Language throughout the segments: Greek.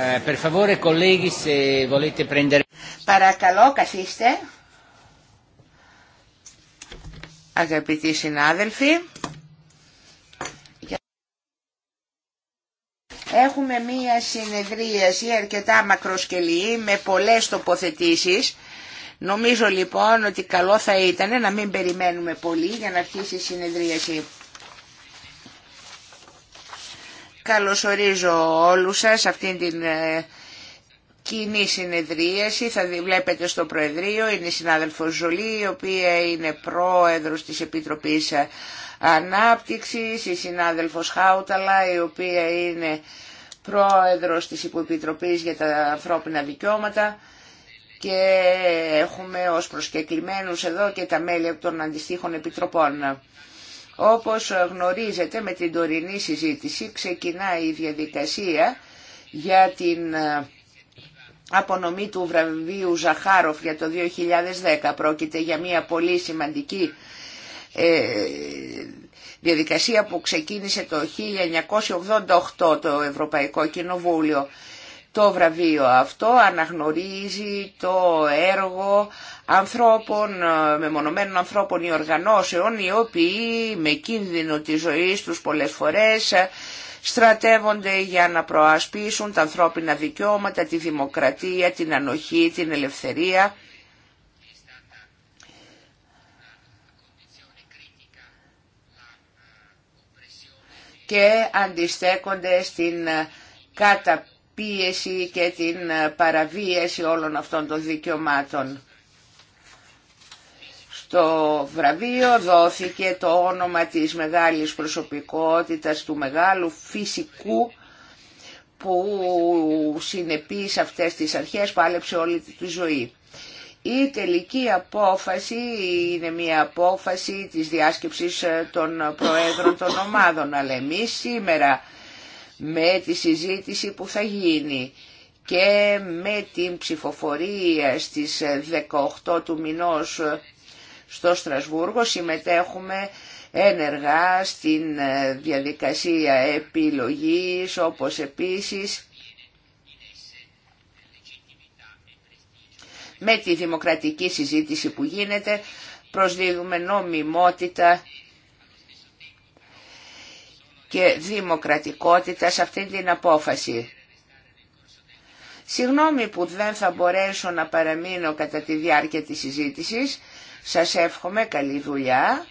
Ε, Παρακαλώ, καθίστε. Αγαπητοί συνάδελφοι, έχουμε μία συνεδρίαση αρκετά μακροσκελή με πολλές τοποθετήσεις. Νομίζω λοιπόν ότι καλό θα ήταν να μην περιμένουμε πολύ για να αρχίσει η συνεδρίαση. Καλωσορίζω όλους σας αυτήν την ε, κοινή συνεδρίαση. Θα βλέπετε στο Προεδρείο, είναι η συνάδελφος Ζολή, η οποία είναι πρόεδρος της Επιτροπής ε, Ανάπτυξης, η συνάδελφος Χάουταλα, η οποία είναι πρόεδρος της Υποεπιτροπής για τα ανθρώπινα δικαιώματα και έχουμε ως προσκεκλημένους εδώ και τα μέλη των αντιστοίχων επιτροπών. Όπως γνωρίζετε με την τωρινή συζήτηση ξεκινάει η διαδικασία για την ε, απονομή του βραβείου Ζαχάροφ για το 2010. Πρόκειται για μια πολύ σημαντική ε, διαδικασία που ξεκίνησε το 1988 το Ευρωπαϊκό Κοινοβούλιο το βραβείο αυτό αναγνωρίζει το έργο ανθρώπων, ε, μεμονωμένων ανθρώπων ή οργανώσεων οι οποίοι με κίνδυνο της ζωή τους πολλές φορές ε, στρατεύονται για να προασπίσουν τα ανθρώπινα δικαιώματα, τη δημοκρατία, την ανοχή, την ελευθερία. και αντιστέκονται στην ε, κατά πίεση και την ε, παραβίαση όλων αυτών των δικαιωμάτων. Στο βραβείο δόθηκε το όνομα της μεγάλης προσωπικότητας, του μεγάλου φυσικού που συνεπεί σε αυτές τις αρχές πάλεψε όλη τη ζωή. Η τελική απόφαση είναι μια απόφαση της διάσκεψης ε, των προέδρων των ομάδων, αλλά εμείς σήμερα με τη συζήτηση που θα γίνει και με την ψηφοφορία στις 18 του μηνός στο Στρασβούργο συμμετέχουμε ένεργα στην ε, διαδικασία επιλογής όπως επίσης με τη δημοκρατική συζήτηση που γίνεται προσδίδουμε νομιμότητα και δημοκρατικότητα σε αυτή την απόφαση. Συγγνώμη που δεν θα μπορέσω να παραμείνω κατά τη διάρκεια της συζήτησης. Σας εύχομαι καλή δουλειά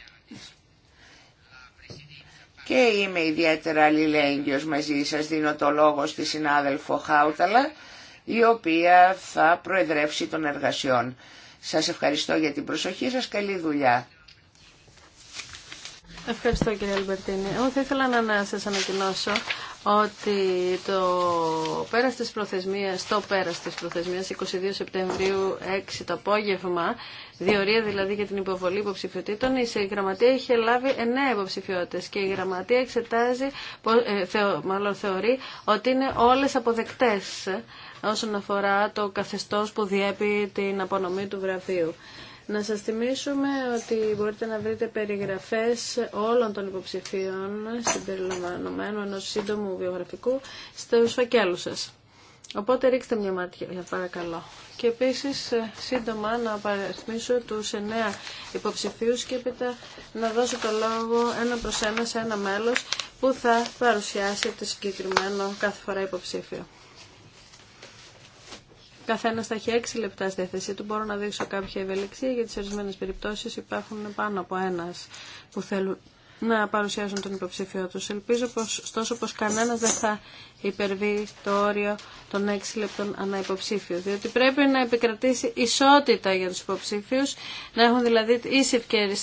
και είμαι ιδιαίτερα αλληλέγγυος μαζί σας. Δίνω το λόγο στη συνάδελφο Χάουταλα η οποία θα προεδρεύσει των εργασιών. Σας ευχαριστώ για την προσοχή σας. Καλή δουλειά. Ευχαριστώ κύριε Αλμπερτίνη. Εγώ θα ήθελα να σας ανακοινώσω ότι το πέρας της προθεσμίας, το πέρας της προθεσμίας 22 Σεπτεμβρίου 6 το απόγευμα, διορία δηλαδή για την υποβολή υποψηφιότητων, η γραμματεία είχε λάβει 9 υποψηφιότητες και η γραμματεία εξετάζει, ε, μάλλον θεωρεί ότι είναι όλες αποδεκτές όσον αφορά το καθεστώς που διέπει την απονομή του βραβείου. Να σας θυμίσουμε ότι μπορείτε να βρείτε περιγραφές όλων των υποψηφίων συμπεριλαμβανομένου ενός σύντομου βιογραφικού στους φακέλους σας. Οπότε ρίξτε μια μάτια, παρακαλώ. Και επίσης ε, σύντομα να παραθμίσω τους εννέα υποψηφίους και έπειτα να δώσω το λόγο ένα προς ένα σε ένα μέλος που θα παρουσιάσει το συγκεκριμένο κάθε φορά υποψήφιο καθένα θα έχει έξι λεπτά στη θέση του. Μπορώ να δείξω κάποια ευελιξία για σε ορισμένε περιπτώσει υπάρχουν πάνω από ένα που θέλουν να παρουσιάσουν τον υποψήφιο του. Ελπίζω πως, ωστόσο πω κανένα δεν θα υπερβεί το όριο των 6 λεπτών ανά υποψήφιο. Διότι πρέπει να επικρατήσει ισότητα για του υποψήφιου, να έχουν δηλαδή ίσε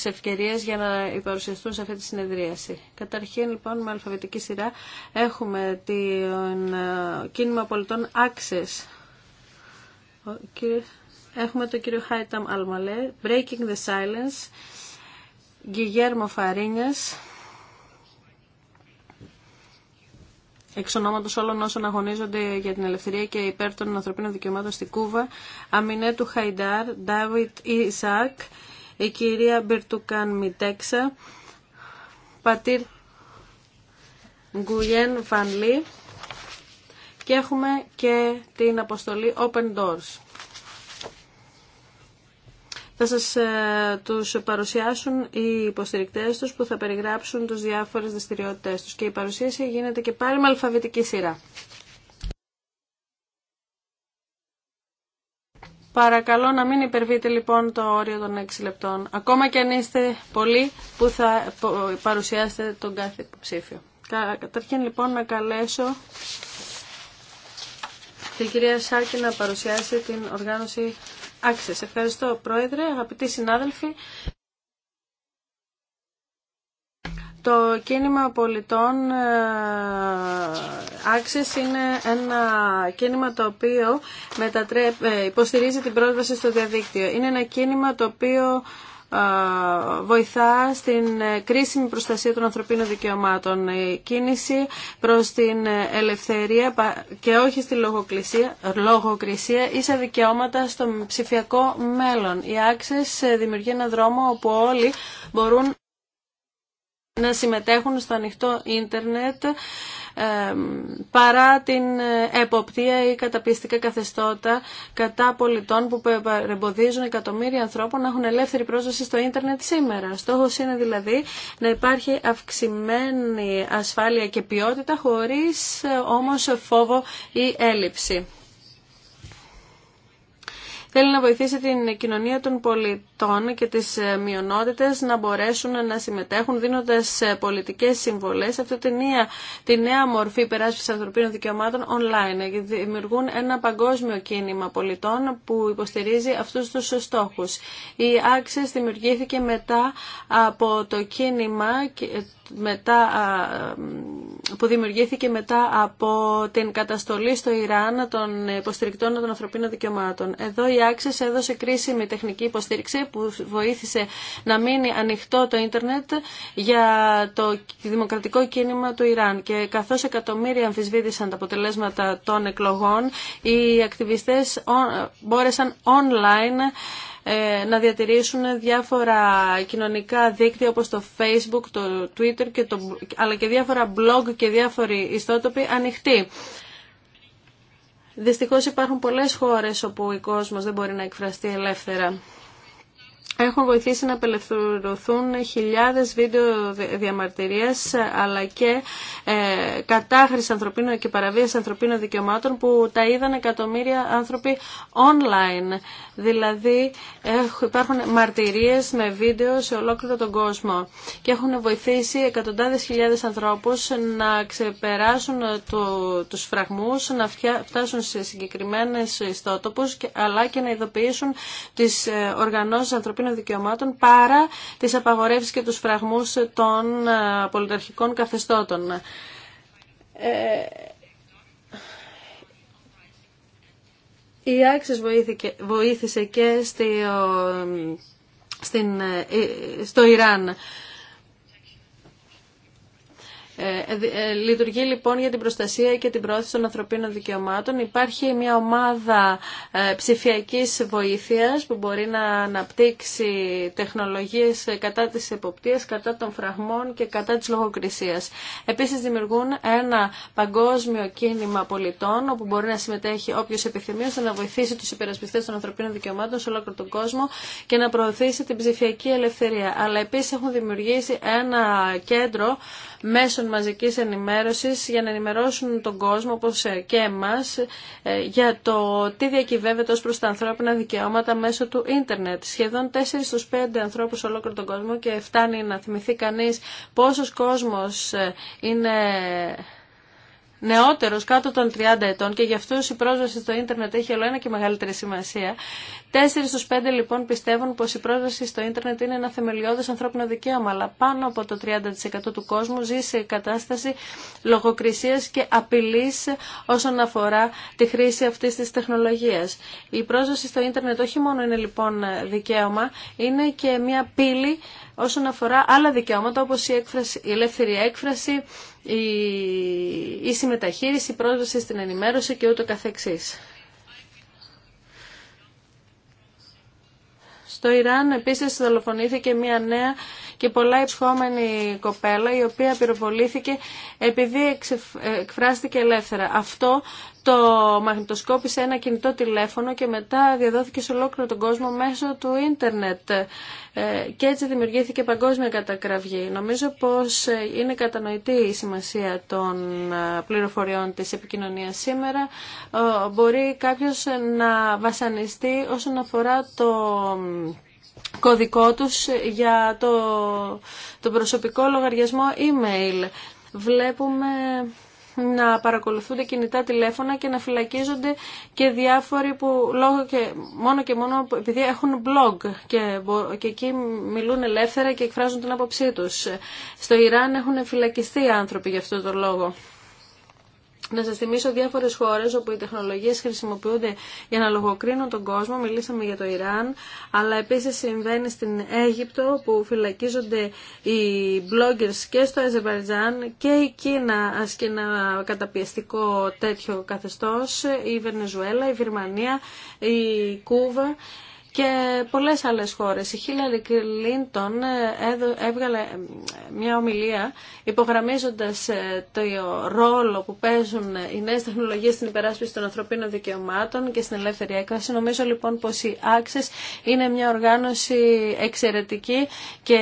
ευκαιρίε για να παρουσιαστούν σε αυτή τη συνεδρίαση. Καταρχήν, λοιπόν, με αλφαβητική σειρά έχουμε το ε, κίνημα πολιτών Access Έχουμε τον κύριο Χάιταμ Αλμαλέ, Breaking the Silence, Γιγέρμο Φαρίνιας, εξ ονόματος όλων όσων αγωνίζονται για την ελευθερία και υπέρ των ανθρωπίνων δικαιωμάτων στην Κούβα, Αμινέτου Χαϊντάρ, Ντάβιτ Ισακ, η κυρία Μπερτουκάν Μιτέξα, Πατήρ Γκουγέν Φανλή, και έχουμε και την αποστολή Open Doors. Θα σας ε, τους παρουσιάσουν οι υποστηρικτές τους που θα περιγράψουν τους διάφορες δραστηριότητε τους και η παρουσίαση γίνεται και πάλι με αλφαβητική σειρά. Παρακαλώ να μην υπερβείτε λοιπόν το όριο των 6 λεπτών, ακόμα και αν είστε πολλοί που θα παρουσιάσετε τον κάθε υποψήφιο. Καταρχήν λοιπόν να καλέσω και κυρία Σάκη να παρουσιάσει την οργάνωση Access. Ευχαριστώ Πρόεδρε, αγαπητοί συνάδελφοι. Το κίνημα πολιτών ε, Access είναι ένα κίνημα το οποίο ε, υποστηρίζει την πρόσβαση στο διαδίκτυο. Είναι ένα κίνημα το οποίο βοηθά στην ε, κρίσιμη προστασία των ανθρωπίνων δικαιωμάτων. Η κίνηση προς την ε, ελευθερία και όχι στη λογοκρισία, ή σε δικαιώματα στο ψηφιακό μέλλον. Η άξες δημιουργεί ένα δρόμο όπου όλοι μπορούν να συμμετέχουν στο ανοιχτό ίντερνετ παρά την ε, εποπτεία ή καταπιστικά καθεστώτα κατά πολιτών που εμποδίζουν εκατομμύρια ανθρώπων να έχουν ελεύθερη πρόσβαση στο ίντερνετ σήμερα. Στόχος είναι δηλαδή να υπάρχει αυξημένη ασφάλεια και ποιότητα χωρίς ε, όμως φόβο ή έλλειψη. Θέλει να βοηθήσει την κοινωνία των πολιτών και τις ε, μειονότητες να μπορέσουν να συμμετέχουν δίνοντας ε, πολιτικές συμβολές σε αυτή τη νέα, τη νέα μορφή υπεράσπισης ανθρωπίνων δικαιωμάτων online. Ε, δημιουργούν ένα παγκόσμιο κίνημα πολιτών που υποστηρίζει αυτούς τους στόχους. Η Access δημιουργήθηκε μετά από το κίνημα μετά, που δημιουργήθηκε μετά από την καταστολή στο Ιράν των υποστηρικτών των ανθρωπίνων δικαιωμάτων. Εδώ η Άξες έδωσε κρίσιμη τεχνική υποστήριξη που βοήθησε να μείνει ανοιχτό το ίντερνετ για το δημοκρατικό κίνημα του Ιράν. Και καθώς εκατομμύρια αμφισβήτησαν τα αποτελέσματα των εκλογών, οι ακτιβιστές μπόρεσαν online ε, να διατηρήσουν διάφορα κοινωνικά δίκτυα όπως το Facebook, το Twitter και το, αλλά και διάφορα blog και διάφοροι ιστότοποι ανοιχτοί. Δυστυχώς υπάρχουν πολλές χώρες όπου ο κόσμος δεν μπορεί να εκφραστεί ελεύθερα έχουν βοηθήσει να απελευθερωθούν χιλιάδες βίντεο διαμαρτυρίες αλλά και ε, κατάχρηση ανθρωπίνων και παραβίαση ανθρωπίνων δικαιωμάτων που τα είδαν εκατομμύρια άνθρωποι online. Δηλαδή υπάρχουν μαρτυρίες με βίντεο σε ολόκληρο τον κόσμο και έχουν βοηθήσει εκατοντάδες χιλιάδες ανθρώπους να ξεπεράσουν ε, το, τους φραγμούς, να φτάσουν σε συγκεκριμένες ιστότοπους αλλά και να ειδοποιήσουν τις ε, οργανώσεις ανθρωπίνων δικαιωμάτων παρά τις απαγορεύσεις και τους φραγμούς των ε, πολιταρχικών καθεστώτων. Ε, η Άξης βοήθησε και ε, στη, στο Ιράν. Ε, ε, ε, λειτουργεί λοιπόν για την προστασία και την πρόθεση των ανθρωπίνων δικαιωμάτων. Υπάρχει μια ομάδα ψηφιακής βοήθειας που μπορεί να αναπτύξει τεχνολογίες κατά της εποπτείας, κατά των φραγμών και κατά της λογοκρισίας. Επίσης δημιουργούν ένα παγκόσμιο κίνημα πολιτών όπου μπορεί να συμμετέχει όποιος επιθυμεί να βοηθήσει τους υπερασπιστές των ανθρωπίνων δικαιωμάτων σε ολόκληρο τον κόσμο και να προωθήσει την ψηφιακή ελευθερία. Αλλά επίσης έχουν δημιουργήσει ένα κέντρο μέσων μαζικής ενημέρωσης για να ενημερώσουν τον κόσμο όπως ε, και εμάς ε, για το τι διακυβεύεται ως προς τα ανθρώπινα δικαιώματα μέσω του ίντερνετ. Σχεδόν 4 στους 5 ανθρώπους ολόκληρο τον κόσμο και φτάνει να θυμηθεί κανείς πόσος κόσμος ε, είναι νεότερος κάτω των 30 ετών και για αυτούς η πρόσβαση στο ίντερνετ έχει όλο ένα και μεγαλύτερη σημασία. Τέσσερι στου πέντε λοιπόν πιστεύουν πω η πρόσβαση στο ίντερνετ είναι ένα θεμελιώδε ανθρώπινο δικαίωμα, αλλά πάνω από το 30% του κόσμου ζει σε κατάσταση λογοκρισία και απειλή όσον αφορά τη χρήση αυτή τη τεχνολογία. Η πρόσβαση στο ίντερνετ όχι μόνο είναι λοιπόν δικαίωμα, είναι και μια πύλη όσον αφορά άλλα δικαιώματα όπως η, έκφραση, η ελεύθερη έκφραση, η η μεταχείριση, η πρόσβαση στην ενημέρωση και ούτω καθεξής. Στο Ιράν επίσης δολοφονήθηκε μια νέα και πολλά υψχόμενη κοπέλα η οποία πυροβολήθηκε επειδή εκφράστηκε ελεύθερα. Αυτό το μαγνητοσκόπησε ένα κινητό τηλέφωνο και μετά διαδόθηκε σε ολόκληρο τον κόσμο μέσω του ίντερνετ ε, και έτσι δημιουργήθηκε παγκόσμια κατακραυγή. Νομίζω πως ε, είναι κατανοητή η σημασία των ε, πληροφοριών της επικοινωνίας σήμερα. Μπορεί κάποιος να βασανιστεί όσον αφορά το κωδικό τους για το, το προσωπικό λογαριασμό email. Βλέπουμε να παρακολουθούνται κινητά τηλέφωνα και να φυλακίζονται και διάφοροι που λόγω και, μόνο και μόνο επειδή έχουν blog και, και εκεί μιλούν ελεύθερα και εκφράζουν την άποψή τους. Στο Ιράν έχουν φυλακιστεί άνθρωποι για αυτό το λόγο. Να σας θυμίσω διάφορες χώρες όπου οι τεχνολογίες χρησιμοποιούνται για να λογοκρίνουν τον κόσμο. Μιλήσαμε για το Ιράν, αλλά επίσης συμβαίνει στην Αίγυπτο που φυλακίζονται οι bloggers και στο Αζερβαϊτζάν και η Κίνα ασκεί ένα καταπιεστικό τέτοιο καθεστώς, η Βενεζουέλα, η Βυρμανία, η Κούβα και πολλές άλλες χώρες. Η Χίλαρη Κλίντον ε, έβγαλε ε, μια ομιλία υπογραμμίζοντας ε, το ρόλο που παίζουν οι νέες τεχνολογίες στην υπεράσπιση των ανθρωπίνων δικαιωμάτων και στην ελεύθερη έκφραση. Νομίζω λοιπόν πως η Access είναι μια οργάνωση εξαιρετική και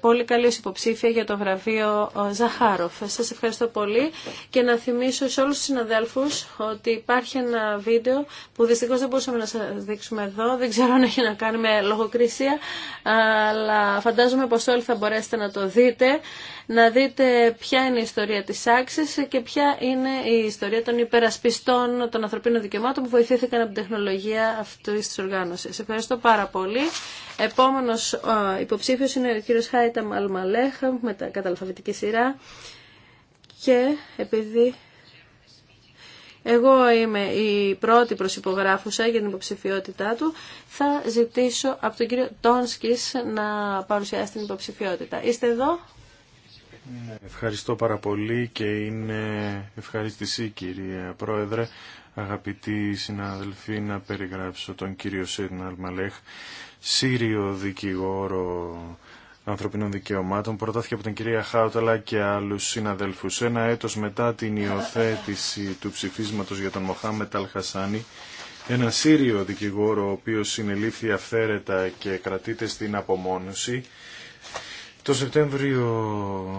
πολύ καλή υποψήφια για το βραβείο Ζαχάροφ. Σας ευχαριστώ πολύ και να θυμίσω σε όλους τους συναδέλφους ότι υπάρχει ένα βίντεο που δυστυχώς δεν μπορούσαμε να σας δείξουμε εδώ. Δεν ξέρω ξέρω αν να κάνουμε λογοκρισία, αλλά φαντάζομαι πως όλοι θα μπορέσετε να το δείτε, να δείτε ποια είναι η ιστορία της άξης και ποια είναι η ιστορία των υπερασπιστών των ανθρωπίνων δικαιωμάτων που βοηθήθηκαν από την τεχνολογία αυτή της οργάνωση. Ευχαριστώ πάρα πολύ. Επόμενος ε, υποψήφιος είναι ο κύριος Χάιτα Μαλμαλέχα, με τα καταλφαβητική σειρά. Και επειδή εγώ είμαι η πρώτη προσυπογράφουσα για την υποψηφιότητά του, θα ζητήσω από τον κύριο Τόνσκης να παρουσιάσει την υποψηφιότητα. Είστε εδώ. Ευχαριστώ πάρα πολύ και είναι ευχαριστησή κύριε Πρόεδρε, αγαπητοί συναδελφοί, να περιγράψω τον κύριο Σίρναλ Αλμαλέχ, Σύριο δικηγόρο ανθρωπίνων δικαιωμάτων προτάθηκε από την κυρία Χάουταλα και άλλους συναδέλφους. Ένα έτος μετά την υιοθέτηση του ψηφίσματος για τον Μοχάμετ Αλχασάνη, ένα Σύριο δικηγόρο ο οποίος συνελήφθη αυθαίρετα και κρατείται στην απομόνωση, το Σεπτέμβριο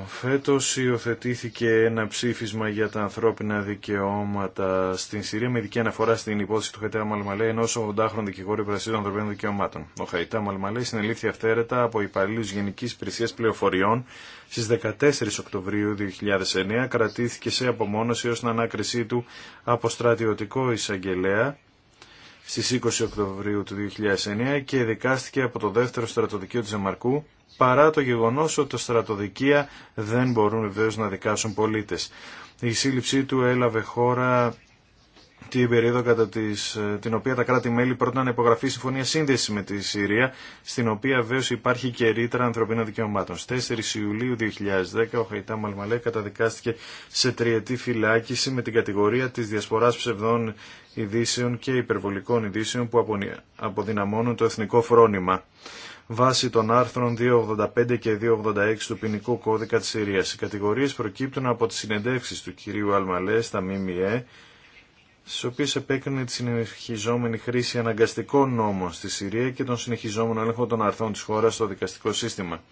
φέτος υιοθετήθηκε ένα ψήφισμα για τα ανθρώπινα δικαιώματα στην Συρία με ειδική αναφορά στην υπόθεση του Χαϊτά ενό ενός 80χρονου δικηγόρου υπηρεσίας των ανθρωπίνων δικαιωμάτων. Ο Χαϊτά Μαλμαλέ συνελήφθη αυθαίρετα από υπαλλήλου γενική υπηρεσία Πληροφοριών στι 14 Οκτωβρίου 2009 κρατήθηκε σε απομόνωση ω την ανάκρισή του από στρατιωτικό εισαγγελέα στι 20 Οκτωβρίου του 2009 και δικάστηκε από το δεύτερο στρατοδικείο τη Δεμαρκού παρά το γεγονός ότι τα στρατοδικεία δεν μπορούν βεβαίω να δικάσουν πολίτες. Η σύλληψή του έλαβε χώρα την περίοδο κατά την οποία τα κράτη-μέλη πρότειναν να υπογραφεί συμφωνία σύνδεση με τη Συρία, στην οποία βεβαίω υπάρχει και ρήτρα ανθρωπίνων δικαιωμάτων. Στις 4 Ιουλίου 2010 ο Χαϊτά Μαλμαλέ καταδικάστηκε σε τριετή φυλάκιση με την κατηγορία της διασποράς ψευδών ειδήσεων και υπερβολικών ειδήσεων που αποδυναμώνουν το εθνικό φρόνημα βάσει των άρθρων 285 και 286 του ποινικού κώδικα της Συρίας. Οι κατηγορίες προκύπτουν από τις συνεντεύξεις του κυρίου Αλμαλέ στα ΜΜΕ, στις οποίες επέκρινε τη συνεχιζόμενη χρήση αναγκαστικών νόμων στη Συρία και τον συνεχιζόμενο έλεγχο των αρθών της χώρας στο δικαστικό σύστημα.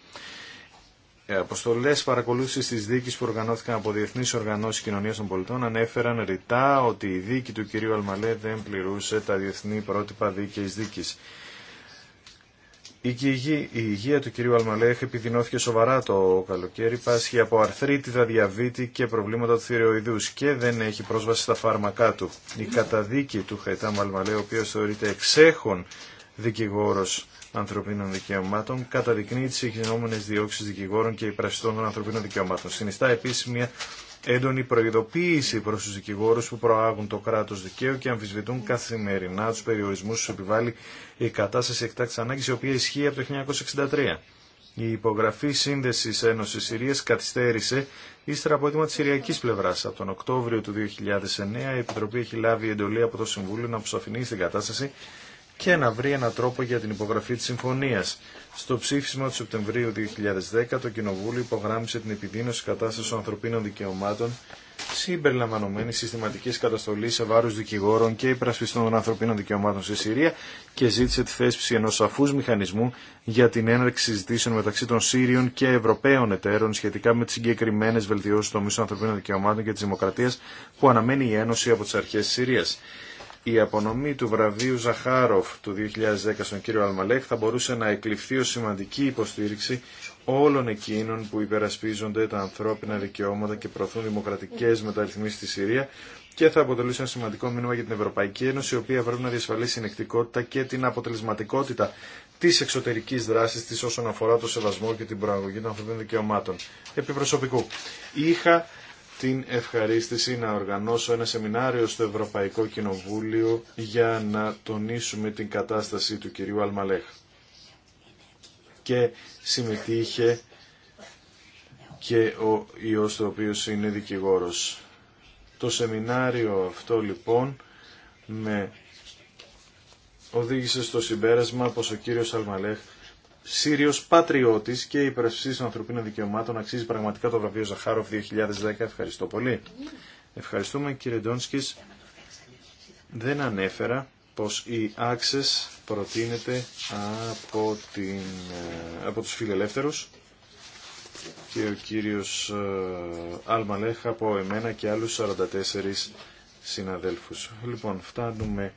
Ε, Αποστολέ παρακολούθηση τη δίκη που οργανώθηκαν από διεθνεί οργανώσει κοινωνία των πολιτών ανέφεραν ρητά ότι η δίκη του κυρίου Αλμαλέ δεν πληρούσε τα διεθνή πρότυπα δίκαιη δίκη. Η υγεία του κυρίου έχει επιδεινώθηκε σοβαρά το καλοκαίρι, πάσχει από αρθρίτιδα, διαβήτη και προβλήματα του θηριοειδού και δεν έχει πρόσβαση στα φάρμακά του. Η καταδίκη του Χαϊτάμ Αλμαλέχ, ο οποίο θεωρείται εξέχων δικηγόρος ανθρωπίνων δικαιωμάτων, καταδεικνύει τι συγχυνόμενες διώξει δικηγόρων και υπραστών των ανθρωπίνων δικαιωμάτων. Συνιστά επίση μια έντονη προειδοποίηση προς τους δικηγόρους που προάγουν το κράτος δικαίου και αμφισβητούν καθημερινά του περιορισμούς που επιβάλλει η κατάσταση εκτάκτης ανάγκη, η οποία ισχύει από το 1963. Η υπογραφή σύνδεσης Ένωσης Συρίας καθυστέρησε ύστερα από έτοιμα τη Συριακής πλευράς. Από τον Οκτώβριο του 2009 η Επιτροπή έχει λάβει εντολή από το Συμβούλιο να αποσαφηνίσει την κατάσταση και να βρει έναν τρόπο για την υπογραφή της συμφωνίας. Στο ψήφισμα του Σεπτεμβρίου 2010 το Κοινοβούλιο υπογράμμισε την επιδείνωση κατάσταση των ανθρωπίνων δικαιωμάτων συμπεριλαμβανομένη συστηματική καταστολή σε βάρο δικηγόρων και υπερασπιστών των ανθρωπίνων δικαιωμάτων στη Συρία και ζήτησε τη θέσπιση ενό σαφού μηχανισμού για την έναρξη συζητήσεων μεταξύ των Σύριων και Ευρωπαίων εταίρων σχετικά με τι συγκεκριμένε βελτιώσει των μισών ανθρωπίνων δικαιωμάτων και τη δημοκρατία που αναμένει η Ένωση από τι αρχέ τη Συρία η απονομή του βραβείου Ζαχάροφ του 2010 στον κύριο Αλμαλέχ θα μπορούσε να εκλειφθεί ως σημαντική υποστήριξη όλων εκείνων που υπερασπίζονται τα ανθρώπινα δικαιώματα και προωθούν δημοκρατικές μεταρρυθμίσεις στη Συρία και θα αποτελούσε ένα σημαντικό μήνυμα για την Ευρωπαϊκή Ένωση, η οποία πρέπει να διασφαλίσει συνεκτικότητα και την αποτελεσματικότητα τη εξωτερική δράση τη όσον αφορά το σεβασμό και την προαγωγή των ανθρωπίνων δικαιωμάτων. Επί προσωπικού την ευχαρίστηση να οργανώσω ένα σεμινάριο στο Ευρωπαϊκό Κοινοβούλιο για να τονίσουμε την κατάσταση του κυρίου Αλμαλέχ. Και συμμετείχε και ο ιός το οποίος είναι δικηγόρος. Το σεμινάριο αυτό λοιπόν με οδήγησε στο συμπέρασμα πως ο κύριος Αλμαλέχ Σύριο πατριώτη και υπερασπιστής των ανθρωπίνων δικαιωμάτων αξίζει πραγματικά το βραβείο Ζαχάροφ 2010. Ευχαριστώ πολύ. Ευχαριστούμε κύριε Ντόνσκης. Δεν ανέφερα πως η Access προτείνεται από, ε, από τους φιλελεύθερους και ο κύριος ε, Αλμαλέχ από εμένα και άλλους 44 συναδέλφους. Λοιπόν, φτάνουμε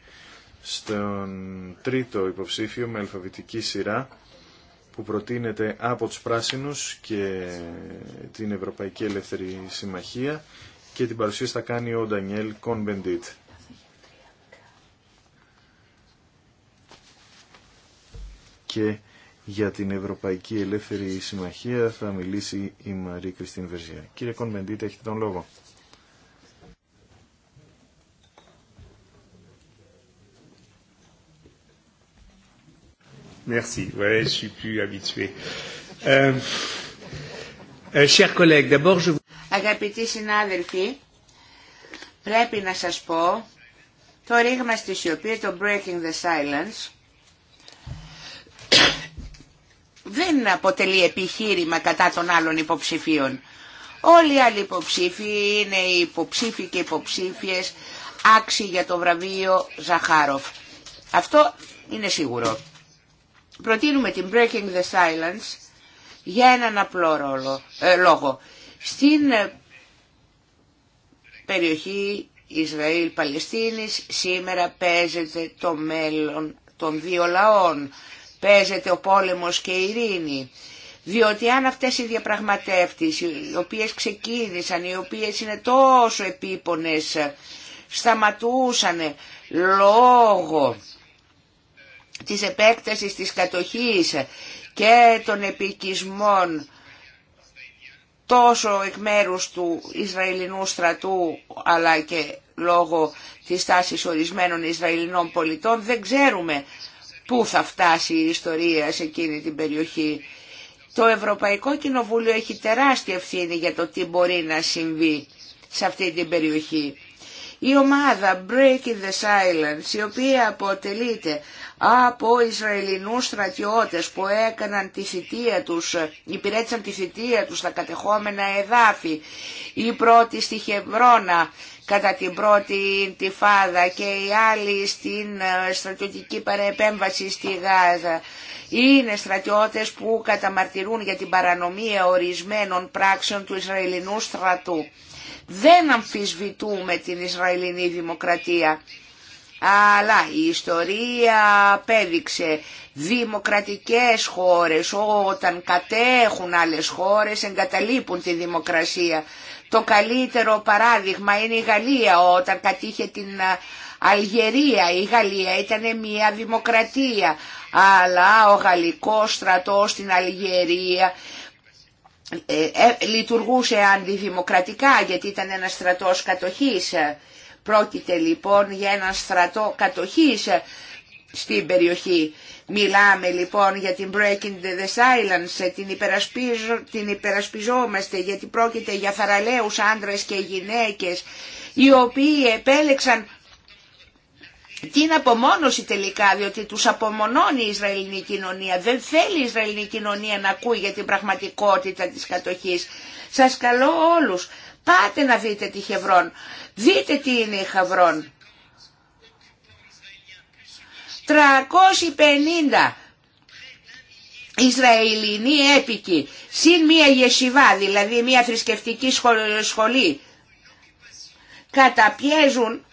στον τρίτο υποψήφιο με αλφαβητική σειρά που προτείνεται από τους πράσινους και την Ευρωπαϊκή Ελεύθερη Συμμαχία και την παρουσίαση θα κάνει ο Ντανιέλ Κονμπεντίτ. Και για την Ευρωπαϊκή Ελεύθερη Συμμαχία θα μιλήσει η Μαρή Κριστίν Βερζιά. Κύριε Κονμπεντίτ, έχετε τον λόγο. Merci. Αγαπητοί συνάδελφοι, πρέπει να σας πω το ρήγμα στη σιωπή, το Breaking the Silence, δεν αποτελεί επιχείρημα κατά των άλλων υποψηφίων. Όλοι οι άλλοι υποψήφοι είναι υποψήφοι και υποψήφιες άξιοι για το βραβείο Ζαχάροφ. Αυτό είναι σίγουρο προτείνουμε την Breaking the Silence για έναν απλό ε, λόγο. Στην ε, περιοχή Ισραήλ-Παλαιστίνης σήμερα παίζεται το μέλλον των δύο λαών. Παίζεται ο πόλεμος και η ειρήνη. Διότι αν αυτές οι διαπραγματεύτες οι οποίες ξεκίνησαν, οι οποίες είναι τόσο επίπονες, σταματούσαν λόγω της επέκτασης της κατοχής και των επικισμών τόσο εκ μέρους του Ισραηλινού στρατού αλλά και λόγω της τάσης ορισμένων Ισραηλινών πολιτών δεν ξέρουμε πού θα φτάσει η ιστορία σε εκείνη την περιοχή. Το Ευρωπαϊκό Κοινοβούλιο έχει τεράστια ευθύνη για το τι μπορεί να συμβεί σε αυτή την περιοχή. Η ομάδα Breaking the Silence, η οποία αποτελείται από Ισραηλινούς στρατιώτες που έκαναν τη θητεία τους, υπηρέτησαν τη θητεία τους στα κατεχόμενα εδάφη, η πρώτη στη Χευρώνα κατά την πρώτη τυφάδα και ή άλλοι στην ε, στρατιωτική παρεπέμβαση στη Γάζα. Είναι στρατιώτες που καταμαρτυρούν για την παρανομία ορισμένων πράξεων του Ισραηλινού στρατού. Δεν αμφισβητούμε την Ισραηλινή δημοκρατία. Αλλά η ιστορία απέδειξε δημοκρατικές χώρες όταν κατέχουν άλλες χώρες εγκαταλείπουν τη δημοκρασία. Το καλύτερο παράδειγμα είναι η Γαλλία όταν κατήχε την Αλγερία. Η Γαλλία ήταν μια δημοκρατία αλλά ο γαλλικός στρατός στην Αλγερία ε, ε, λειτουργούσε αντιδημοκρατικά γιατί ήταν ένα στρατός κατοχής. Πρόκειται λοιπόν για ένα στρατό κατοχής στην περιοχή. Μιλάμε λοιπόν για την Breaking the Silence, την, την υπερασπιζόμαστε γιατί πρόκειται για θαραλέους άντρες και γυναίκες οι οποίοι επέλεξαν την απομόνωση τελικά, διότι τους απομονώνει η Ισραηλινή κοινωνία. Δεν θέλει η Ισραηλινή κοινωνία να ακούει για την πραγματικότητα της κατοχής. Σας καλώ όλους. Πάτε να δείτε τη Χευρών. Δείτε τι είναι η Χευρών. 350 Ισραηλινοί έπικοι, συν μία γεσιβά, δηλαδή μία θρησκευτική σχολή, καταπιέζουν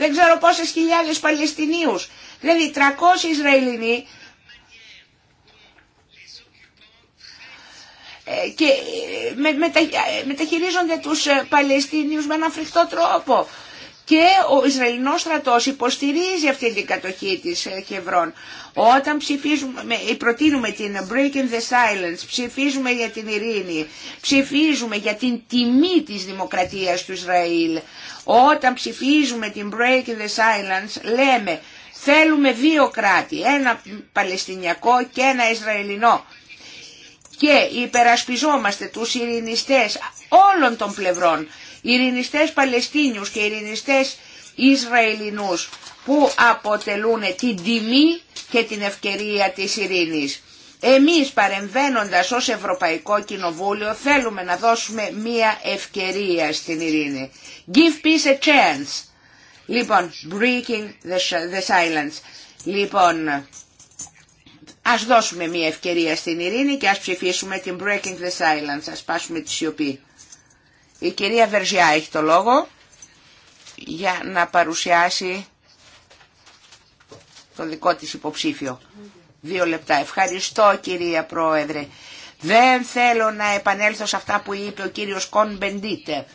δεν ξέρω πόσες χιλιάδες Παλαιστινίους. Δηλαδή 300 Ισραηλινοί ε, και ε, ε, μεταχειρίζονται τους Παλαιστινίους με έναν φρικτό τρόπο. Και ο Ισραηλινός στρατός υποστηρίζει αυτή την κατοχή της Χευρών. Όταν ψηφίζουμε, προτείνουμε την Breaking the Silence, ψηφίζουμε για την ειρήνη, ψηφίζουμε για την τιμή της δημοκρατίας του Ισραήλ. Όταν ψηφίζουμε την Break the Silence λέμε θέλουμε δύο κράτη, ένα Παλαιστινιακό και ένα Ισραηλινό και υπερασπιζόμαστε τους ειρηνιστές όλων των πλευρών, ειρηνιστές Παλαιστίνιους και ειρηνιστές Ισραηλινούς που αποτελούν την τιμή και την ευκαιρία της ειρήνης. Εμείς παρεμβαίνοντας ως Ευρωπαϊκό Κοινοβούλιο θέλουμε να δώσουμε μία ευκαιρία στην ειρήνη. Give peace a chance. Λοιπόν, breaking the silence. Λοιπόν, ας δώσουμε μία ευκαιρία στην ειρήνη και ας ψηφίσουμε την breaking the silence. Ας πάσουμε τη σιωπή. Η κυρία Βερζιά έχει το λόγο για να παρουσιάσει το δικό της υποψήφιο. Δύο λεπτά. Ευχαριστώ κυρία Πρόεδρε. Δεν θέλω να επανέλθω σε αυτά που είπε ο κύριος Κον Μπεντίτε.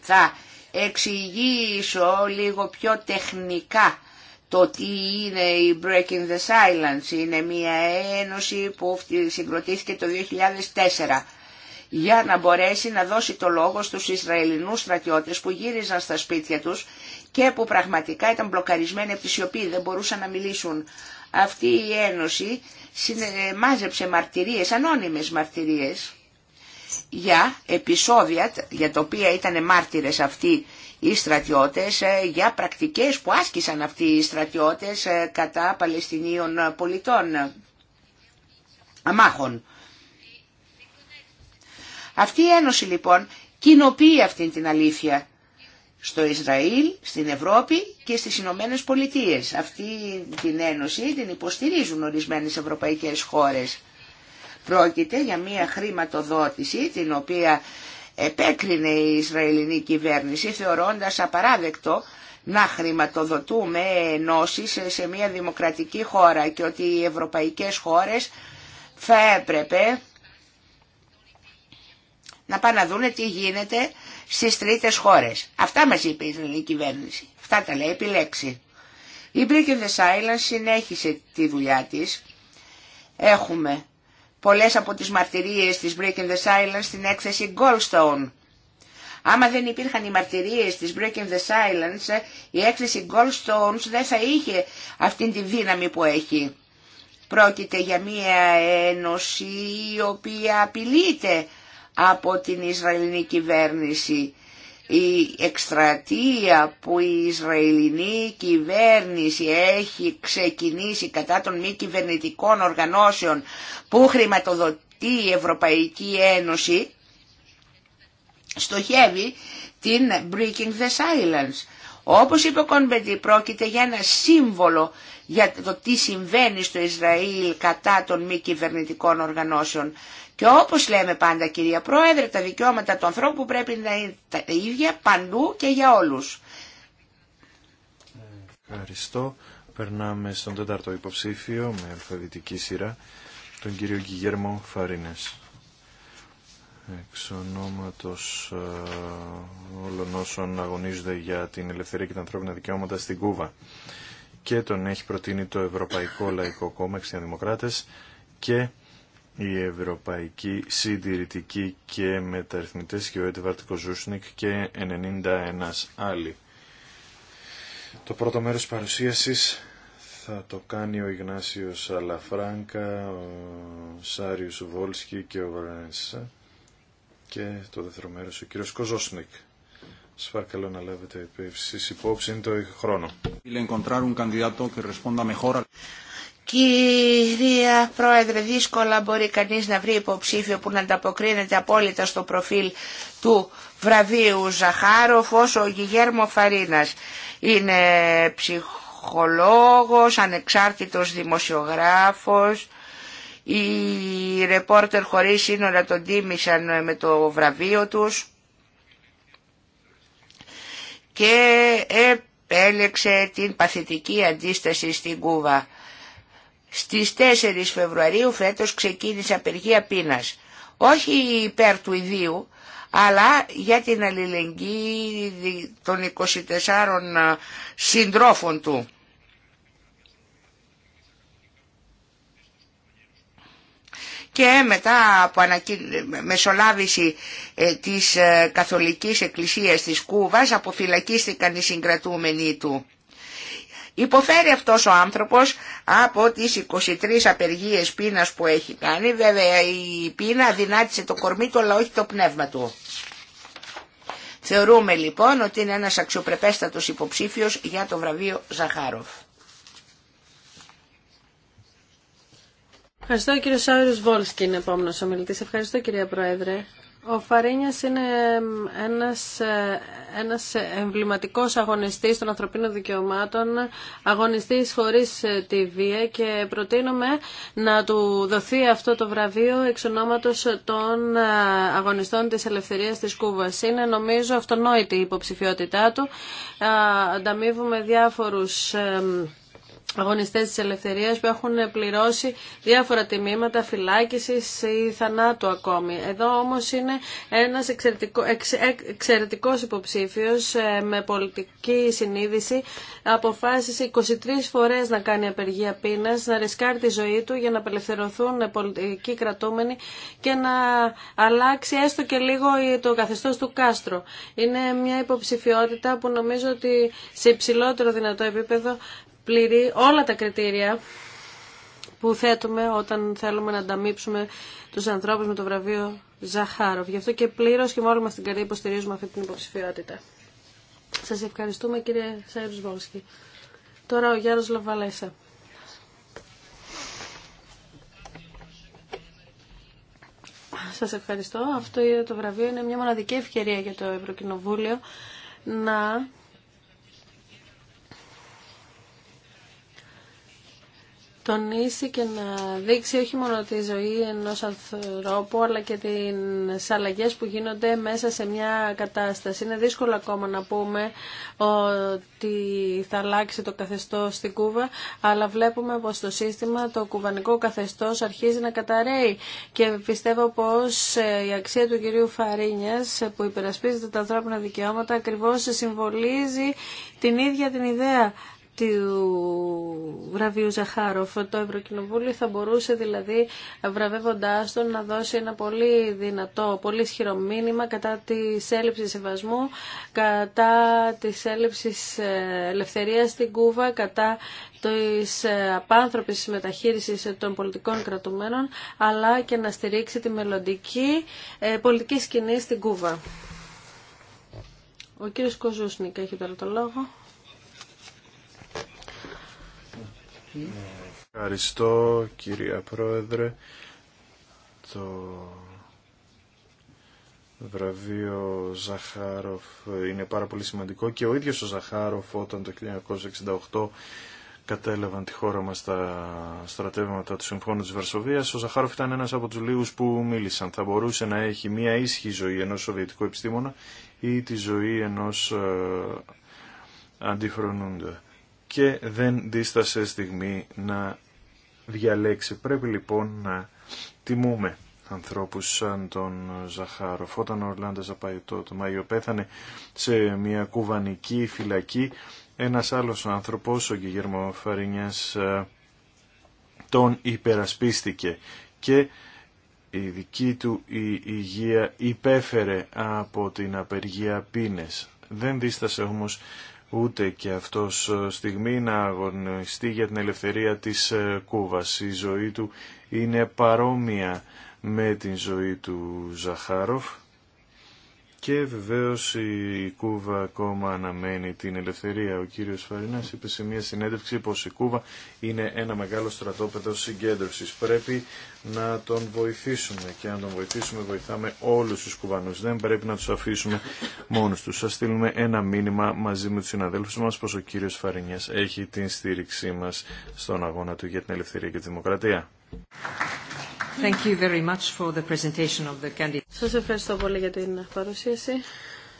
Θα εξηγήσω λίγο πιο τεχνικά το τι είναι η Breaking the Silence. Είναι μια ένωση που συγκροτήθηκε το 2004 για να μπορέσει να δώσει το λόγο στους Ισραηλινούς στρατιώτες που γύριζαν στα σπίτια τους και που πραγματικά ήταν μπλοκαρισμένοι από τη σιωπή, δεν μπορούσαν να μιλήσουν. Αυτή η Ένωση μάζεψε μαρτυρίες, ανώνυμες μαρτυρίες, για επεισόδια για τα οποία ήταν μάρτυρες αυτοί οι στρατιώτες, ε, για πρακτικές που άσκησαν αυτοί οι στρατιώτες ε, κατά Παλαιστινίων πολιτών, αμάχων. Αυτή η Ένωση λοιπόν κοινοποιεί αυτή την αλήθεια στο Ισραήλ, στην Ευρώπη και στις Ηνωμένε Πολιτείε. Αυτή την Ένωση την υποστηρίζουν ορισμένες ευρωπαϊκές χώρες. Πρόκειται για μια χρηματοδότηση την οποία επέκρινε η Ισραηλινή κυβέρνηση θεωρώντας απαράδεκτο να χρηματοδοτούμε ενώσεις σε μια δημοκρατική χώρα και ότι οι ευρωπαϊκές χώρες θα έπρεπε να πάνε να δούνε τι γίνεται στις τρίτες χώρες. Αυτά μας είπε η κυβέρνηση. Αυτά τα λέει επιλέξει. Η Breaking the Silence συνέχισε τη δουλειά της. Έχουμε πολλές από τις μαρτυρίες της Breaking the Silence στην έκθεση Goldstone. Άμα δεν υπήρχαν οι μαρτυρίες της Breaking the Silence, η έκθεση Goldstone δεν θα είχε αυτή τη δύναμη που έχει. Πρόκειται για μία ένωση η οποία απειλείται από την Ισραηλινή κυβέρνηση. Η εκστρατεία που η Ισραηλινή κυβέρνηση έχει ξεκινήσει κατά των μη κυβερνητικών οργανώσεων που χρηματοδοτεί η Ευρωπαϊκή Ένωση στοχεύει την Breaking the Silence. Όπως είπε ο πρόκειται για ένα σύμβολο για το τι συμβαίνει στο Ισραήλ κατά των μη κυβερνητικών οργανώσεων. Και όπως λέμε πάντα κυρία Πρόεδρε, τα δικαιώματα του ανθρώπου πρέπει να είναι τα ίδια παντού και για όλους. Ευχαριστώ. Περνάμε στον τέταρτο υποψήφιο με αλφαβητική σειρά, τον κύριο Γκυγέρμο Φαρίνες. Εξ ονόματος ε, όλων όσων αγωνίζονται για την ελευθερία και τα ανθρώπινα δικαιώματα στην Κούβα. Και τον έχει προτείνει το Ευρωπαϊκό Λαϊκό Κόμμα, Χριστιανοδημοκράτες, και η Ευρωπαϊκή Συντηρητική και Μεταρρυθμιτές και ο Έντιβαρτ Κοζούσνικ και 91 άλλοι. Το πρώτο μέρος παρουσίασης θα το κάνει ο Ιγνάσιος Αλαφράνκα, ο Σάριος Βόλσκι και ο Βαρανέσσα και το δεύτερο μέρος ο κύριος Κοζούσνικ. Σας παρακαλώ να λάβετε επίσης υπόψη το χρόνο. Κυρία Πρόεδρε, δύσκολα μπορεί κανείς να βρει υποψήφιο που να ανταποκρίνεται απόλυτα στο προφίλ του βραβείου Ζαχάροφ όσο ο Γιγέρμο Φαρίνας. Είναι ψυχολόγος, ανεξάρτητος δημοσιογράφος, οι ρεπόρτερ χωρίς σύνορα τον τίμησαν με το βραβείο τους και επέλεξε την παθητική αντίσταση στην Κούβα. Στις 4 Φεβρουαρίου φέτος ξεκίνησε απεργία πείνας. Όχι υπέρ του ιδίου, αλλά για την αλληλεγγύη των 24 συντρόφων του. Και μετά από μεσολάβηση ε, της ε, Καθολικής Εκκλησίας της Κούβας αποφυλακίστηκαν οι συγκρατούμενοι του. Υποφέρει αυτός ο άνθρωπος από τις 23 απεργίες πείνας που έχει κάνει. Βέβαια η πείνα δυνάτησε το κορμί του αλλά όχι το πνεύμα του. Θεωρούμε λοιπόν ότι είναι ένας αξιοπρεπέστατος υποψήφιος για το βραβείο Ζαχάροφ. Ευχαριστώ κύριο Σάουρος Βόλσκι είναι επόμενος ομιλητής. Ευχαριστώ κυρία Πρόεδρε. Ο Φαρίνιας είναι ένας, ένας εμβληματικός αγωνιστής των ανθρωπίνων δικαιωμάτων, αγωνιστής χωρίς ε, τη βία και προτείνουμε να του δοθεί αυτό το βραβείο εξ ονόματος των ε, αγωνιστών της ελευθερίας της Κούβας. Είναι νομίζω αυτονόητη η υποψηφιότητά του. Ανταμείβουμε διάφορους αγωνιστές της ελευθερίας που έχουν πληρώσει διάφορα τιμήματα φυλάκισης ή θανάτου ακόμη. Εδώ όμως είναι ένας εξαιρετικό, εξ, εξαιρετικός υποψήφιος ε, με πολιτική συνείδηση. Αποφάσισε 23 φορές να κάνει απεργία πείνας, να ρισκάρει τη ζωή του για να απελευθερωθούν πολιτικοί κρατούμενοι και να αλλάξει έστω και λίγο το καθεστώς του Κάστρο. Είναι μια υποψηφιότητα που νομίζω ότι σε υψηλότερο δυνατό επίπεδο πλήρει όλα τα κριτήρια που θέτουμε όταν θέλουμε να ανταμείψουμε τους ανθρώπους με το βραβείο Ζαχάροφ. Γι' αυτό και πλήρως και με όλη μας την καρδία υποστηρίζουμε αυτή την υποψηφιότητα. Σας ευχαριστούμε κύριε Σάιρους Βόλσκι. Τώρα ο Γιάννος Λαβαλέσα. Σας ευχαριστώ. Αυτό το βραβείο είναι μια μοναδική ευκαιρία για το Ευρωκοινοβούλιο να τονίσει και να δείξει όχι μόνο τη ζωή ενός ανθρώπου αλλά και τις αλλαγές που γίνονται μέσα σε μια κατάσταση. Είναι δύσκολο ακόμα να πούμε ότι θα αλλάξει το καθεστώς στην Κούβα αλλά βλέπουμε πως το σύστημα, το κουβανικό καθεστώς αρχίζει να καταραίει και πιστεύω πως η αξία του κυρίου Φαρίνιας που υπερασπίζεται τα ανθρώπινα δικαιώματα ακριβώς συμβολίζει την ίδια την ιδέα του βραβείου Ζαχάροφ. Το Ευρωκοινοβούλιο θα μπορούσε δηλαδή βραβεύοντάς τον να δώσει ένα πολύ δυνατό, πολύ ισχυρό μήνυμα κατά της έλλειψης σεβασμού, κατά της έλλειψης ε, ελευθερίας στην Κούβα, κατά της ε, απάνθρωπης μεταχείρισης των πολιτικών κρατουμένων, αλλά και να στηρίξει τη μελλοντική ε, πολιτική σκηνή στην Κούβα. Ο κύριος Κοζούσνικ έχει τώρα το λόγο. Ευχαριστώ κυρία Πρόεδρε. Το βραβείο Ζαχάροφ είναι πάρα πολύ σημαντικό και ο ίδιος ο Ζαχάροφ όταν το 1968 κατέλαβαν τη χώρα μας τα στρατεύματα του Συμφώνου της Βαρσοβίας, ο Ζαχάροφ ήταν ένας από τους λίγους που μίλησαν. Θα μπορούσε να έχει μία ίσχυη ζωή ενός σοβιετικού επιστήμονα ή τη ζωή ενός ε, αντιφρονούντα και δεν δίστασε στιγμή να διαλέξει. Πρέπει λοιπόν να τιμούμε ανθρώπους σαν τον Ζαχάροφ. Όταν ο Ορλάντα το Μάιο πέθανε σε μια κουβανική φυλακή, ένας άλλος άνθρωπος, ο Γιγέρμο Φαρίνιας, ε, τον υπερασπίστηκε και η δική του η υγεία υπέφερε από την απεργία πίνες. Δεν δίστασε όμως ούτε και αυτός ε, στιγμή να αγωνιστεί για την ελευθερία της ε, Κούβας. Η ζωή του είναι παρόμοια με την ζωή του Ζαχάροφ και βεβαίως η Κούβα ακόμα αναμένει την ελευθερία. Ο κύριος Φαρινάς είπε σε μια συνέντευξη πως η Κούβα είναι ένα μεγάλο στρατόπεδο συγκέντρωσης. Πρέπει να τον βοηθήσουμε και αν τον βοηθήσουμε βοηθάμε όλους τους Κουβανούς. Δεν πρέπει να τους αφήσουμε μόνους τους. Σας στείλουμε ένα μήνυμα μαζί με τους συναδέλφους μας πως ο κύριος Φαρινιάς έχει την στήριξή μας στον αγώνα του για την ελευθερία και τη δημοκρατία. Thank Σας ευχαριστώ πολύ για την παρουσίαση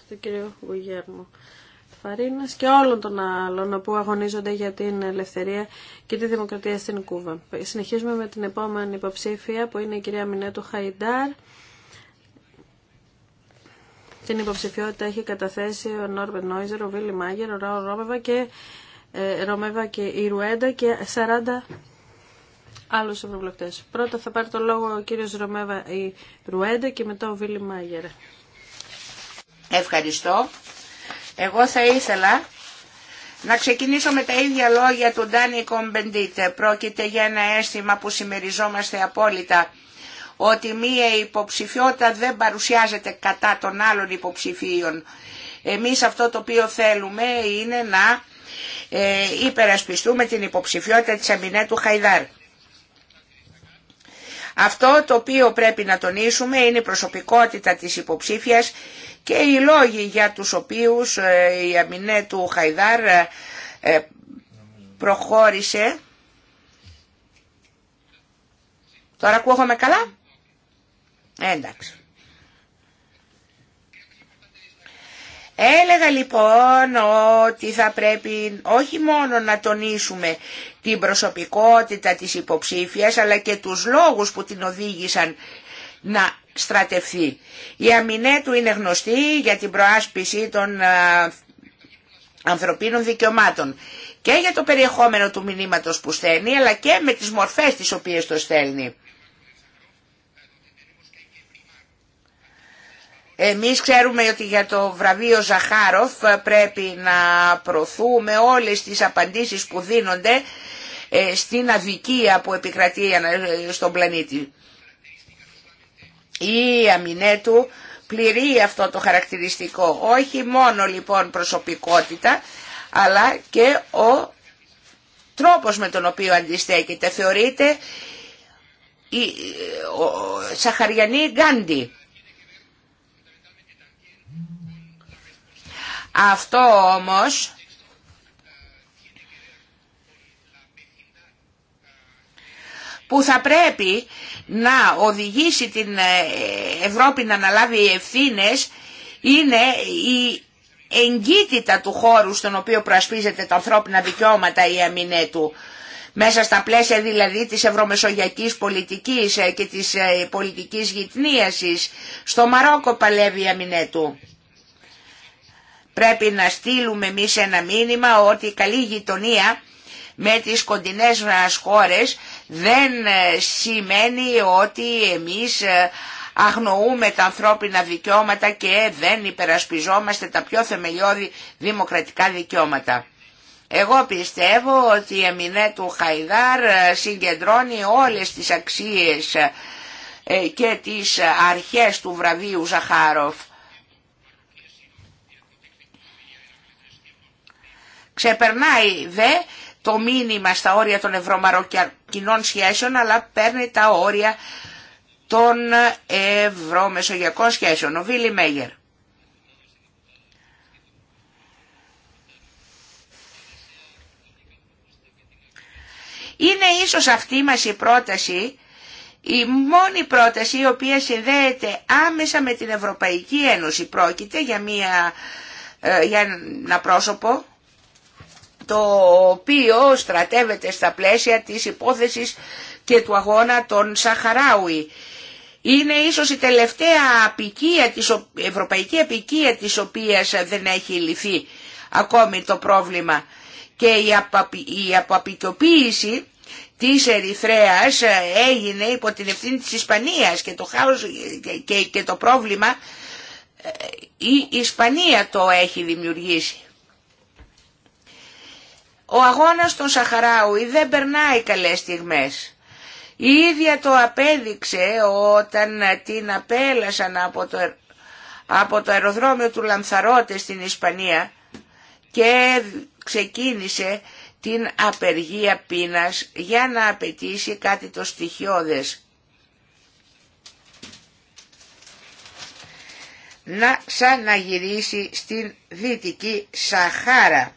του κυρίου Γουγέρμου Φαρίνας και όλων των άλλων που αγωνίζονται για την ελευθερία και τη δημοκρατία στην Κούβα. Συνεχίζουμε με την επόμενη υποψήφια που είναι η κυρία Μινέτου Χαϊντάρ. Την υποψηφιότητα έχει καταθέσει ο Νόρμπερ Νόιζερ, ο Βίλι Μάγερ, ο και, ε, Ρομέβα και η Ρουέντα και 40 Άλλου ευρωβουλευτέ. Πρώτα θα πάρει το λόγο ο κύριος Ρωμέβα η Ρουέντα και μετά ο Βίλι Μάγερ. Ευχαριστώ. Εγώ θα ήθελα να ξεκινήσω με τα ίδια λόγια του Ντάνι Κομπεντίτε. Πρόκειται για ένα αίσθημα που συμμεριζόμαστε απόλυτα ότι μία υποψηφιότητα δεν παρουσιάζεται κατά των άλλων υποψηφίων. Εμείς αυτό το οποίο θέλουμε είναι να ε, υπερασπιστούμε την υποψηφιότητα της Αμινέτου Χαϊδάρ. Αυτό το οποίο πρέπει να τονίσουμε είναι η προσωπικότητα της υποψήφιας και οι λόγοι για τους οποίους ε, η αμινέ του Χαϊδάρ ε, ε, προχώρησε. Τώρα ακούγομαι καλά. Εντάξει. Έλεγα λοιπόν ότι θα πρέπει όχι μόνο να τονίσουμε την προσωπικότητα της υποψήφιας αλλά και τους λόγους που την οδήγησαν να στρατευθεί. Η αμυνέ του είναι γνωστή για την προάσπιση των ε, ανθρωπίνων δικαιωμάτων και για το περιεχόμενο του μηνύματος που στέλνει αλλά και με τις μορφές τις οποίες το στέλνει. Εμείς ξέρουμε ότι για το βραβείο Ζαχάροφ ε, πρέπει να προωθούμε όλες τις απαντήσεις που δίνονται ε, στην αδικία που επικρατεί ε, στον πλανήτη. Η αμυνέ του πληρεί αυτό το χαρακτηριστικό, όχι μόνο λοιπόν προσωπικότητα, αλλά και ο τρόπος με τον οποίο αντιστέκεται. Θεωρείται η, ο Σαχαριανή Γκάντι. Αυτό όμως που θα πρέπει να οδηγήσει την ε, Ευρώπη να αναλάβει ευθύνες είναι η εγκύτητα του χώρου στον οποίο προασπίζεται τα ανθρώπινα δικαιώματα η αμυνέ του. Μέσα στα πλαίσια δηλαδή της ευρωμεσογειακής πολιτικής ε, και της ε, πολιτικής γυτνίασης, στο Μαρόκο παλεύει η του πρέπει να στείλουμε εμεί ένα μήνυμα ότι η καλή γειτονία με τις κοντινές μας χώρες δεν ε, σημαίνει ότι εμείς ε, αγνοούμε τα ανθρώπινα δικαιώματα και δεν υπερασπιζόμαστε τα πιο θεμελιώδη δημοκρατικά δικαιώματα. Εγώ πιστεύω ότι η Εμινέ του Χαϊδάρ ε, συγκεντρώνει όλες τις αξίες και τις αρχές του βραβείου Ζαχάροφ ξεπερνάει δε το μήνυμα στα όρια των ευρωμαροκοινών σχέσεων αλλά παίρνει τα όρια των ε, ευρωμεσογειακών σχέσεων. Ο Βίλι Μέγερ. Είναι ίσως αυτή μας η πρόταση, η μόνη πρόταση η οποία συνδέεται άμεσα με την Ευρωπαϊκή Ένωση. Πρόκειται για, μια, ε, για ένα πρόσωπο το οποίο στρατεύεται στα πλαίσια της υπόθεσης και του αγώνα των Σαχαράουι. Είναι ίσως η τελευταία απικία, της, ευρωπαϊκή απικία της οποίας δεν έχει λυθεί ακόμη το πρόβλημα και η, αποαπικιοποίηση η της Ερυθρέας ε, έγινε υπό την ευθύνη της Ισπανίας και το, χάος, και, και το πρόβλημα ε, η Ισπανία το έχει δημιουργήσει. Ο αγώνας των Σαχαράουι δεν περνάει καλές στιγμές. Η ίδια το απέδειξε όταν την απέλασαν από το, από το αεροδρόμιο του Λανθαρότε στην Ισπανία και ξεκίνησε την απεργία πείνας για να απαιτήσει κάτι το στοιχειώδες. Να σαν να γυρίσει στην Δυτική Σαχάρα.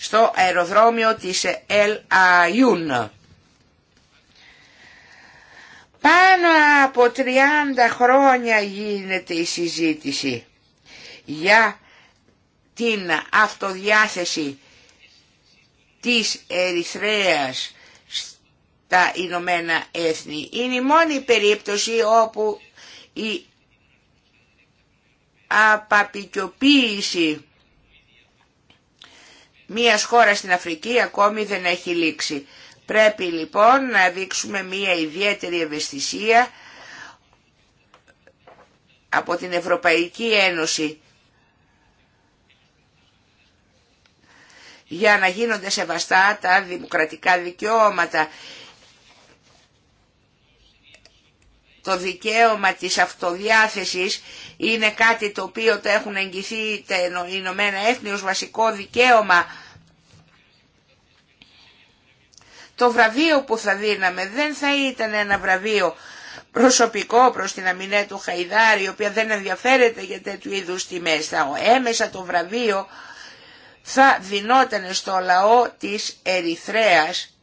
στο αεροδρόμιο της Ελ Αϊούν. Πάνω από 30 χρόνια γίνεται η συζήτηση για την αυτοδιάθεση της Ερυθρέας στα Ηνωμένα Έθνη. Είναι η μόνη περίπτωση όπου η απαπικιοποίηση μία χώρα στην Αφρική ακόμη δεν έχει λήξει. Πρέπει λοιπόν να δείξουμε μία ιδιαίτερη ευαισθησία από την Ευρωπαϊκή Ένωση για να γίνονται σεβαστά τα δημοκρατικά δικαιώματα το δικαίωμα της αυτοδιάθεσης είναι κάτι το οποίο το έχουν εγγυθεί τα Ηνωμένα Έθνη ως βασικό δικαίωμα. Το βραβείο που θα δίναμε δεν θα ήταν ένα βραβείο προσωπικό προς την αμυνέ του Χαϊδάρη, η οποία δεν ενδιαφέρεται για τέτοιου είδους τιμές. Θα έμεσα το βραβείο θα δινόταν στο λαό της Ερυθρέας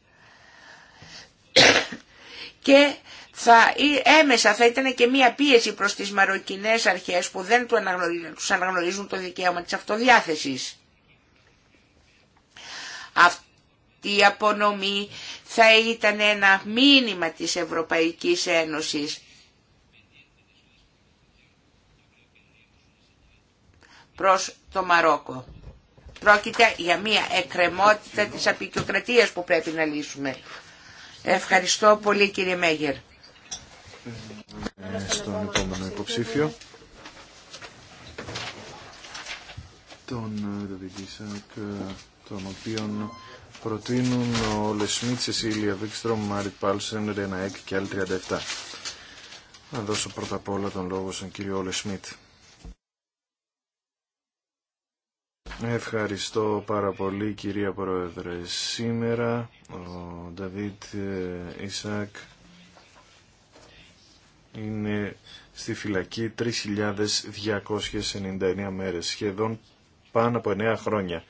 και θα, έμεσα θα ήταν και μία πίεση προς τις μαροκινές αρχές που δεν του τους αναγνωρίζουν το δικαίωμα της αυτοδιάθεσης. Αυτή η απονομή θα ήταν ένα μήνυμα της Ευρωπαϊκής Ένωσης. προς το Μαρόκο. Πρόκειται για μια εκκρεμότητα της απεικιοκρατίας που πρέπει να λύσουμε. Ευχαριστώ πολύ κύριε Μέγερ. Ε, στον επόμενο υποψήφιο. Τον Ισάκ, ε, ε, τον οποίον προτείνουν ο Λεσμίτ, Σεσίλια Βίξτρομ, Μάριτ Πάλσεν, Ρένα Εκ και άλλοι 37. Να δώσω πρώτα απ' όλα τον λόγο στον κύριο Λεσμίτ Ευχαριστώ πάρα πολύ κυρία Πρόεδρε. Σήμερα ο Νταβίτ Ισακ είναι στη φυλακή 3.299 μέρες, σχεδόν πάνω από 9 χρόνια.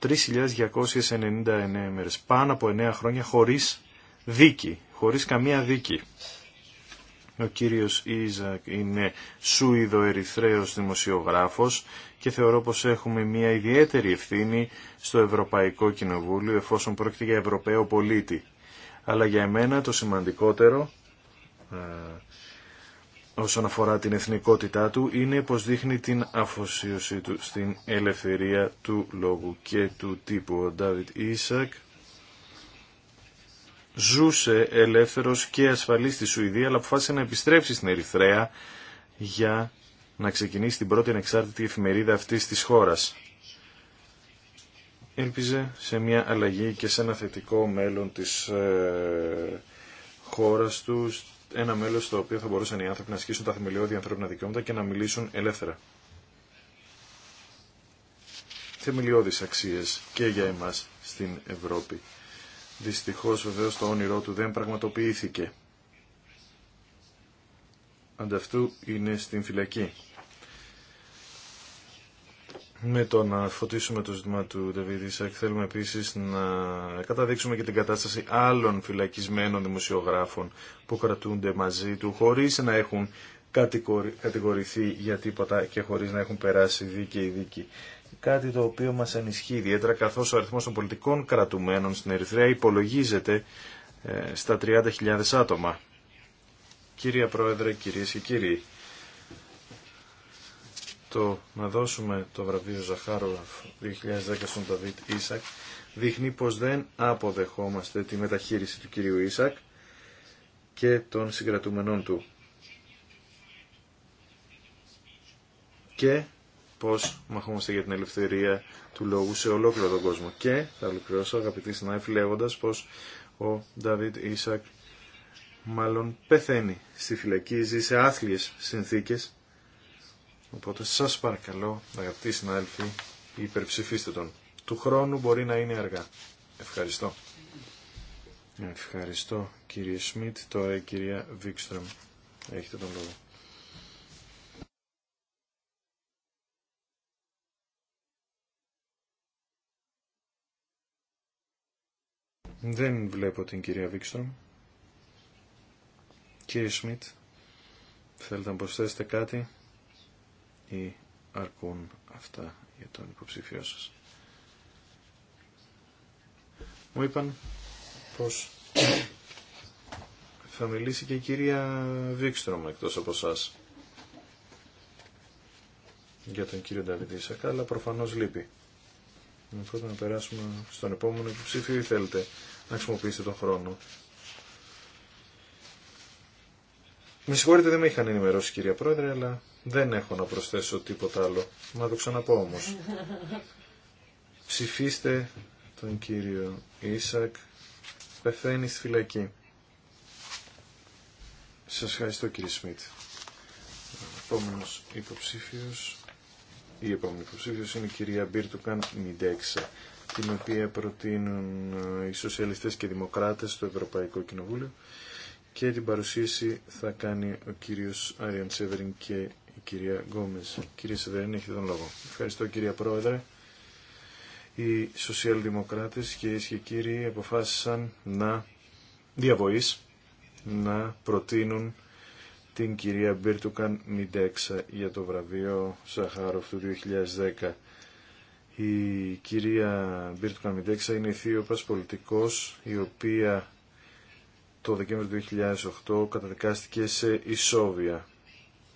3.299 μέρες, πάνω από 9 χρόνια χωρίς δίκη, χωρίς καμία δίκη. Ο κύριος Ίζακ είναι Ερυθρέος δημοσιογράφος και θεωρώ πως έχουμε μια ιδιαίτερη ευθύνη στο Ευρωπαϊκό Κοινοβούλιο εφόσον πρόκειται για Ευρωπαίο πολίτη. Αλλά για εμένα το σημαντικότερο ε, όσον αφορά την εθνικότητά του είναι πως δείχνει την αφοσίωσή του στην ελευθερία του λόγου και του τύπου. Ο Ντάβιτ Ίσακ ζούσε ελεύθερος και ασφαλής στη Σουηδία αλλά αποφάσισε να επιστρέψει στην Ερυθρέα για να ξεκινήσει την πρώτη ανεξάρτητη εφημερίδα αυτής της χώρας. Έλπιζε σε μια αλλαγή και σε ένα θετικό μέλλον της ε, χώρας του ένα μέλο στο οποίο θα μπορούσαν οι άνθρωποι να ασκήσουν τα θεμελιώδη ανθρώπινα δικαιώματα και να μιλήσουν ελεύθερα. Θεμελιώδεις αξίες και για εμάς στην Ευρώπη. Δυστυχώς βεβαίω το όνειρό του δεν πραγματοποιήθηκε. Ανταυτού είναι στην φυλακή με το να φωτίσουμε το ζήτημα του Νταβίδη Ισακ θέλουμε επίσης να καταδείξουμε και την κατάσταση άλλων φυλακισμένων δημοσιογράφων που κρατούνται μαζί του χωρίς να έχουν κατηγορηθεί για τίποτα και χωρίς να έχουν περάσει δίκαιη δίκη. Κάτι το οποίο μας ανισχύει ιδιαίτερα καθώς ο αριθμό των πολιτικών κρατουμένων στην Ερυθρέα υπολογίζεται ε, στα 30.000 άτομα. Κύριε Πρόεδρε, κυρίε και κύριοι, το να δώσουμε το βραβείο Ζαχάροφ 2010 στον Ταβίτ Ίσακ δείχνει πως δεν αποδεχόμαστε τη μεταχείριση του κυρίου Ίσακ και των συγκρατούμενών του. Και πως μαχόμαστε για την ελευθερία του λόγου σε ολόκληρο τον κόσμο. Και θα ολοκληρώσω αγαπητοί συνάδελφοι λέγοντας πως ο Νταβίτ Ίσακ μάλλον πεθαίνει στη φυλακή, ζει σε άθλιες συνθήκες Οπότε σας παρακαλώ, αγαπητοί συνάδελφοι, υπερψηφίστε τον. Του χρόνου μπορεί να είναι αργά. Ευχαριστώ. Ευχαριστώ κύριε Σμιτ. Τώρα η κυρία Βίξτρομ. Έχετε τον λόγο. Δεν βλέπω την κυρία Βίξτρομ. Κύριε Σμιτ, θέλετε να προσθέσετε κάτι ή αρκούν αυτά για τον υποψηφιό σας. Μου είπαν πως θα μιλήσει και η κυρία Βίξτρομ εκτός από σας για τον κύριο Νταβιδί Σακά, αλλά προφανώς λείπει. Οπότε να περάσουμε στον επόμενο υποψήφιο ή θέλετε να χρησιμοποιήσετε τον χρόνο. Με συγχωρείτε δεν με είχαν ενημερώσει κυρία Πρόεδρε, αλλά δεν έχω να προσθέσω τίποτα άλλο. Να το ξαναπώ όμως. Ψηφίστε τον κύριο Ίσακ. Πεθαίνει στη φυλακή. Σας ευχαριστώ κύριε Σμιτ. Επόμενος υποψήφιος, η επόμενη υποψήφιος είναι η κυρία Μπίρτουκαν Μιντέξα, την οποία προτείνουν ε, οι σοσιαλιστές και δημοκράτες στο Ευρωπαϊκό Κοινοβούλιο και την παρουσίαση θα κάνει ο κύριος Άριαν Σέβεριν και η κυρία Γκόμες. Κύριε Σιδερίνη, έχετε τον λόγο. Ευχαριστώ κυρία Πρόεδρε. Οι σοσιαλδημοκράτες και οι κύριοι αποφάσισαν να διαβοής να προτείνουν την κυρία Μπίρτουκαν Μιντέξα για το βραβείο Σαχάροφ του 2010. Η κυρία Μπίρτουκαν Μιντέξα είναι ηθίωπας πολιτικός η οποία το Δεκέμβριο του 2008 καταδικάστηκε σε ισόβια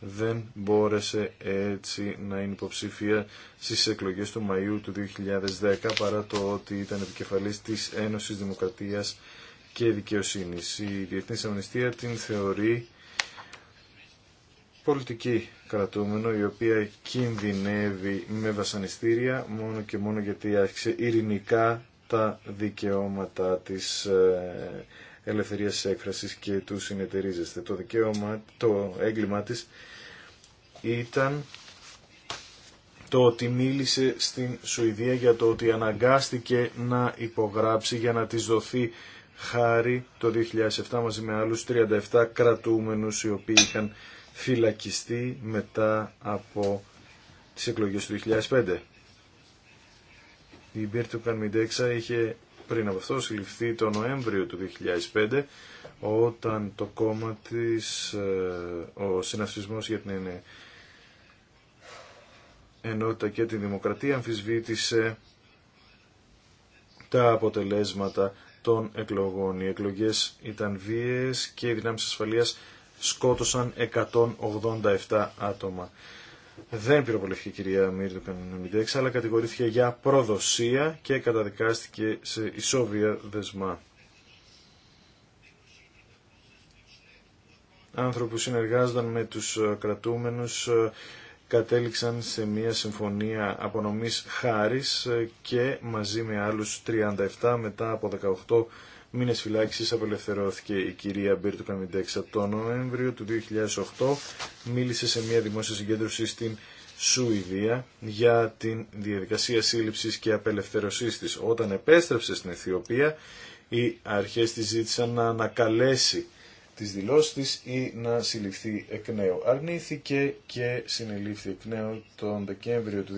δεν μπόρεσε έτσι να είναι υποψήφια στις εκλογές του Μαΐου του 2010 παρά το ότι ήταν επικεφαλής της Ένωσης Δημοκρατίας και Δικαιοσύνης. Η Διεθνής Αμνηστία την θεωρεί πολιτική κρατούμενο η οποία κινδυνεύει με βασανιστήρια μόνο και μόνο γιατί άρχισε ειρηνικά τα δικαιώματά της ε, ελευθερίας έκφρασης και του συνεταιρίζεστε. Το δικαίωμα, το έγκλημα της ήταν το ότι μίλησε στην Σουηδία για το ότι αναγκάστηκε να υπογράψει για να της δοθεί χάρη το 2007 μαζί με άλλους 37 κρατούμενους οι οποίοι είχαν φυλακιστεί μετά από τις εκλογές του 2005. Η Μπίρτου Καρμιντέξα είχε πριν από αυτό συλληφθεί το Νοέμβριο του 2005 όταν το κόμμα της, ε, ο συναυσισμός για την ενότητα και τη δημοκρατία αμφισβήτησε τα αποτελέσματα των εκλογών. Οι εκλογές ήταν βίαιες και οι δυνάμεις ασφαλείας σκότωσαν 187 άτομα δεν πυροβολήθηκε η κυρία Μύρη αλλά κατηγορήθηκε για προδοσία και καταδικάστηκε σε ισόβια δεσμά. Άνθρωποι που συνεργάζονταν με τους ε, κρατούμενους ε, κατέληξαν σε μια συμφωνία απονομής χάρης ε, και μαζί με άλλους 37 μετά από 18 μήνες φυλάκιση απελευθερώθηκε η κυρία Μπίρτου Καμιντέξα. Το Νοέμβριο του 2008 μίλησε σε μια δημόσια συγκέντρωση στην Σουηδία για την διαδικασία σύλληψη και απελευθερωσή της. Όταν επέστρεψε στην Αιθιοπία, οι αρχέ της ζήτησαν να ανακαλέσει τις δηλώσεις τη ή να συλληφθεί εκ νέου. Αρνήθηκε και συνελήφθη εκ νέου τον Δεκέμβριο του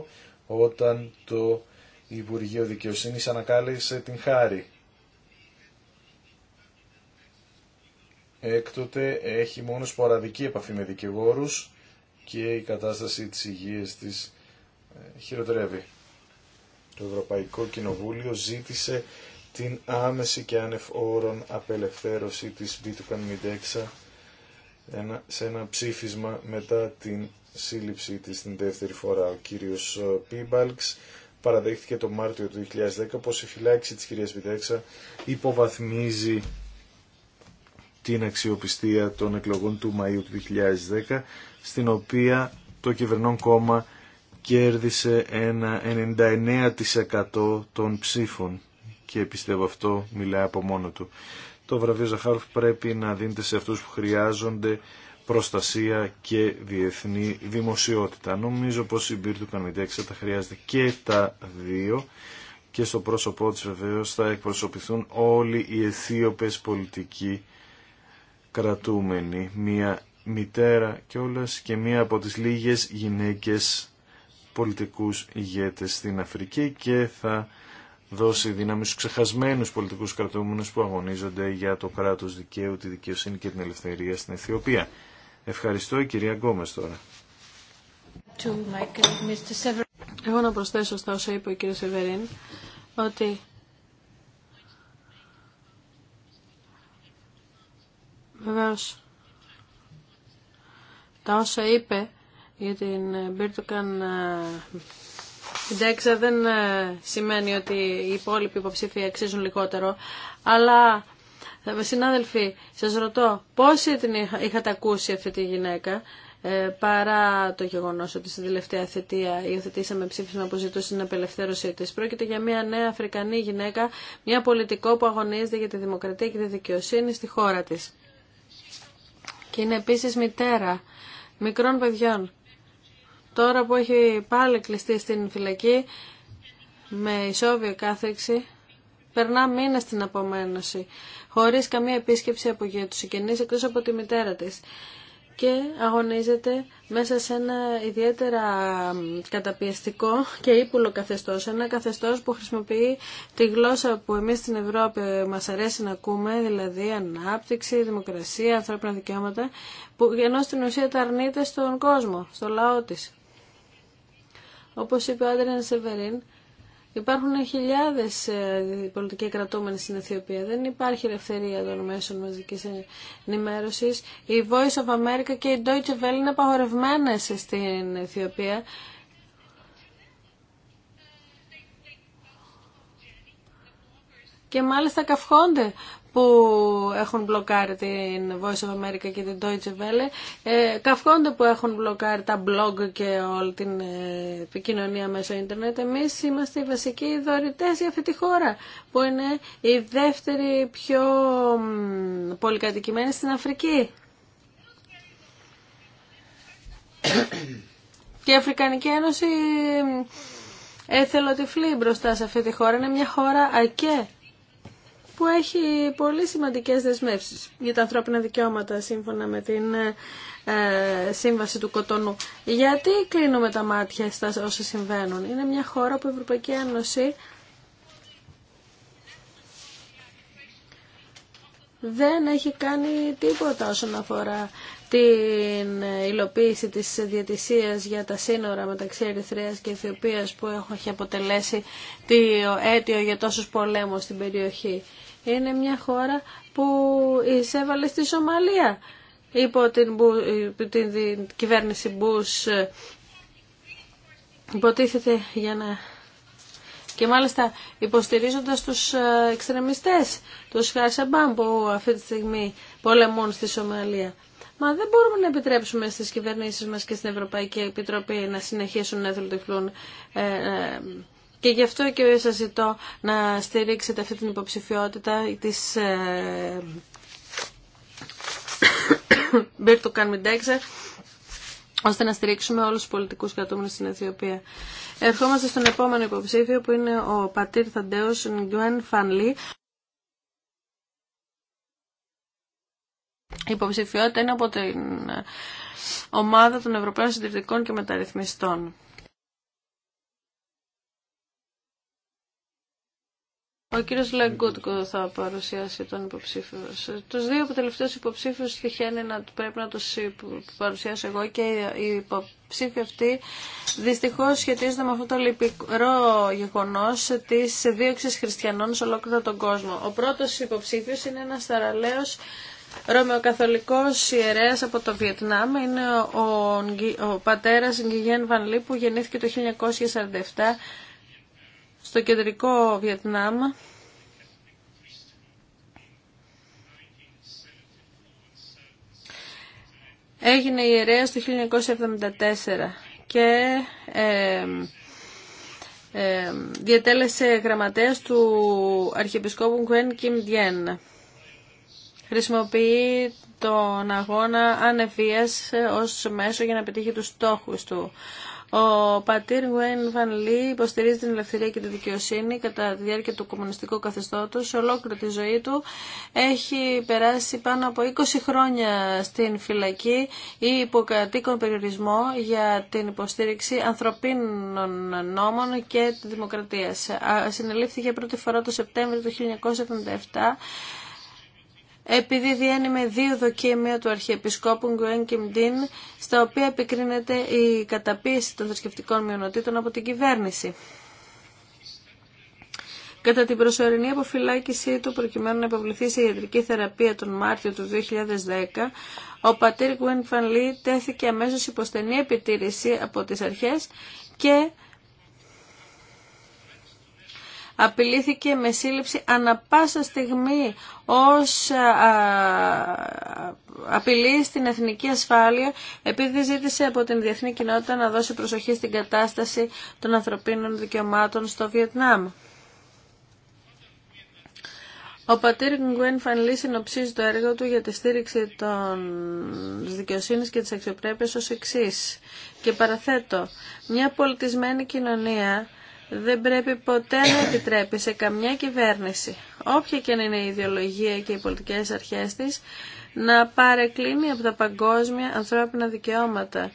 2008 όταν το Υπουργείο Δικαιοσύνης ανακάλεσε την χάρη έκτοτε έχει μόνο σποραδική επαφή με δικηγόρους και η κατάσταση της υγείας της ε, χειροτερεύει. Το Ευρωπαϊκό Κοινοβούλιο ζήτησε την άμεση και άνευ όρων απελευθέρωση της Μπίτουκαν oh Μιντέξα σε ένα ψήφισμα μετά την σύλληψή της την δεύτερη φορά. Ο κύριος ε, Πίμπαλξ παραδέχτηκε το Μάρτιο του 2010 πως η φυλάξη της κυρίας Μιντέξα υποβαθμίζει την αξιοπιστία των εκλογών του Μαΐου του 2010, στην οποία το κυβερνών κόμμα κέρδισε ένα 99% των ψήφων και πιστεύω αυτό μιλάει από μόνο του. Το βραβείο Ζαχάροφ πρέπει να δίνεται σε αυτούς που χρειάζονται προστασία και διεθνή δημοσιότητα. Νομίζω πως η Μπύρ του θα τα χρειάζεται και τα δύο και στο πρόσωπό της βεβαίω θα εκπροσωπηθούν όλοι οι αιθίωπες πολιτικοί κρατούμενη, μία μητέρα όλας και μία από τις λίγες γυναίκες πολιτικούς ηγέτες στην Αφρική και θα δώσει δύναμη στους ξεχασμένους πολιτικούς κρατούμενους που αγωνίζονται για το κράτος δικαίου, τη δικαιοσύνη και την ελευθερία στην Αιθιοπία. Ευχαριστώ η κυρία Γκόμες τώρα. Εγώ να προσθέσω στα όσα είπε ο κύριος Σεβερίν ότι Βεβαίως, τα όσα είπε για την Μπίρτουκαν ε, Τέξα δεν ε, σημαίνει ότι οι υπόλοιποι υποψήφοι αξίζουν λιγότερο, αλλά ε, συνάδελφοι, σας ρωτώ πόσοι την είχατε ακούσει αυτή τη γυναίκα, παρά το γεγονό ότι στην τελευταία θετία υιοθετήσαμε ψήφισμα που ζητούσε την απελευθέρωσή τη. Πρόκειται για μια νέα Αφρικανή γυναίκα, μια πολιτικό που αγωνίζεται για τη δημοκρατία και τη δικαιοσύνη στη χώρα τη και είναι επίσης μητέρα μικρών παιδιών. Τώρα που έχει πάλι κλειστεί στην φυλακή με ισόβιο κάθεξη, περνά μήνες στην απομένωση, χωρίς καμία επίσκεψη από για τους συγγενείς εκτός από τη μητέρα της και αγωνίζεται μέσα σε ένα ιδιαίτερα καταπιεστικό και ύπουλο καθεστώς. Ένα καθεστώς που χρησιμοποιεί τη γλώσσα που εμείς στην Ευρώπη μας αρέσει να ακούμε, δηλαδή ανάπτυξη, δημοκρασία, ανθρώπινα δικαιώματα, που ενώ στην ουσία τα αρνείται στον κόσμο, στο λαό της. Όπως είπε ο Άντρεν Σεβερίν, Υπάρχουν χιλιάδε ε, πολιτικοί κρατούμενοι στην Αιθιοπία. Δεν υπάρχει ελευθερία των μέσων μαζική ενημέρωση. Η Voice of America και η Deutsche Welle είναι απαγορευμένε στην Αιθιοπία. Και μάλιστα καυχόνται που έχουν μπλοκάρει την Voice of America και την Deutsche Welle, ε, που έχουν μπλοκάρει τα blog και όλη την ε, επικοινωνία μέσω ίντερνετ. Εμείς είμαστε οι βασικοί δωρητές για αυτή τη χώρα, που είναι η δεύτερη πιο πολυκατοικημένη στην Αφρική. Και η Αφρικανική Ένωση έθελο τυφλή μπροστά σε αυτή τη χώρα. Είναι μια χώρα ακέ που έχει πολύ σημαντικές δεσμεύσεις για τα ανθρώπινα δικαιώματα σύμφωνα με την ε, σύμβαση του Κοτονού. Γιατί κλείνουμε τα μάτια στα όσα συμβαίνουν. Είναι μια χώρα που η Ευρωπαϊκή Ένωση δεν έχει κάνει τίποτα όσον αφορά την υλοποίηση της διατησίας για τα σύνορα μεταξύ Ερυθρέας και Αιθιοπίας που έχει αποτελέσει το αίτιο για τόσους πολέμους στην περιοχή είναι μια χώρα που εισέβαλε στη Σομαλία υπό την, την κυβέρνηση Μπούς υποτίθεται για να και μάλιστα υποστηρίζοντας τους ε, εξτρεμιστές, τους χαρσαμπάμ που αυτή τη στιγμή πολεμούν στη Σομαλία. Μα δεν μπορούμε να επιτρέψουμε στις κυβερνήσεις μας και στην Ευρωπαϊκή Επιτροπή να συνεχίσουν να θελτυφλούν και γι' αυτό και σας ζητώ να στηρίξετε αυτή την υποψηφιότητα της ε, Μπίρτου Καρμιντέξα ώστε να στηρίξουμε όλους τους πολιτικούς κρατούμενους στην Αιθιοπία. Ερχόμαστε στον επόμενο υποψήφιο που είναι ο Πατήρ Θαντέος Νγκουέν Φανλή. Η υποψηφιότητα είναι από την ομάδα των Ευρωπαίων Συντηρητικών και Μεταρρυθμιστών. Ο κύριος Λαγκούτκο θα παρουσιάσει τον υποψήφιο. Του δύο τελευταίους υποψήφιους τυχαίνει να πρέπει να του παρουσιάσω εγώ και η υποψήφια αυτή δυστυχώ σχετίζεται με αυτό το λυπηρό γεγονό τη δίωξη χριστιανών σε ολόκληρο τον κόσμο. Ο πρώτο υποψήφιο είναι ένα θαραλέο Ρωμαιοκαθολικό ιερέα από το Βιετνάμ είναι ο, ο πατέρας Γκυγέν Βαν Λί που γεννήθηκε το 1947 στο κεντρικό Βιετνάμ έγινε ιερέα το 1974 και ε, ε, διατέλεσε γραμματέας του Αρχιεπισκόπου Γκουέν Κιμ Διέν. Χρησιμοποιεί τον αγώνα ανεβίας ως μέσο για να πετύχει τους στόχους του. Ο πατήρ Γουέν Βαν Λί υποστηρίζει την ελευθερία και τη δικαιοσύνη κατά τη διάρκεια του κομμουνιστικού Σε Ολόκληρη τη ζωή του έχει περάσει πάνω από 20 χρόνια στην φυλακή ή υποκατοίκον περιορισμό για την υποστήριξη ανθρωπίνων νόμων και τη δημοκρατία. Συνελήφθηκε πρώτη φορά το Σεπτέμβριο του 1977 επειδή με δύο δοκίμια του Αρχιεπισκόπου Γκουέν Κιμντίν, στα οποία επικρίνεται η καταπίεση των θρησκευτικών μειονοτήτων από την κυβέρνηση. Κατά την προσωρινή αποφυλάκησή του, προκειμένου να υποβληθεί σε ιατρική θεραπεία τον Μάρτιο του 2010, ο πατήρ Γκουέν Φανλή τέθηκε αμέσως υποστενή επιτήρηση από τις αρχές και απειλήθηκε με σύλληψη πάσα στιγμή ως απειλή στην εθνική ασφάλεια επειδή ζήτησε από την διεθνή κοινότητα να δώσει προσοχή στην κατάσταση των ανθρωπίνων δικαιωμάτων στο Βιετνάμ. Ο πατήρ Γκουέν Φανλή συνοψίζει το έργο του για τη στήριξη των δικαιοσύνης και της αξιοπρέπειας ως εξής... Και παραθέτω, μια πολιτισμένη κοινωνία δεν πρέπει ποτέ να επιτρέπει σε καμιά κυβέρνηση, όποια και να είναι η ιδεολογία και οι πολιτικές αρχές της, να παρεκκλίνει από τα παγκόσμια ανθρώπινα δικαιώματα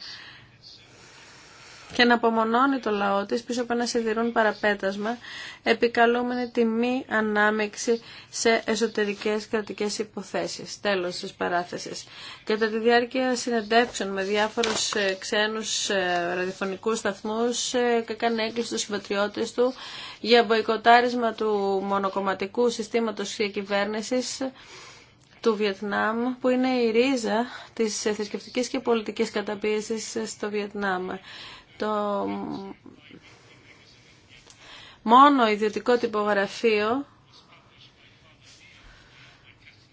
και να απομονώνει το λαό της πίσω από ένα σιδηρούν παραπέτασμα, επικαλούμενη τη μη ανάμεξη σε εσωτερικές κρατικές υποθέσεις. Τέλος της παράθεσης. Κατά τη διάρκεια συνεντεύξεων με διάφορους ε, ξένους ε, ραδιοφωνικούς σταθμούς, ε, έκανε έκκληση στους συμπατριώτες του για μποϊκοτάρισμα του μονοκομματικού συστήματος διακυβέρνησης του Βιετνάμ, που είναι η ρίζα της θρησκευτική και πολιτικής καταπίεσης στο Βιετνάμ το μόνο ιδιωτικό τυπογραφείο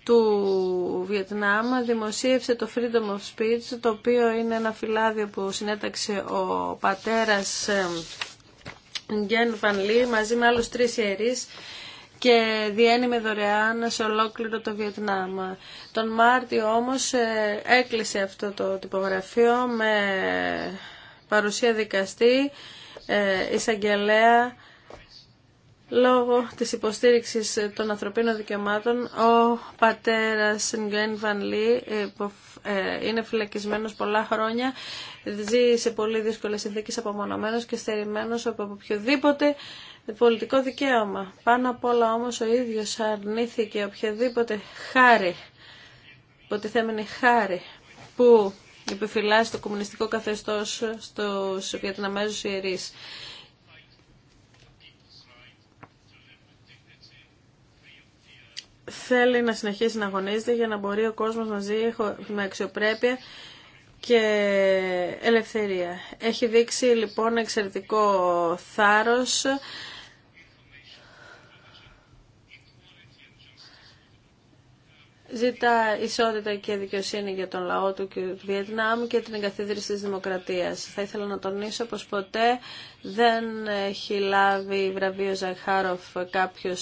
του Βιετνάμ δημοσίευσε το Freedom of Speech, το οποίο είναι ένα φυλάδιο που συνέταξε ο πατέρας Γκέν Λί μαζί με άλλους τρεις ιερείς και διένυμε δωρεάν σε ολόκληρο το Βιετνάμ. Τον Μάρτιο όμως ε, έκλεισε αυτό το τυπογραφείο με παρουσία δικαστή, ε, εισαγγελέα, λόγω της υποστήριξης των ανθρωπίνων δικαιωμάτων, ο πατέρας Γκέν Βαν Λί ε, είναι φυλακισμένος πολλά χρόνια, ζει σε πολύ δύσκολες συνθήκες απομονωμένος και στερημένος από οποιοδήποτε πολιτικό δικαίωμα. Πάνω απ' όλα όμως ο ίδιος αρνήθηκε οποιαδήποτε χάρη, υποτιθέμενη χάρη, που επιφυλάσσει το κομμουνιστικό καθεστώς στους Βιετναμέζους Ιερεί. Θέλει να συνεχίσει να αγωνίζεται για να μπορεί ο κόσμος να ζει με αξιοπρέπεια και ελευθερία. Έχει δείξει λοιπόν εξαιρετικό θάρρος ζητά ισότητα και δικαιοσύνη για τον λαό του και του Βιετνάμ και την εγκαθίδρυση της δημοκρατίας. Θα ήθελα να τονίσω πως ποτέ δεν έχει λάβει βραβείο Ζαχάροφ κάποιο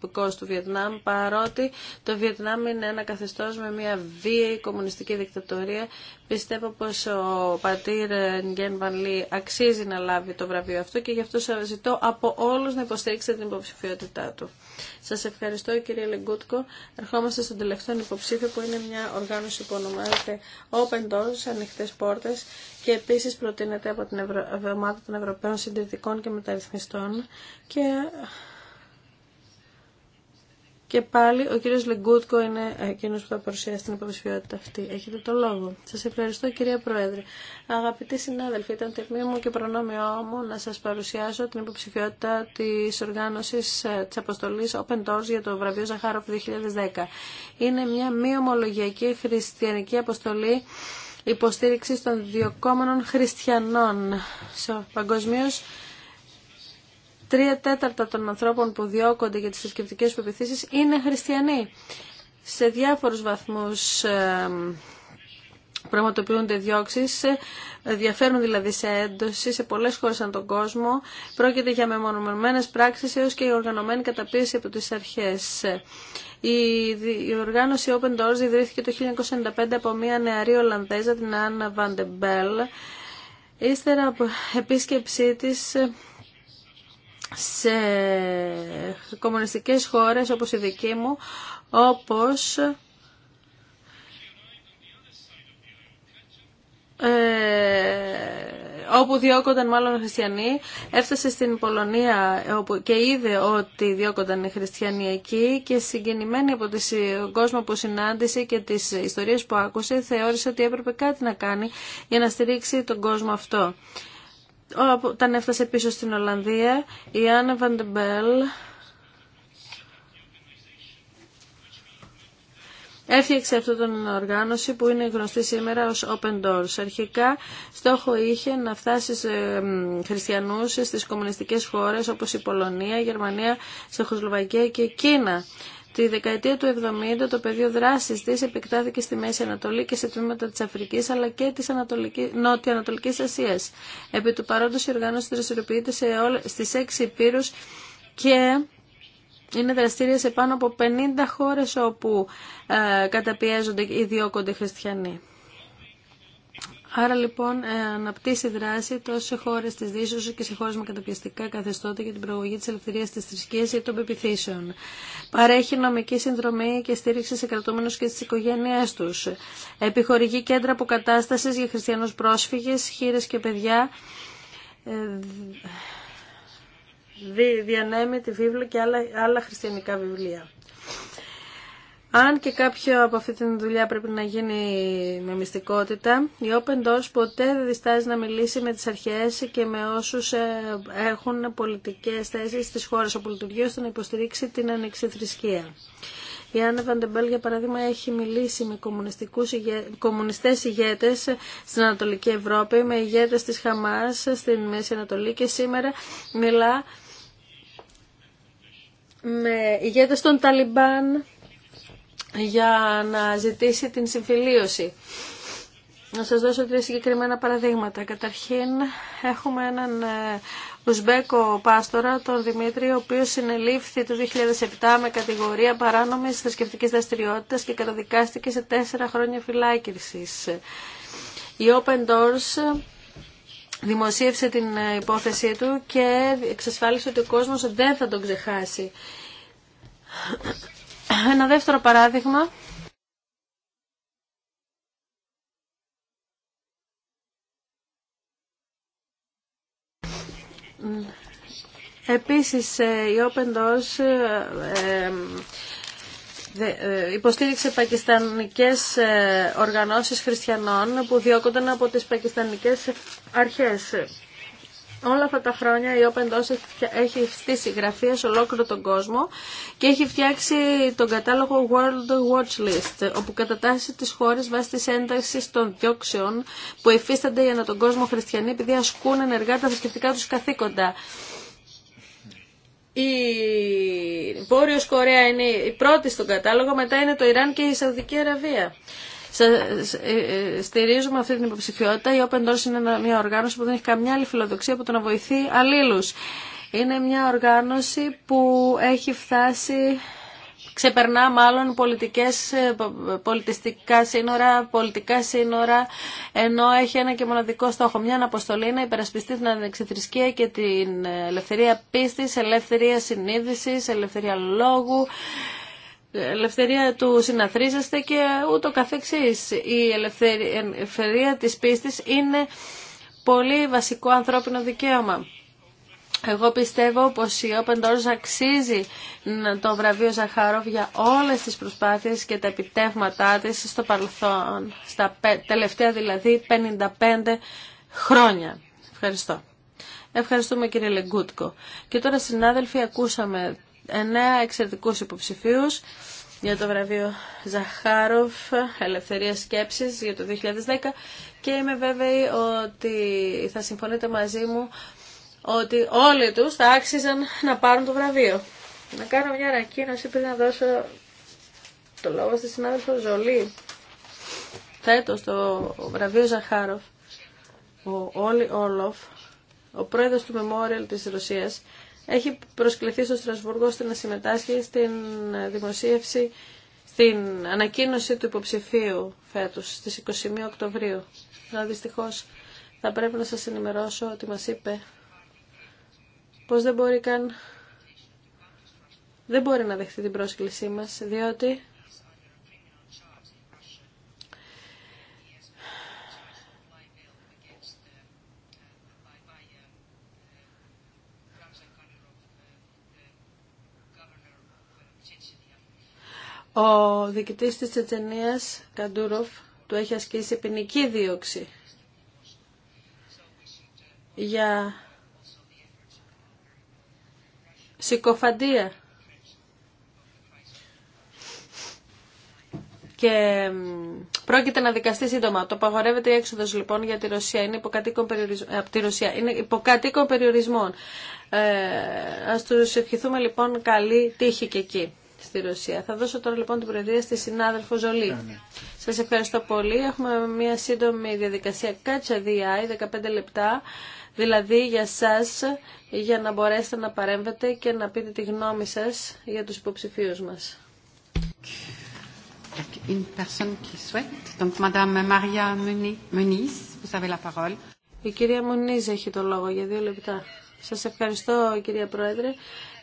πικός ε, του Βιετνάμ παρότι το Βιετνάμ είναι ένα καθεστώ με μια βίαιη κομμουνιστική δικτατορία πιστεύω πω ο πατήρ Νγκέν Βανλή αξίζει να λάβει το βραβείο αυτό και γι' αυτό σα ζητώ από όλου να υποστηρίξετε την υποψηφιότητά του. Σα ευχαριστώ κύριε Λεγκούτκο. Ερχόμαστε στον τελευταίο υποψήφιο που είναι μια οργάνωση που ονομάζεται Open Doors, ανοιχτέ πόρτε και επίση προτείνεται από την Ευρω... Ευρωπαίων Συντηρητικών και Μεταρρυθμιστών και και πάλι ο κύριος Λεγκούτκο είναι εκείνος που θα παρουσιάσει την υποψηφιότητα αυτή. Έχετε το λόγο. Σας ευχαριστώ κυρία Πρόεδρε. Αγαπητοί συνάδελφοι, ήταν τιμή μου και προνόμιό μου να σας παρουσιάσω την υποψηφιότητα της οργάνωσης ε, της αποστολής Open Doors για το βραβείο Ζαχάροφ 2010. Είναι μια μη ομολογιακή χριστιανική αποστολή υποστήριξης των διοκόμενων χριστιανών. Παγκοσμίω, τρία τέταρτα των ανθρώπων που διώκονται για τις θρησκευτικές πεπιθήσεις είναι χριστιανοί. Σε διάφορους βαθμούς πραγματοποιούνται διώξει, διαφέρουν δηλαδή σε έντοση σε πολλές χώρες σαν τον κόσμο. Πρόκειται για μεμονωμένες πράξεις έω και οργανωμένη καταπίεση από τις αρχές. Η οργάνωση Open Doors ιδρύθηκε το 1995 από μια νεαρή Ολλανδέζα, την Άννα Βαντεμπέλ. Ύστερα από επίσκεψή της σε κομμουνιστικές χώρες όπως η δική μου, όπως όπου διώκονταν μάλλον χριστιανοί. Έφτασε στην Πολωνία και είδε ότι διώκονταν οι χριστιανοί εκεί και συγκινημένη από τον ε, κόσμο που συνάντησε και τις ιστορίες που άκουσε θεώρησε ότι έπρεπε κάτι να κάνει για να στηρίξει τον κόσμο αυτό. Όταν έφτασε πίσω στην Ολλανδία, η Άννα Βαντεμπέλ Έφτιαξε αυτόν τον οργάνωση που είναι γνωστή σήμερα ως Open Doors. Αρχικά στόχο είχε να φτάσει σε χριστιανούς στις κομμουνιστικές χώρες όπως η Πολωνία, η Γερμανία, η Σεχοσλοβακία και η Κίνα. Τη δεκαετία του 70 το πεδίο δράσης της επεκτάθηκε στη Μέση Ανατολή και σε τμήματα της Αφρικής αλλά και της Ανατολική... Νότιο-Ανατολικής Ασίας. Επί του παρόντος η οργάνωση δραστηριοποιείται σε όλες... στις έξι πύρους και είναι δραστήρια σε πάνω από 50 χώρες όπου ε, καταπιέζονται ή διώκονται χριστιανοί. Άρα λοιπόν ε, αναπτύσσει δράση τόσο σε χώρες της Δύσης και σε χώρες με καταπιεστικά καθεστώτα για την προογή τη ελευθερία τη θρησκείας ή των πεπιθήσεων. Παρέχει νομική συνδρομή και στήριξη σε κρατούμενους και τι οικογένειέ του. Επιχορηγεί κέντρα αποκατάστασης για χριστιανούς πρόσφυγε, χείρε και παιδιά ε, διανέμει τη βίβλο και άλλα, άλλα χριστιανικά βιβλία. Αν και κάποιο από αυτή τη δουλειά πρέπει να γίνει με μυστικότητα, η Open Doors ποτέ δεν διστάζει να μιλήσει με τις αρχές και με όσους ε, έχουν πολιτικές θέσεις στις χώρες όπου λειτουργεί, ώστε να υποστηρίξει την ανοιξή θρησκεία. Η Άννα Βαντεμπέλ, για παράδειγμα, έχει μιλήσει με ηγε... κομμουνιστές ηγέτες στην Ανατολική Ευρώπη, με ηγέτες της Χαμάς στην Μέση Ανατολή και σήμερα μιλά με ηγέτες των Ταλιμπάν για να ζητήσει την συμφιλίωση. Να σας δώσω τρία συγκεκριμένα παραδείγματα. Καταρχήν έχουμε έναν ε, Ουσμπέκο Πάστορα, τον Δημήτρη, ο οποίος συνελήφθη το 2007 με κατηγορία παράνομης θρησκευτικής δραστηριότητας και καταδικάστηκε σε τέσσερα χρόνια φυλάκισης. Η Open Doors δημοσίευσε την ε, υπόθεσή του και εξασφάλισε ότι ο κόσμος δεν θα τον ξεχάσει. Ένα δεύτερο παράδειγμα Επίσης ε, η Open Doors ε, ε, υποστήριξε πακιστανικές ε, οργανώσεις χριστιανών που διώκονταν από τις πακιστανικές αρχές. Όλα αυτά τα χρόνια η Open Doors έχει στήσει γραφεία σε ολόκληρο τον κόσμο και έχει φτιάξει τον κατάλογο World Watch List, όπου κατατάσσει τις χώρες βάσει της ένταξης των διώξεων που υφίστανται για να τον κόσμο χριστιανοί επειδή ασκούν ενεργά τα θρησκευτικά τους καθήκοντα. Η Βόρειος Κορέα είναι η πρώτη στον κατάλογο, μετά είναι το Ιράν και η Σαουδική Αραβία. Ε, ε, στηρίζουμε αυτή την υποψηφιότητα. Η Open Doors είναι μια οργάνωση που δεν έχει καμιά άλλη φιλοδοξία από το να βοηθεί αλλήλους. Είναι μια οργάνωση που έχει φτάσει ξεπερνά μάλλον πολιτικές, ε, πολιτιστικά σύνορα, πολιτικά σύνορα, ενώ έχει ένα και μοναδικό στόχο. Μια αναποστολή να υπερασπιστεί την ανεξιθρησκεία και την ελευθερία πίστης, ελευθερία συνείδησης, ελευθερία λόγου, ελευθερία του συναθρίζεστε και ούτω καθεξής. Η ελευθερία της πίστης είναι πολύ βασικό ανθρώπινο δικαίωμα. Εγώ πιστεύω πως η Open Doors αξίζει το βραβείο Ζαχάροφ για όλες τις προσπάθειες και τα επιτεύγματά της στο παρελθόν, στα τελευταία δηλαδή 55 χρόνια. Ευχαριστώ. Ευχαριστούμε κύριε Λεγκούτκο. Και τώρα συνάδελφοι ακούσαμε εννέα εξαιρετικούς υποψηφίους για το βραβείο Ζαχάροφ Ελευθερία Σκέψης για το 2010 και είμαι βέβαιη ότι θα συμφωνείτε μαζί μου ότι όλοι τους θα άξιζαν να πάρουν το βραβείο. Να κάνω μια ανακοίνωση πριν να δώσω το λόγο στη συνάδελφο Ζολή. Φέτος το βραβείο Ζαχάροφ, ο Όλι Όλοφ, ο πρόεδρος του Memorial της Ρωσίας, έχει προσκληθεί στο Στρασβουργό ώστε να συμμετάσχει στην δημοσίευση, στην ανακοίνωση του υποψηφίου φέτος, στις 21 Οκτωβρίου. Αλλά δυστυχώς θα πρέπει να σας ενημερώσω ότι μας είπε πως δεν μπορεί καν δεν μπορεί να δεχτεί την πρόσκλησή μας, διότι Ο διοικητής της Τσετσενίας, Καντούροφ, του έχει ασκήσει ποινική δίωξη για συκοφαντία. Και πρόκειται να δικαστεί σύντομα. Το απαγορεύεται η έξοδος λοιπόν για τη Ρωσία. Είναι υποκατοίκον περιορισμών. Ε, από τη Ρωσία. Είναι υποκατοίκον περιορισμών. Ε, ας τους ευχηθούμε λοιπόν καλή τύχη και εκεί στη Ρωσία. Θα δώσω τώρα λοιπόν την προεδρία στη συνάδελφο Ζολή. Σα ναι, ναι. Σας ευχαριστώ πολύ. Έχουμε μια σύντομη διαδικασία κάτσα 15 λεπτά δηλαδή για σας για να μπορέσετε να παρέμβετε και να πείτε τη γνώμη σας για τους υποψηφίους μας. Η κυρία Μουνίζ έχει το λόγο για δύο λεπτά. Σας ευχαριστώ κυρία Πρόεδρε.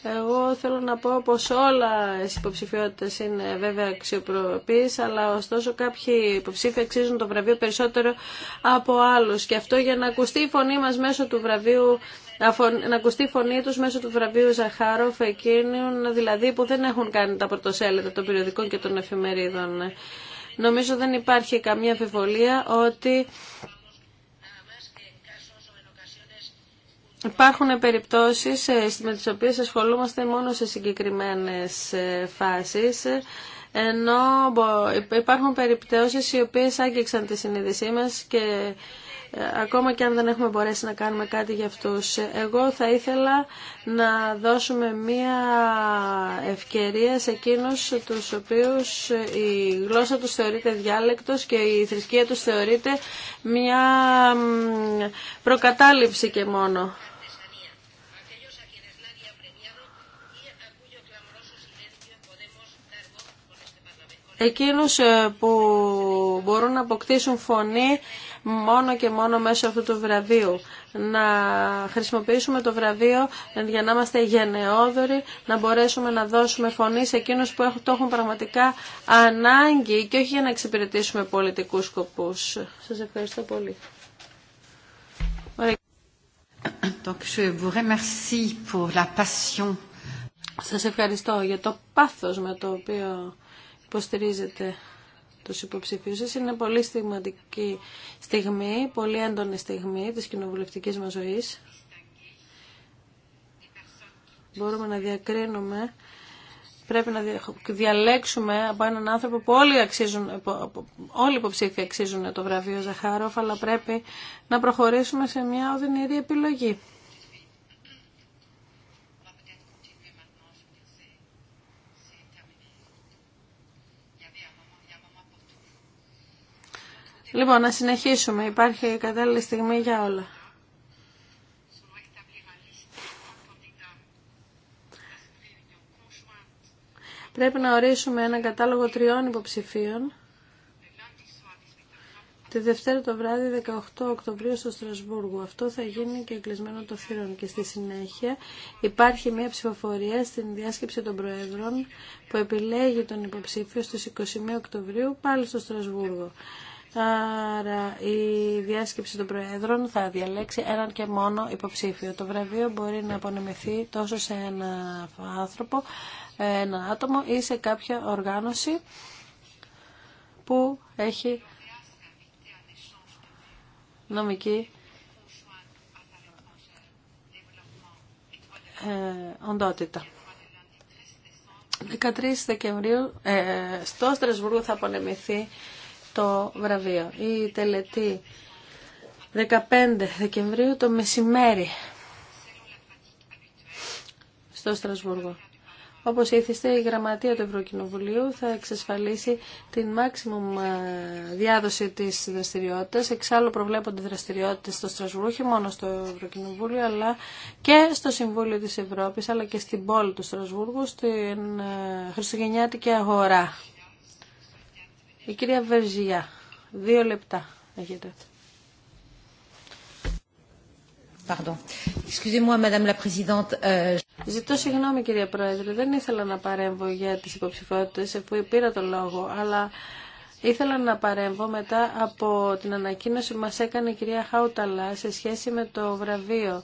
Εγώ θέλω να πω πως όλα οι υποψηφιότητες είναι βέβαια αξιοπροπείς, αλλά ωστόσο κάποιοι υποψήφοι αξίζουν το βραβείο περισσότερο από άλλους. Και αυτό για να ακουστεί η φωνή μας μέσω του βραβείου να ακουστεί η φωνή τους μέσω του βραβείου Ζαχάροφ εκείνων δηλαδή που δεν έχουν κάνει τα πρωτοσέλιδα των περιοδικών και των εφημερίδων. Νομίζω δεν υπάρχει καμία αμφιβολία ότι Υπάρχουν περιπτώσεις ε, με τις οποίες ασχολούμαστε μόνο σε συγκεκριμένες ε, φάσεις ενώ υπάρχουν περιπτώσεις οι οποίες άγγιξαν τη συνείδησή μας και ε, ακόμα και αν δεν έχουμε μπορέσει να κάνουμε κάτι για αυτούς. Εγώ θα ήθελα να δώσουμε μία ευκαιρία σε εκείνους τους οποίους η γλώσσα τους θεωρείται διάλεκτος και η θρησκεία τους θεωρείται μία προκατάληψη και μόνο. εκείνους ε, που μπορούν να αποκτήσουν φωνή μόνο και μόνο μέσω αυτού του βραβείου. Να χρησιμοποιήσουμε το βραβείο για να είμαστε γενναιόδοροι, να μπορέσουμε να δώσουμε φωνή σε εκείνους που το έχουν πραγματικά ανάγκη και όχι για να εξυπηρετήσουμε πολιτικούς σκοπούς. Σας ευχαριστώ πολύ. Donc, Σας ευχαριστώ για το πάθος με το οποίο υποστηρίζετε τους υποψηφίους σας. Είναι πολύ στιγματική στιγμή, πολύ έντονη στιγμή της κοινοβουλευτικής μας ζωής. Μπορούμε να διακρίνουμε, πρέπει να διαλέξουμε από έναν άνθρωπο που όλοι, αξίζουν, όλοι οι υποψήφοι αξίζουν το βραβείο Ζαχάροφ, αλλά πρέπει να προχωρήσουμε σε μια οδυνηρή επιλογή. Λοιπόν, να συνεχίσουμε. Υπάρχει η κατάλληλη στιγμή για όλα. Πρέπει να ορίσουμε ένα κατάλογο τριών υποψηφίων τη Δευτέρα το βράδυ 18 Οκτωβρίου στο Στρασβούργο. Αυτό θα γίνει και κλεισμένο το θύρον. Και στη συνέχεια υπάρχει μια ψηφοφορία στην διάσκεψη των Προέδρων που επιλέγει τον υποψήφιο στις 21 Οκτωβρίου πάλι στο Στρασβούργο. Άρα η διάσκεψη των Προέδρων θα διαλέξει έναν και μόνο υποψήφιο. Το βραβείο μπορεί να απονεμηθεί τόσο σε ένα άνθρωπο, ένα άτομο ή σε κάποια οργάνωση που έχει νομική ε, οντότητα. 13 Δεκεμβρίου ε, ε, στο Στρασβούργο θα απονεμηθεί το βραβείο. Η τελετή 15 Δεκεμβρίου το μεσημέρι στο Στρασβούργο. Όπως ήθιστε, η Γραμματεία του Ευρωκοινοβουλίου θα εξασφαλίσει την μάξιμουμ ε, διάδοση της δραστηριότητας. Εξάλλου προβλέπονται δραστηριότητες στο Στρασβούργο, όχι μόνο στο Ευρωκοινοβούλιο, αλλά και στο Συμβούλιο της Ευρώπης, αλλά και στην πόλη του Στρασβούργου, στην ε, Χριστουγεννιάτικη αγορά. Η κυρία Βερζιά. Δύο λεπτά έχετε. Euh, Ζητώ συγγνώμη κυρία Πρόεδρε, δεν ήθελα να παρέμβω για τις υποψηφιότητες αφού πήρα το λόγο, αλλά ήθελα να παρέμβω μετά από την ανακοίνωση που μας έκανε η κυρία Χάουταλα σε σχέση με το βραβείο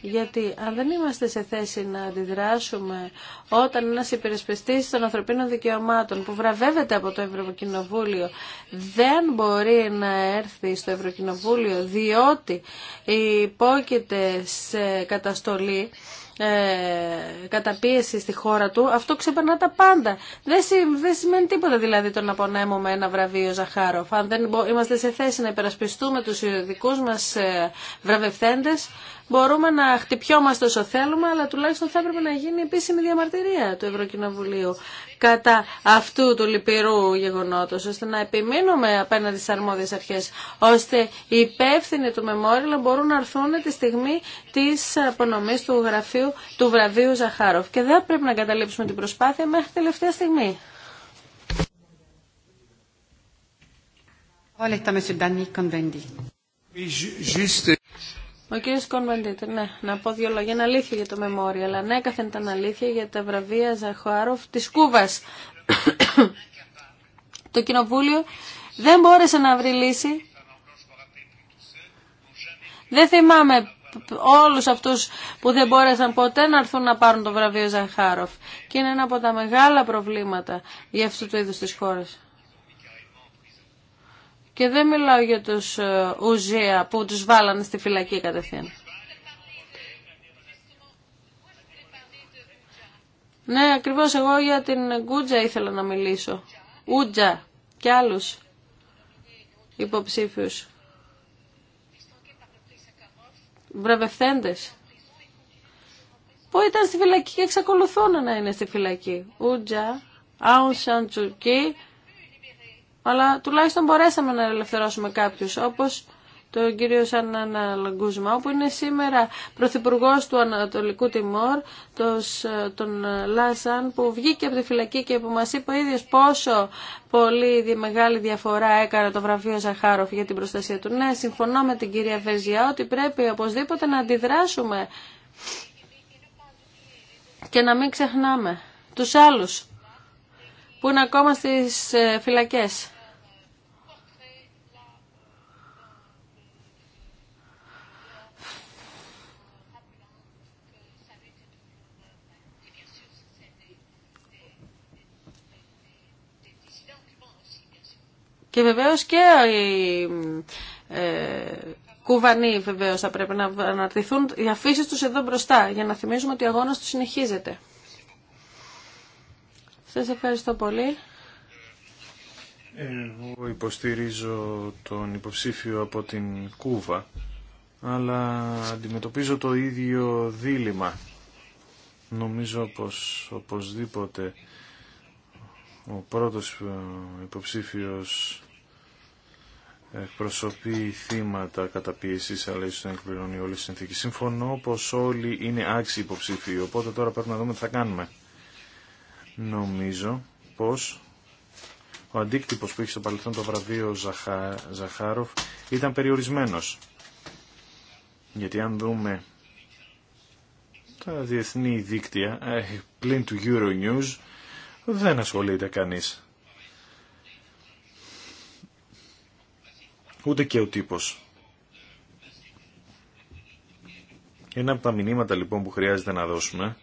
γιατί αν δεν είμαστε σε θέση να αντιδράσουμε όταν ένας υπερασπιστής των ανθρωπίνων δικαιωμάτων που βραβεύεται από το Ευρωκοινοβούλιο δεν μπορεί να έρθει στο Ευρωκοινοβούλιο διότι υπόκειται σε καταστολή, ε, καταπίεση στη χώρα του, αυτό ξεπερνά τα πάντα. Δεν, σημαίνει τίποτα δηλαδή το να πονέμουμε ένα βραβείο Ζαχάροφ. Αν δεν είμαστε σε θέση να υπερασπιστούμε τους δικού μας ε, βραβευθέντες, Μπορούμε να χτυπιόμαστε όσο θέλουμε, αλλά τουλάχιστον θα έπρεπε να γίνει επίσημη διαμαρτυρία του Ευρωκοινοβουλίου κατά αυτού του λυπηρού γεγονότος, ώστε να επιμείνουμε απέναντι στις αρμόδιες αρχές, ώστε οι υπεύθυνοι του Μεμόριλα μπορούν να έρθουν τη στιγμή της απονομής του, γραφείου, του βραβείου Ζαχάροφ. Και δεν πρέπει να καταλήψουμε την προσπάθεια μέχρι τελευταία στιγμή. Ο κύριος Κονβεντήτ, ναι, να πω δύο λόγια. Είναι αλήθεια για το Memorial, αλλά ναι, καθεν ήταν αλήθεια για τα βραβεία Ζαχάροφ τη Κούβας. το κοινοβούλιο δεν μπόρεσε να βρει λύση. Δεν θυμάμαι όλους αυτούς που δεν μπόρεσαν ποτέ να έρθουν να πάρουν το βραβείο Ζαχάροφ. Και είναι ένα από τα μεγάλα προβλήματα για αυτού του είδους της χώρας. Και δεν μιλάω για τους ε, Ουζία που τους βάλανε στη φυλακή κατευθείαν. Ναι, ακριβώς εγώ για την Γκούτζα ήθελα να μιλήσω. Ούτζα και άλλους υποψήφιους. Βρεβευθέντες. Που ήταν στη φυλακή και εξακολουθούν να είναι στη φυλακή. Ούτζα, Άουν Σαντσουκί, αλλά τουλάχιστον μπορέσαμε να ελευθερώσουμε κάποιους, όπως τον κύριο Σανάνα Λαγκούσμα, που είναι σήμερα πρωθυπουργό του Ανατολικού Τιμόρ, ε, τον ε, Λάσαν, που βγήκε από τη φυλακή και που μας είπε ο ίδιος πόσο πολύ μεγάλη διαφορά έκανε το βραβείο Ζαχάροφ για την προστασία του. Ναι, συμφωνώ με την κυρία Βεζιά ότι πρέπει οπωσδήποτε να αντιδράσουμε και να μην ξεχνάμε τους άλλους που είναι ακόμα στις ε, φυλακές. Και βεβαίως και οι ε, κουβανοί βεβαίως θα πρέπει να αναρτηθούν οι αφήσει τους εδώ μπροστά για να θυμίζουμε ότι ο αγώνας του συνεχίζεται. Σας ευχαριστώ πολύ. Εγώ υποστηρίζω τον υποψήφιο από την Κούβα, αλλά αντιμετωπίζω το ίδιο δίλημα. Νομίζω πως οπωσδήποτε ο πρώτος ε, υποψήφιος εκπροσωπεί θύματα καταπίεσης αλλά ίσως να εκπληρώνει όλες τις συνθήκες. Συμφωνώ πως όλοι είναι άξιοι υποψήφοι, οπότε τώρα πρέπει να δούμε τι θα κάνουμε. Νομίζω πως ο αντίκτυπος που είχε στο παρελθόν το βραβείο Ζαχάροφ ήταν περιορισμένος. Γιατί αν δούμε τα διεθνή δίκτυα ε, πλην του Euronews δεν ασχολείται κανείς ούτε και ο τύπος. Ένα από τα μηνύματα λοιπόν που χρειάζεται να δώσουμε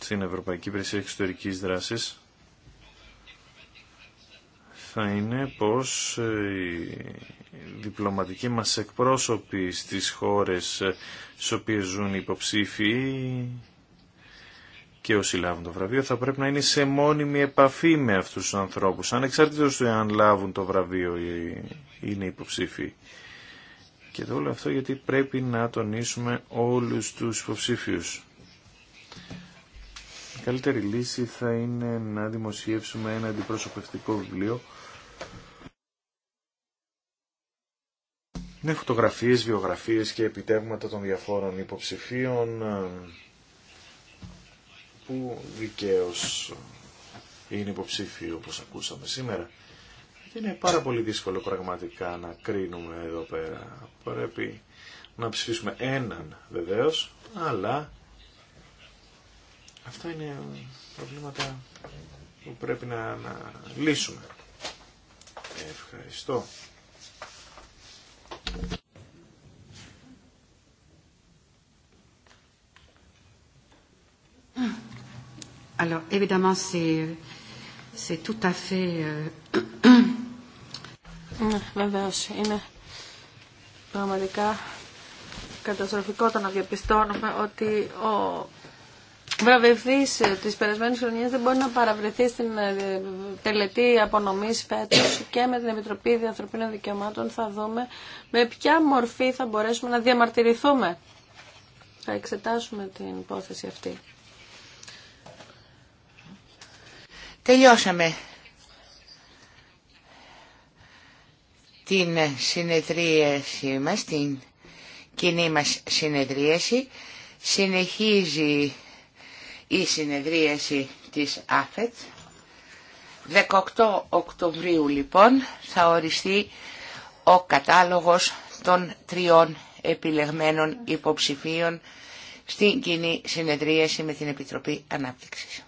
στην Ευρωπαϊκή Υπηρεσία Εξωτερικής Δράσης θα είναι πως ε, οι διπλωματικοί μας εκπρόσωποι στις χώρες ε, στις οποίες ζουν οι υποψήφοι και όσοι λάβουν το βραβείο θα πρέπει να είναι σε μόνιμη επαφή με αυτούς τους ανθρώπους, ανεξαρτήτως του αν λάβουν το βραβείο είναι υποψήφοι. Και το όλο αυτό γιατί πρέπει να τονίσουμε όλους τους υποψήφιους. Η καλύτερη λύση θα είναι να δημοσιεύσουμε ένα αντιπροσωπευτικό βιβλίο Είναι φωτογραφίες, βιογραφίες και επιτεύγματα των διαφόρων υποψηφίων που δικαίως είναι υποψήφιοι όπως ακούσαμε σήμερα. Είναι πάρα πολύ δύσκολο πραγματικά να κρίνουμε εδώ πέρα. Πρέπει να ψηφίσουμε έναν βεβαίως, αλλά αυτά είναι προβλήματα που πρέπει να, να λύσουμε. Ευχαριστώ. Alors, euh, ναι, Είναι πραγματικά καταστροφικό το να διαπιστώνουμε ότι ο βραβευτής της περασμένης χρονιάς δεν μπορεί να παραβρεθεί στην ε, τελετή απονομής φέτος και με την Επιτροπή Διανθρωπίνων Δικαιωμάτων θα δούμε με ποια μορφή θα μπορέσουμε να διαμαρτυρηθούμε. Θα εξετάσουμε την υπόθεση αυτή. Τελειώσαμε την συνεδρίαση μας, την κοινή μας συνεδρίαση. Συνεχίζει η συνεδρίαση της ΑΦΕΤ. 18 Οκτωβρίου λοιπόν θα οριστεί ο κατάλογος των τριών επιλεγμένων υποψηφίων στην κοινή συνεδρίαση με την Επιτροπή Ανάπτυξης.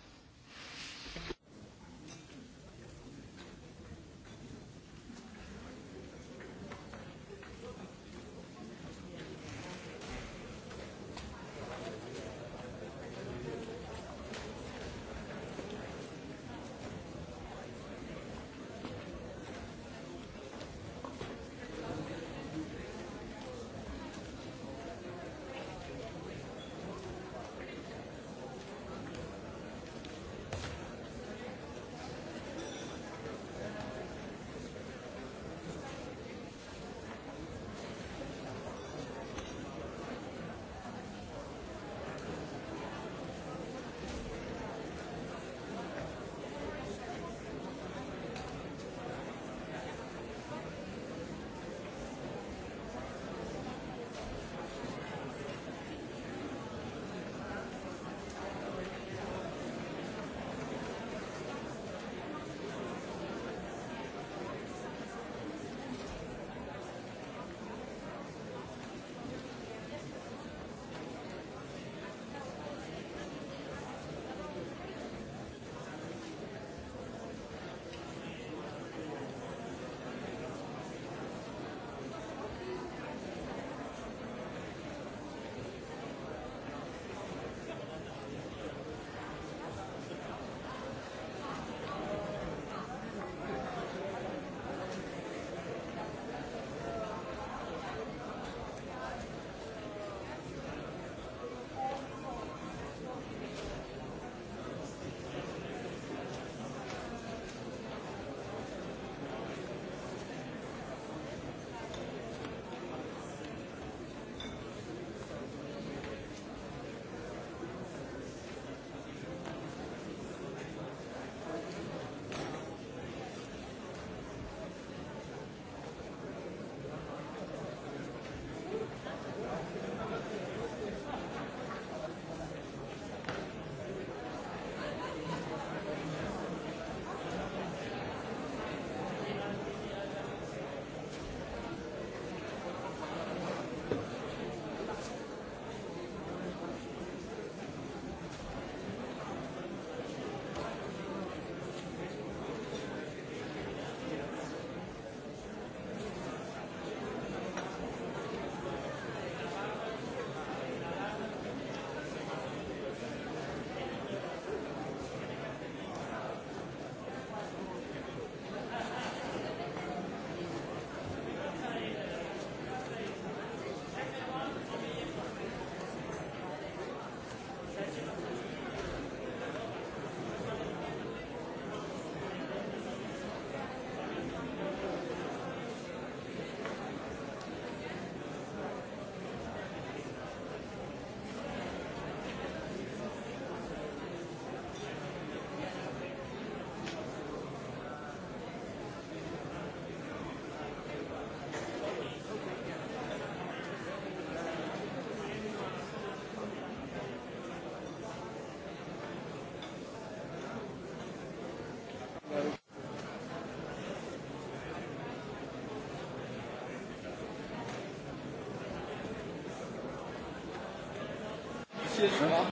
Υπότιτλοι AUTHORWAVE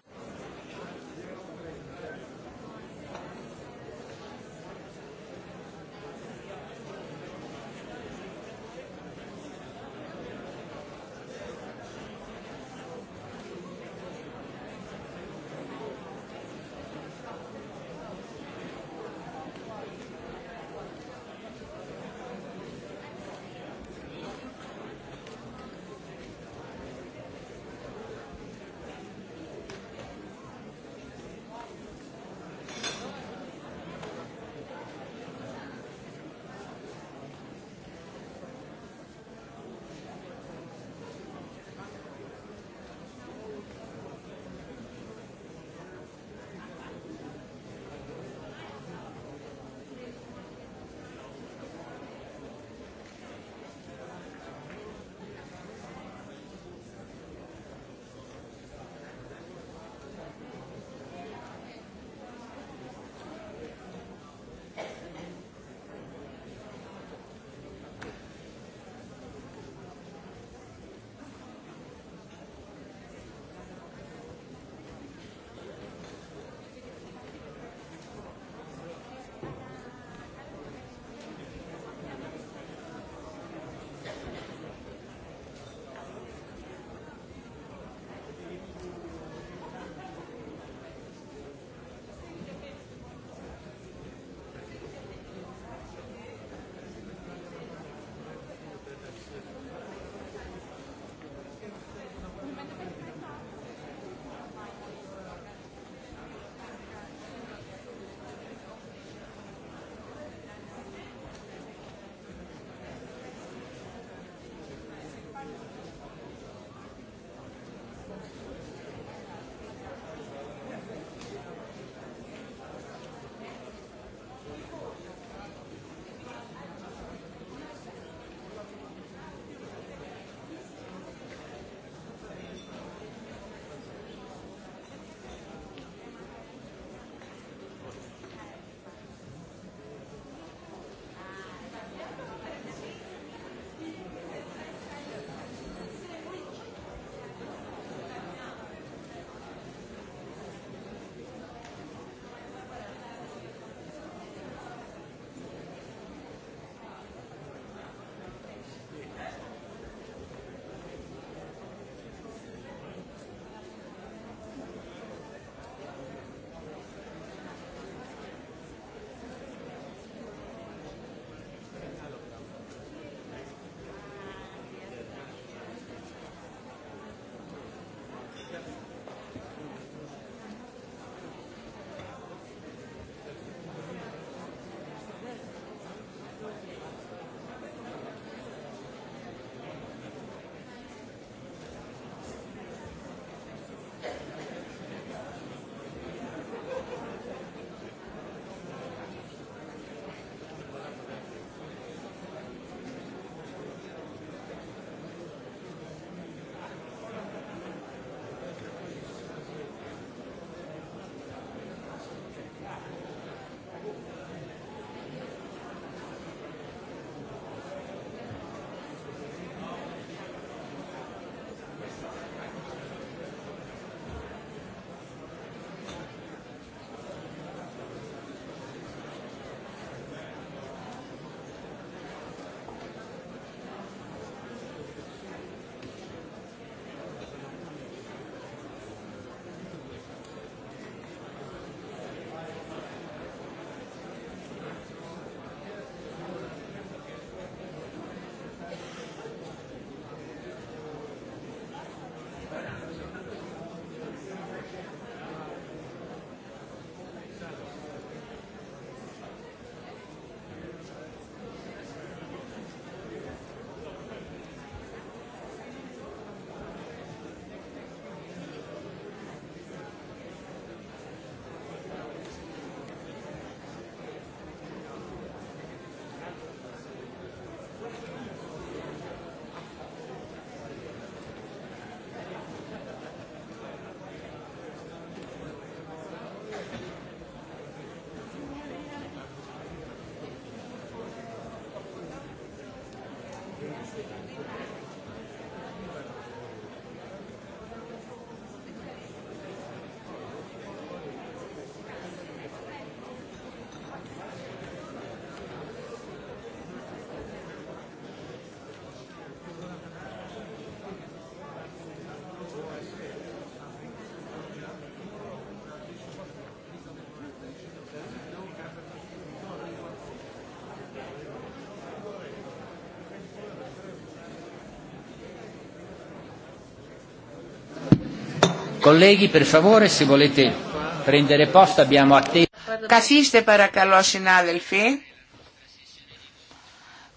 Καθίστε παρακαλώ συνάδελφοι.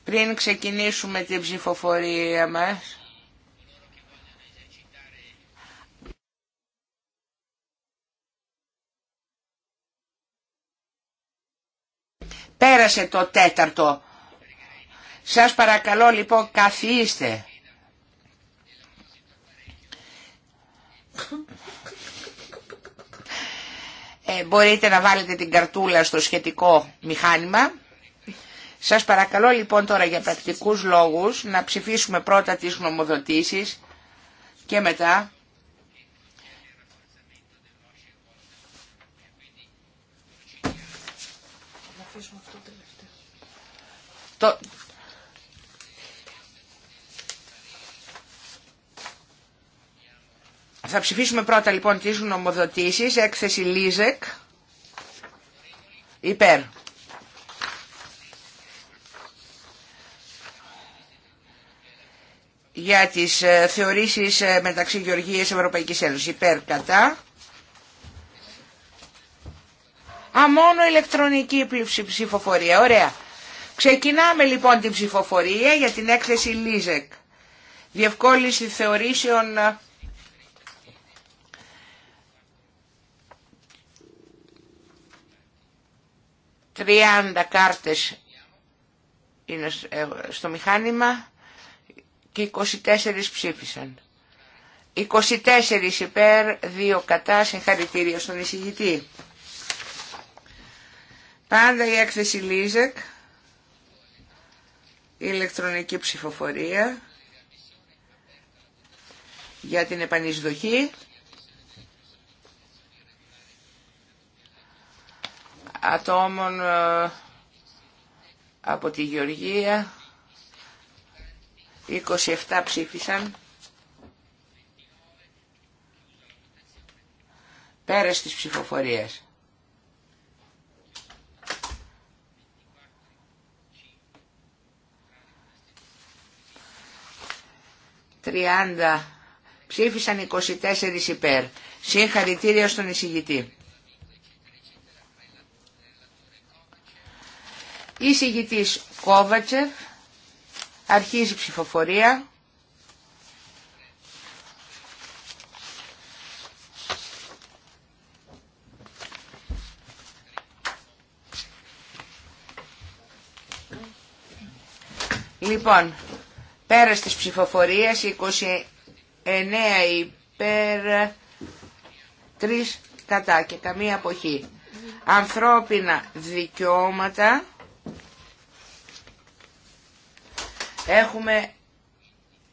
Πριν ξεκινήσουμε την ψηφοφορία μας. Πέρασε το τέταρτο. Σας παρακαλώ λοιπόν καθίστε. Ε, μπορείτε να βάλετε την καρτούλα στο σχετικό μηχάνημα. Σας παρακαλώ λοιπόν τώρα για πρακτικούς λόγους να ψηφίσουμε πρώτα τις γνωμοδοτήσεις και μετά θα ψηφίσουμε πρώτα λοιπόν τις νομοδοτήσεις, έκθεση Λίζεκ, υπέρ. για τις ε, θεωρήσεις ε, μεταξύ Γεωργίας Ευρωπαϊκής Ένωσης, υπέρ, κατά. Α, μόνο ηλεκτρονική ψηφοφορία, ωραία. Ξεκινάμε λοιπόν την ψηφοφορία για την έκθεση Λίζεκ. Διευκόλυνση θεωρήσεων ε, 30 κάρτες είναι ε, στο μηχάνημα και 24 ψήφισαν. 24 υπέρ, 2 κατά, συγχαρητήρια στον εισηγητή. Πάντα η έκθεση Λίζεκ, η ηλεκτρονική ψηφοφορία για την επανεισδοχή. ατόμων ε, από τη Γεωργία. 27 ψήφισαν. Πέρας της ψηφοφορίας. 30 ψήφισαν 24 υπέρ. Συγχαρητήρια στον εισηγητή. Η Κόβατσεφ αρχίζει ψηφοφορία. Λοιπόν, πέρα της ψηφοφορίας 29 υπέρ 3 κατά και καμία αποχή. Ανθρώπινα δικαιώματα Έχουμε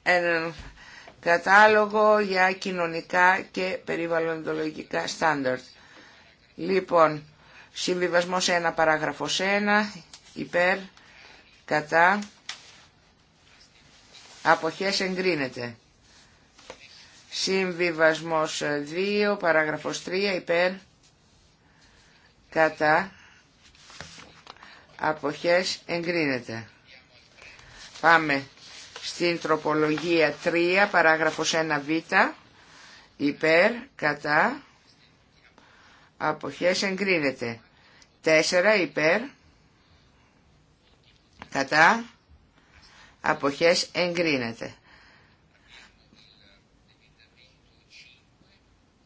έναν κατάλογο για κοινωνικά και περιβαλλοντολογικά στάνταρτ. Λοιπόν, συμβιβασμός 1, παράγραφος 1, υπέρ, κατά, αποχές εγκρίνεται. Συμβιβασμός 2, παράγραφος 3, υπέρ, κατά, αποχές εγκρίνεται. Πάμε στην τροπολογία 3, παράγραφος 1β, υπέρ, κατά, αποχές εγκρίνεται. 4 υπέρ, κατά, αποχές εγκρίνεται.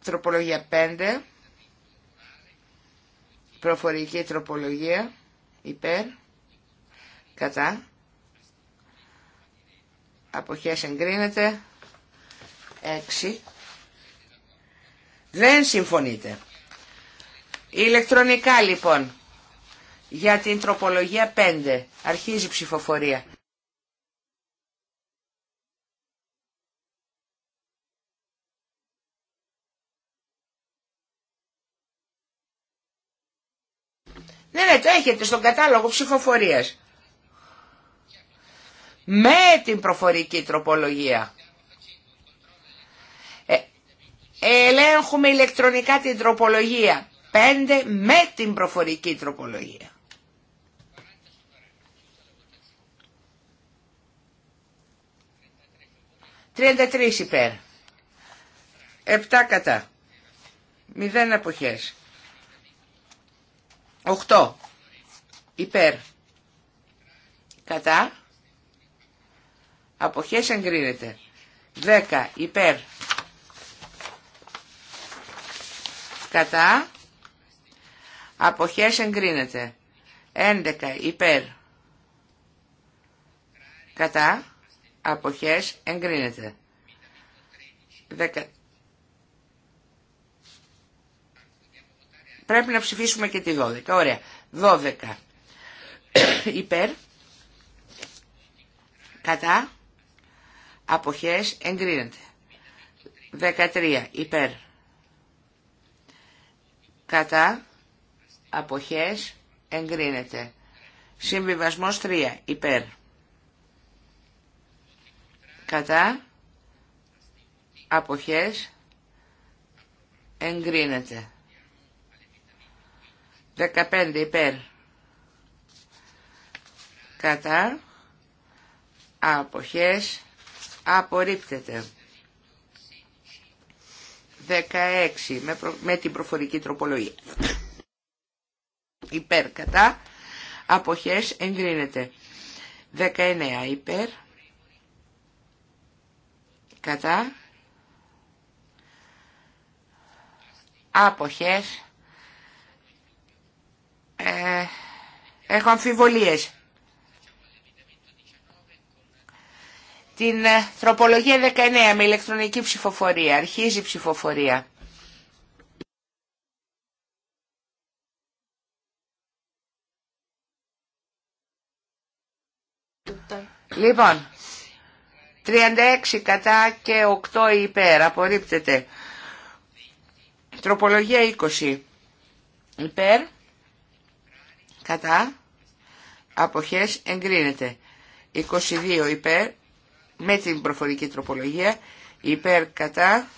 Τροπολογία 5, προφορική τροπολογία, υπέρ, κατά, αποχές εγκρίνεται 6 δεν συμφωνείτε ηλεκτρονικά λοιπόν για την τροπολογία 5 αρχίζει ψηφοφορία Ναι, ναι, το έχετε στον κατάλογο ψηφοφορίας με την προφορική τροπολογία. Ε, ελέγχουμε ηλεκτρονικά την τροπολογία. 5 με την προφορική τροπολογία. Τριάντα τρεις υπέρ. Επτά κατά. Μηδέν εποχές. Οχτώ. Υπέρ. Κατά. Αποχές εγκρίνεται. 10 υπέρ. Κατά. Αποχές εγκρίνεται. 11 υπέρ. Κατά. Αποχές εγκρίνεται. 10. Πρέπει να ψηφίσουμε και τη 12. Ωραία. 12. υπέρ. Κατά αποχές εγκρίνεται. 13 υπέρ κατά αποχές εγκρίνεται. Συμβιβασμός 3 υπέρ κατά αποχές εγκρίνεται. 15 υπέρ κατά αποχές Απορρίπτεται. 16 με, με την προφορική τροπολογία. Υπέρ κατά. Αποχές εγκρίνεται. 19 υπέρ. Κατά. Αποχές. Ε, έχω αμφιβολίες. Την ε, τροπολογία 19 με ηλεκτρονική ψηφοφορία. Αρχίζει η ψηφοφορία. Λοιπόν, 36 κατά και 8 υπέρ, απορρίπτεται. Τροπολογία 20. Υπέρ, κατά, αποχές, εγκρίνεται. 22 υπέρ, με την προφορική τροπολογία υπέρ κατά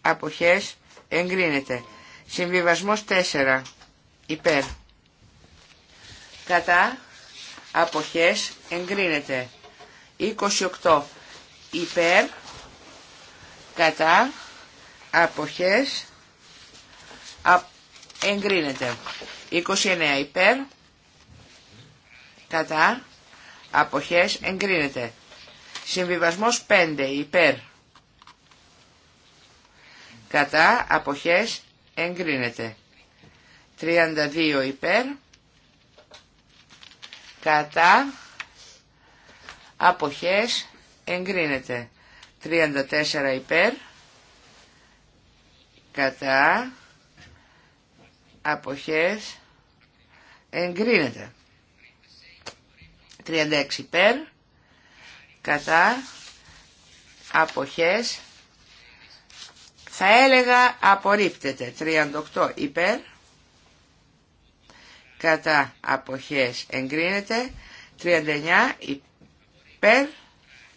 αποχές εγκρίνεται. Συμβιβασμός 4 υπέρ κατά αποχές εγκρίνεται. 28 υπέρ κατά αποχές εγκρίνεται. 29 υπέρ κατά αποχές εγκρίνεται. Συμβιβασμός 5 υπέρ. Κατά αποχές εγκρίνεται. 32 υπέρ. Κατά αποχές εγκρίνεται. 34 υπέρ. Κατά αποχές εγκρίνεται. 36 υπέρ κατά αποχές θα έλεγα απορρίπτεται 38 υπέρ κατά αποχές εγκρίνεται 39 υπέρ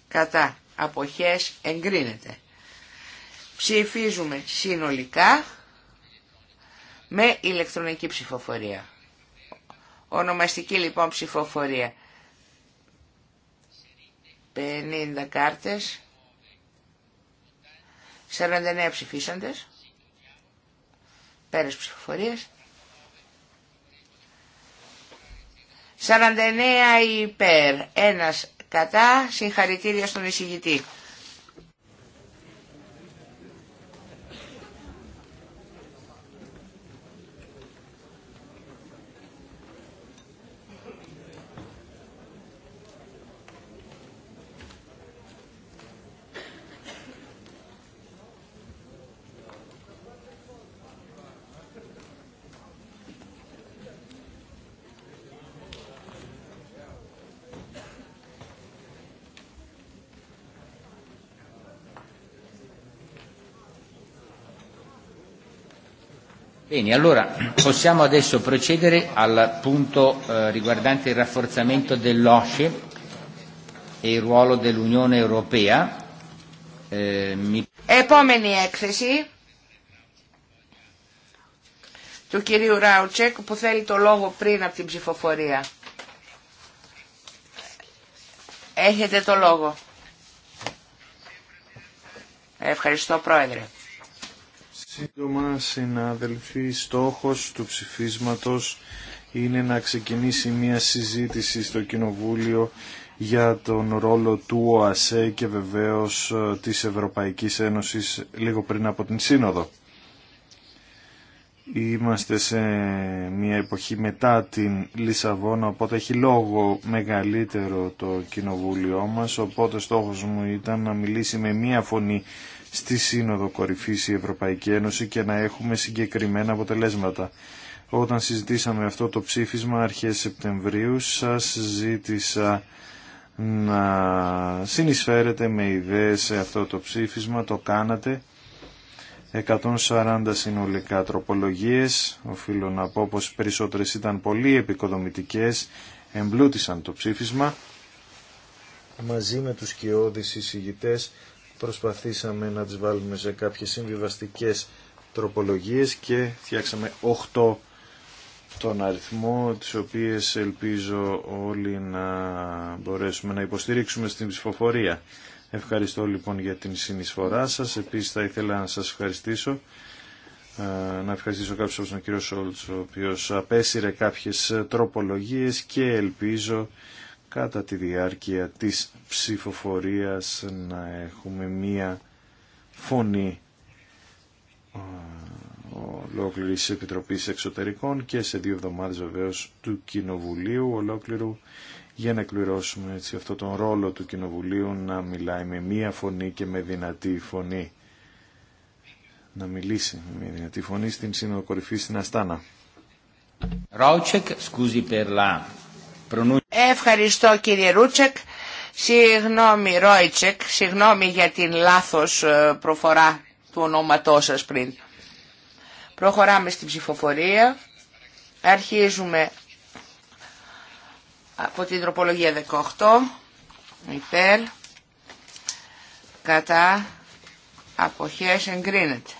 κατά αποχές εγκρίνεται ψηφίζουμε συνολικά με ηλεκτρονική ψηφοφορία ονομαστική λοιπόν ψηφοφορία 50 κάρτες, 49 ψηφίσαντες, πέρας ψηφοφορίας, 49 υπέρ, ένας κατά, συγχαρητήρια στον εισηγητή. Bene, allora possiamo adesso procedere al punto riguardante il rafforzamento dell'OSCE e il ruolo dell'Unione Europea. Επόμενη έκθεση του κυρίου Ράουτσεκ που θέλει το λόγο πριν από την ψηφοφορία. Έχετε το λόγο. Ευχαριστώ πρόεδρε. Σύντομα, συναδελφοί, στόχος του ψηφίσματος είναι να ξεκινήσει μια συζήτηση στο Κοινοβούλιο για τον ρόλο του ΟΑΣΕ και βεβαίως ε, της Ευρωπαϊκής Ένωσης λίγο πριν από την Σύνοδο. Είμαστε σε μια εποχή μετά την Λισαβόνα, οπότε έχει λόγο μεγαλύτερο το κοινοβούλιο μας, οπότε στόχος μου ήταν να μιλήσει με μία φωνή στη Σύνοδο Κορυφής η Ευρωπαϊκή Ένωση και να έχουμε συγκεκριμένα αποτελέσματα. Όταν συζητήσαμε αυτό το ψήφισμα αρχές Σεπτεμβρίου σας ζήτησα να συνεισφέρετε με ιδέες σε αυτό το ψήφισμα, το κάνατε. 140 συνολικά τροπολογίες, οφείλω να πω πως περισσότερες ήταν πολύ επικοδομητικές, εμπλούτησαν το ψήφισμα. Μαζί με τους κοιόδης εισηγητές προσπαθήσαμε να τις βάλουμε σε κάποιες συμβιβαστικές τροπολογίες και φτιάξαμε 8 τον αριθμό, τις οποίες ελπίζω όλοι να μπορέσουμε να υποστηρίξουμε στην ψηφοφορία. Ευχαριστώ λοιπόν για την συνεισφορά σας. Επίσης θα ήθελα να σας ευχαριστήσω. Ε, να ευχαριστήσω κάποιους όπως τον κύριο Σόλτς, ο οποίος απέσυρε κάποιες τροπολογίες και ελπίζω κατά τη διάρκεια της ψηφοφορίας να έχουμε μία φωνή ολόκληρης Επιτροπής Εξωτερικών και σε δύο εβδομάδες βεβαίως του Κοινοβουλίου ολόκληρου για να κληρώσουμε έτσι αυτό τον ρόλο του Κοινοβουλίου να μιλάει με μία φωνή και με δυνατή φωνή να μιλήσει με δυνατή φωνή στην Σύνοδο Κορυφή στην Αστάνα. Ευχαριστώ κύριε Ρούτσεκ. Συγγνώμη Ρόιτσεκ, συγγνώμη για την λάθος ε, προφορά του ονόματός σας πριν. Προχωράμε στην ψηφοφορία. Αρχίζουμε από την τροπολογία 18. Υπέρ. Κατά. Αποχές εγκρίνεται.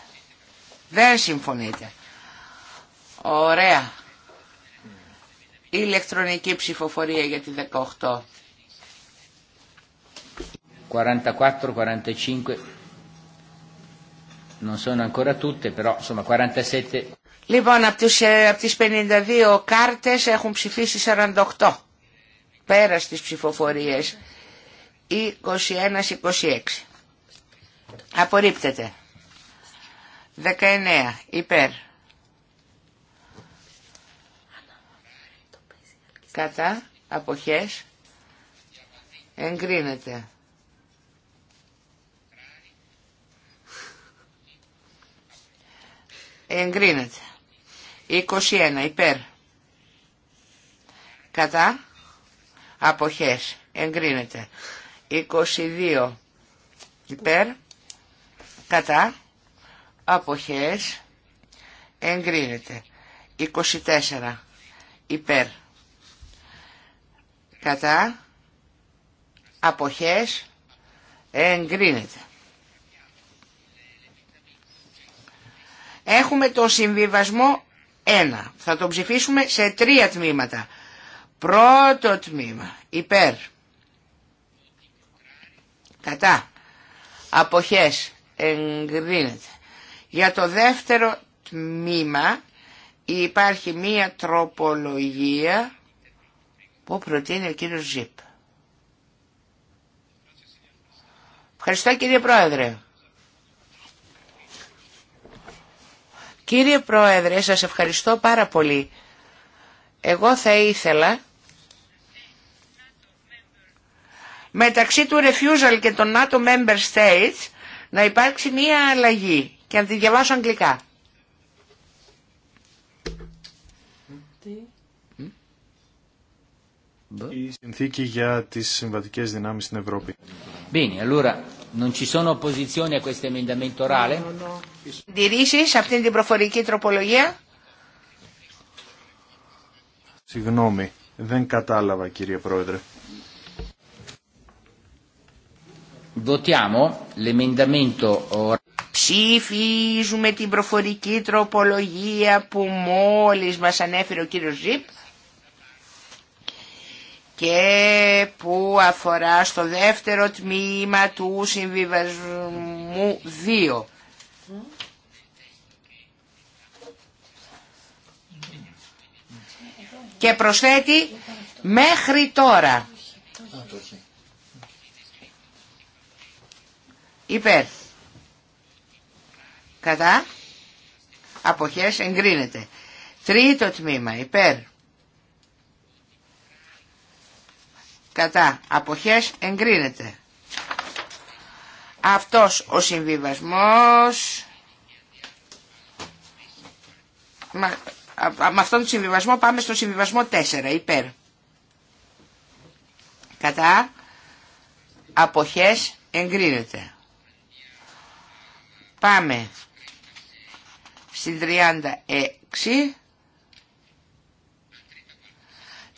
Δεν συμφωνείτε. Ωραία. Η ηλεκτρονική ψηφοφορία για τη 18. 44-45 non sono ancora tutte, però insomma 47. Λοιπόν, από ε, τις, από τις 52 κάρτες έχουν ψηφίσει 48 πέρα στις ψηφοφορίες 21-26. Απορρίπτεται. 19 υπέρ. κατά αποχές εγκρίνεται. Εγκρίνεται. 21 υπέρ. Κατά αποχές εγκρίνεται. 22 υπέρ. Κατά αποχές εγκρίνεται. 24 υπέρ κατά αποχές εγκρίνεται. Έχουμε το συμβιβασμό 1. Θα το ψηφίσουμε σε τρία τμήματα. Πρώτο τμήμα υπέρ κατά αποχές εγκρίνεται. Για το δεύτερο τμήμα υπάρχει μία τροπολογία που προτείνει ο κύριος Ζιπ. Ευχαριστώ κύριε Πρόεδρε. Κύριε Πρόεδρε, σας ευχαριστώ πάρα πολύ. Εγώ θα ήθελα μεταξύ του refusal και των NATO member states να υπάρξει μία αλλαγή και να τη διαβάσω αγγλικά η συνθήκη για τις συμβατικές δυνάμεις στην Ευρώπη. Bene, allora non ci sono opposizioni a questo emendamento orale. σε αυτήν την προφορική τροπολογία. Συγγνώμη, δεν κατάλαβα κύριε Πρόεδρε. Votiamo l'emendamento orale. Ψηφίζουμε την προφορική τροπολογία που μόλις μας ανέφερε ο κύριος Ζιπ και που αφορά στο δεύτερο τμήμα του συμβιβασμού 2. Και προσθέτει μέχρι τώρα. Υπέρ. Κατά. Αποχές εγκρίνεται. Τρίτο τμήμα. Υπέρ. κατά αποχές εγκρίνεται. Αυτός ο συμβιβασμός, με αυτόν τον συμβιβασμό πάμε στο συμβιβασμό 4, υπέρ. Κατά αποχές εγκρίνεται. Πάμε στην 36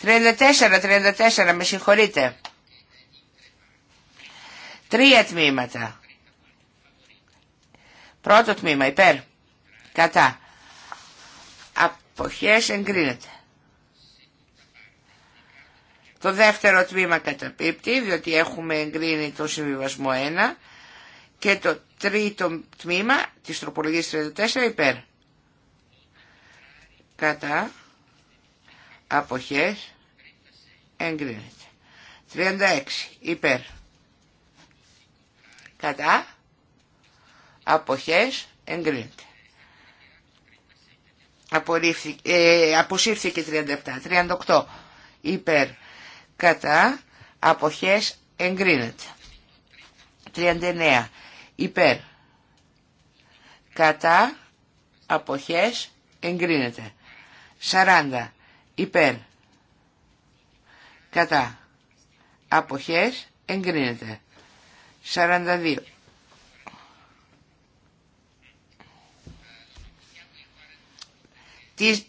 34, 34, με συγχωρείτε. Τρία τμήματα. Πρώτο τμήμα, υπέρ. Κατά. Αποχές εγκρίνεται. Το δεύτερο τμήμα καταπίπτει, διότι έχουμε εγκρίνει το συμβιβασμό 1 και το τρίτο τμήμα της τροπολογίας 34 υπέρ. Κατά αποχές εγκρίνεται 36 υπέρ κατά αποχές εγκρίνεται ε, αποσύρθηκε 37 38 υπέρ κατά αποχές εγκρίνεται 39 υπέρ κατά αποχές εγκρίνεται 40 υπέρ, κατά, αποχές, εγκρίνεται. 42. Τις...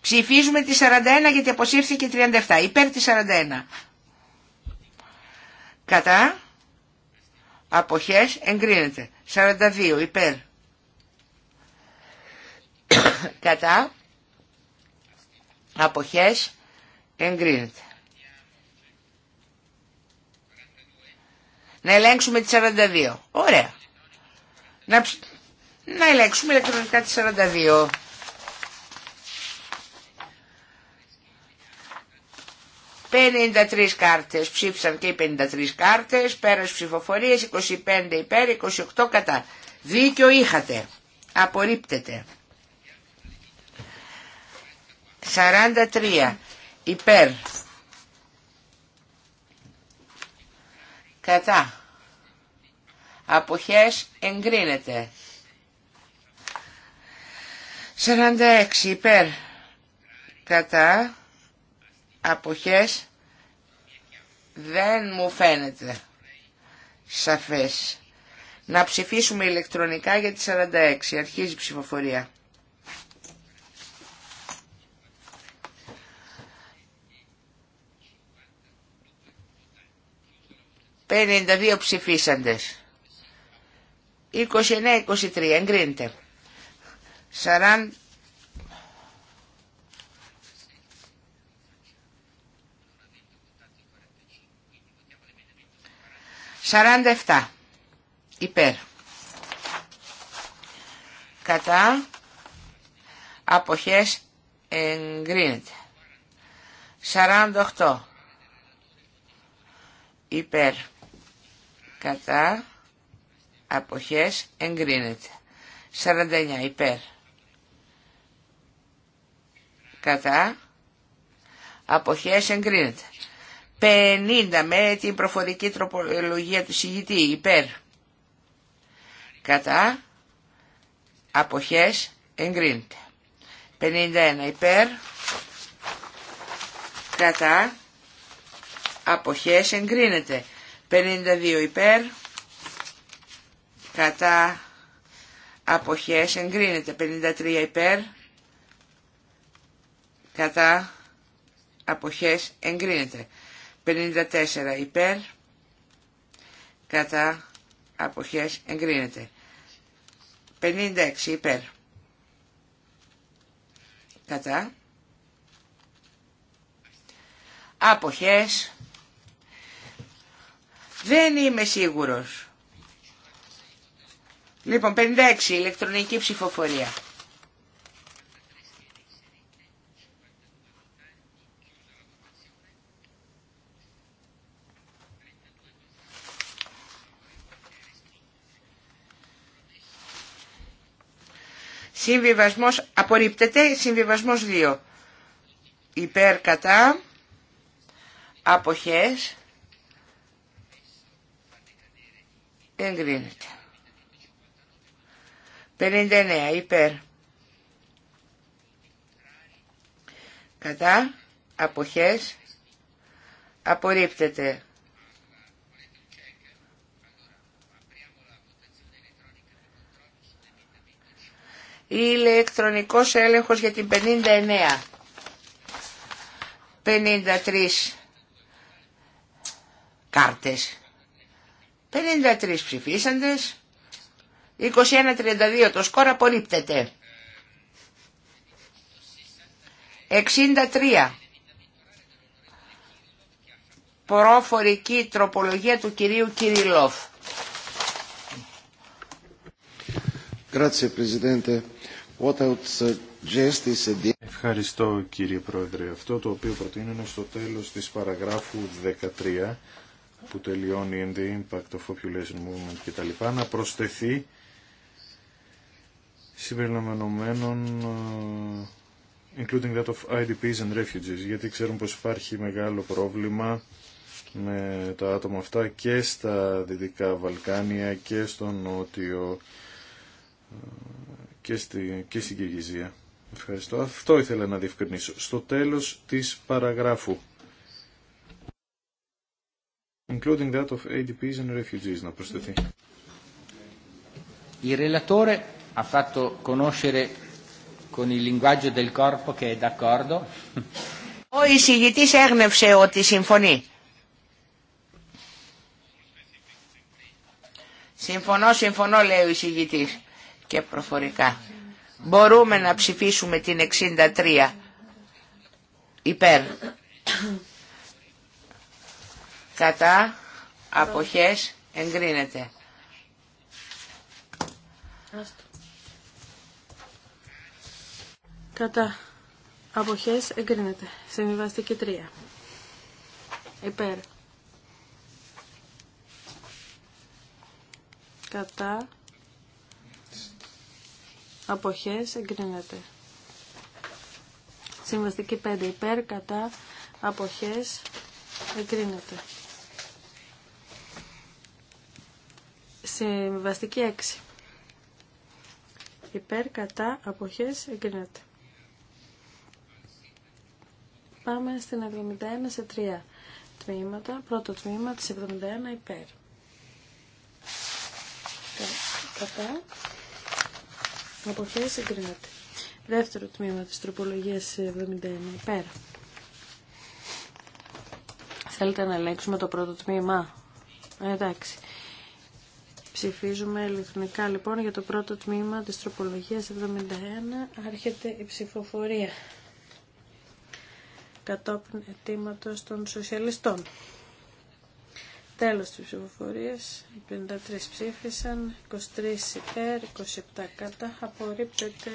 Ψηφίζουμε τη 41 γιατί αποσύρθηκε 37. Υπέρ τη 41. Κατά. Αποχές εγκρίνεται. 42 υπέρ. Κατά αποχές εγκρίνεται. Να ελέγξουμε τη 42. Ωραία. Να, να ελέγξουμε ηλεκτρονικά τη 42. «53 κάρτες ψήφισαν και οι 53 κάρτες, πέρας ψηφοφορίες, 25 υπέρ, 28 κατά. Δίκιο είχατε. Απορρίπτεται. 43 υπέρ κατά αποχές εγκρίνεται 46 υπέρ κατά αποχές δεν μου φαίνεται σαφές να ψηφίσουμε ηλεκτρονικά για τη 46 αρχίζει η ψηφοφορία 52 ψηφίσαντες. 29-23 εγκρίνεται. 40... Σαράντα εφτά. Υπέρ. Κατά. Αποχές εγκρίνεται. Σαράντα οχτώ. Υπέρ κατά αποχές εγκρίνεται. 49 υπέρ κατά αποχές εγκρίνεται. 50 με την προφορική τροπολογία του συγητή υπέρ κατά αποχές εγκρίνεται. 51 υπέρ κατά αποχές εγκρίνεται. 52 υπέρ κατά αποχές εγκρίνεται 53 υπέρ κατά αποχές εγκρίνεται 54 υπέρ κατά αποχές εγκρίνεται 56 υπέρ κατά αποχές δεν είμαι σίγουρος. Λοιπόν, 56 ηλεκτρονική ψηφοφορία. Συμβιβασμός, απορρίπτεται, συμβιβασμός 2. Υπέρ κατά, αποχές, εγκρίνεται. 59 υπέρ. Κατά αποχές απορρίπτεται. ηλεκτρονικός έλεγχος για την 59. 53 κάρτες. 53 ψηφίσαντες, 21-32 το σκορ απορρίπτεται. 63. Προφορική τροπολογία του κυρίου Κυριλόφ. Ευχαριστώ κύριε Πρόεδρε. Αυτό το οποίο προτείνω είναι στο τέλος της παραγράφου 13 που τελειώνει in the impact of population movement κτλ. να προσθεθεί συμπεριλαμβανομένων ε, including that of IDPs and refugees, γιατί ξέρουν πως υπάρχει μεγάλο πρόβλημα με τα άτομα αυτά και στα Δυτικά Βαλκάνια και στο Νότιο ε, και, στη, και στην Κυργυζία. Ευχαριστώ. Αυτό ήθελα να διευκρινίσω. Στο τέλος της παραγράφου including that of ADPs and refugees, να προσθεθεί. Il relatore ha fatto conoscere con il linguaggio del corpo che è d'accordo. Ο εισηγητής έγνευσε ότι συμφωνεί. Συμφωνώ, συμφωνώ λέει ο εισηγητής και προφορικά. Μπορούμε να ψηφίσουμε την 63 υπέρ κατά αποχές εγκρίνεται. Κατά αποχές εγκρίνεται. Συμβιβαστική 3. Υπέρ. Κατά αποχές εγκρίνεται. Συμβαστική 5 υπέρ, κατά, αποχές, εγκρίνεται. Συμβαστική 6. Υπέρ, κατά, αποχές, εγκρίνεται. Πάμε στην 71 σε 3 τμήματα. Πρώτο τμήμα της 71 υπέρ. Κατά. Αποχές εγκρίνεται. Δεύτερο τμήμα της τροπολογίας 71 υπέρ. Θέλετε να ελέγξουμε το πρώτο τμήμα. Ε, εντάξει. Ψηφίζουμε ελληνικά λοιπόν για το πρώτο τμήμα της τροπολογίας 71. Άρχεται η ψηφοφορία κατόπιν αιτήματος των σοσιαλιστών. Τέλος της ψηφοφορίας, 53 ψήφισαν, 23 υπέρ, 27 κατά, απορρίπτεται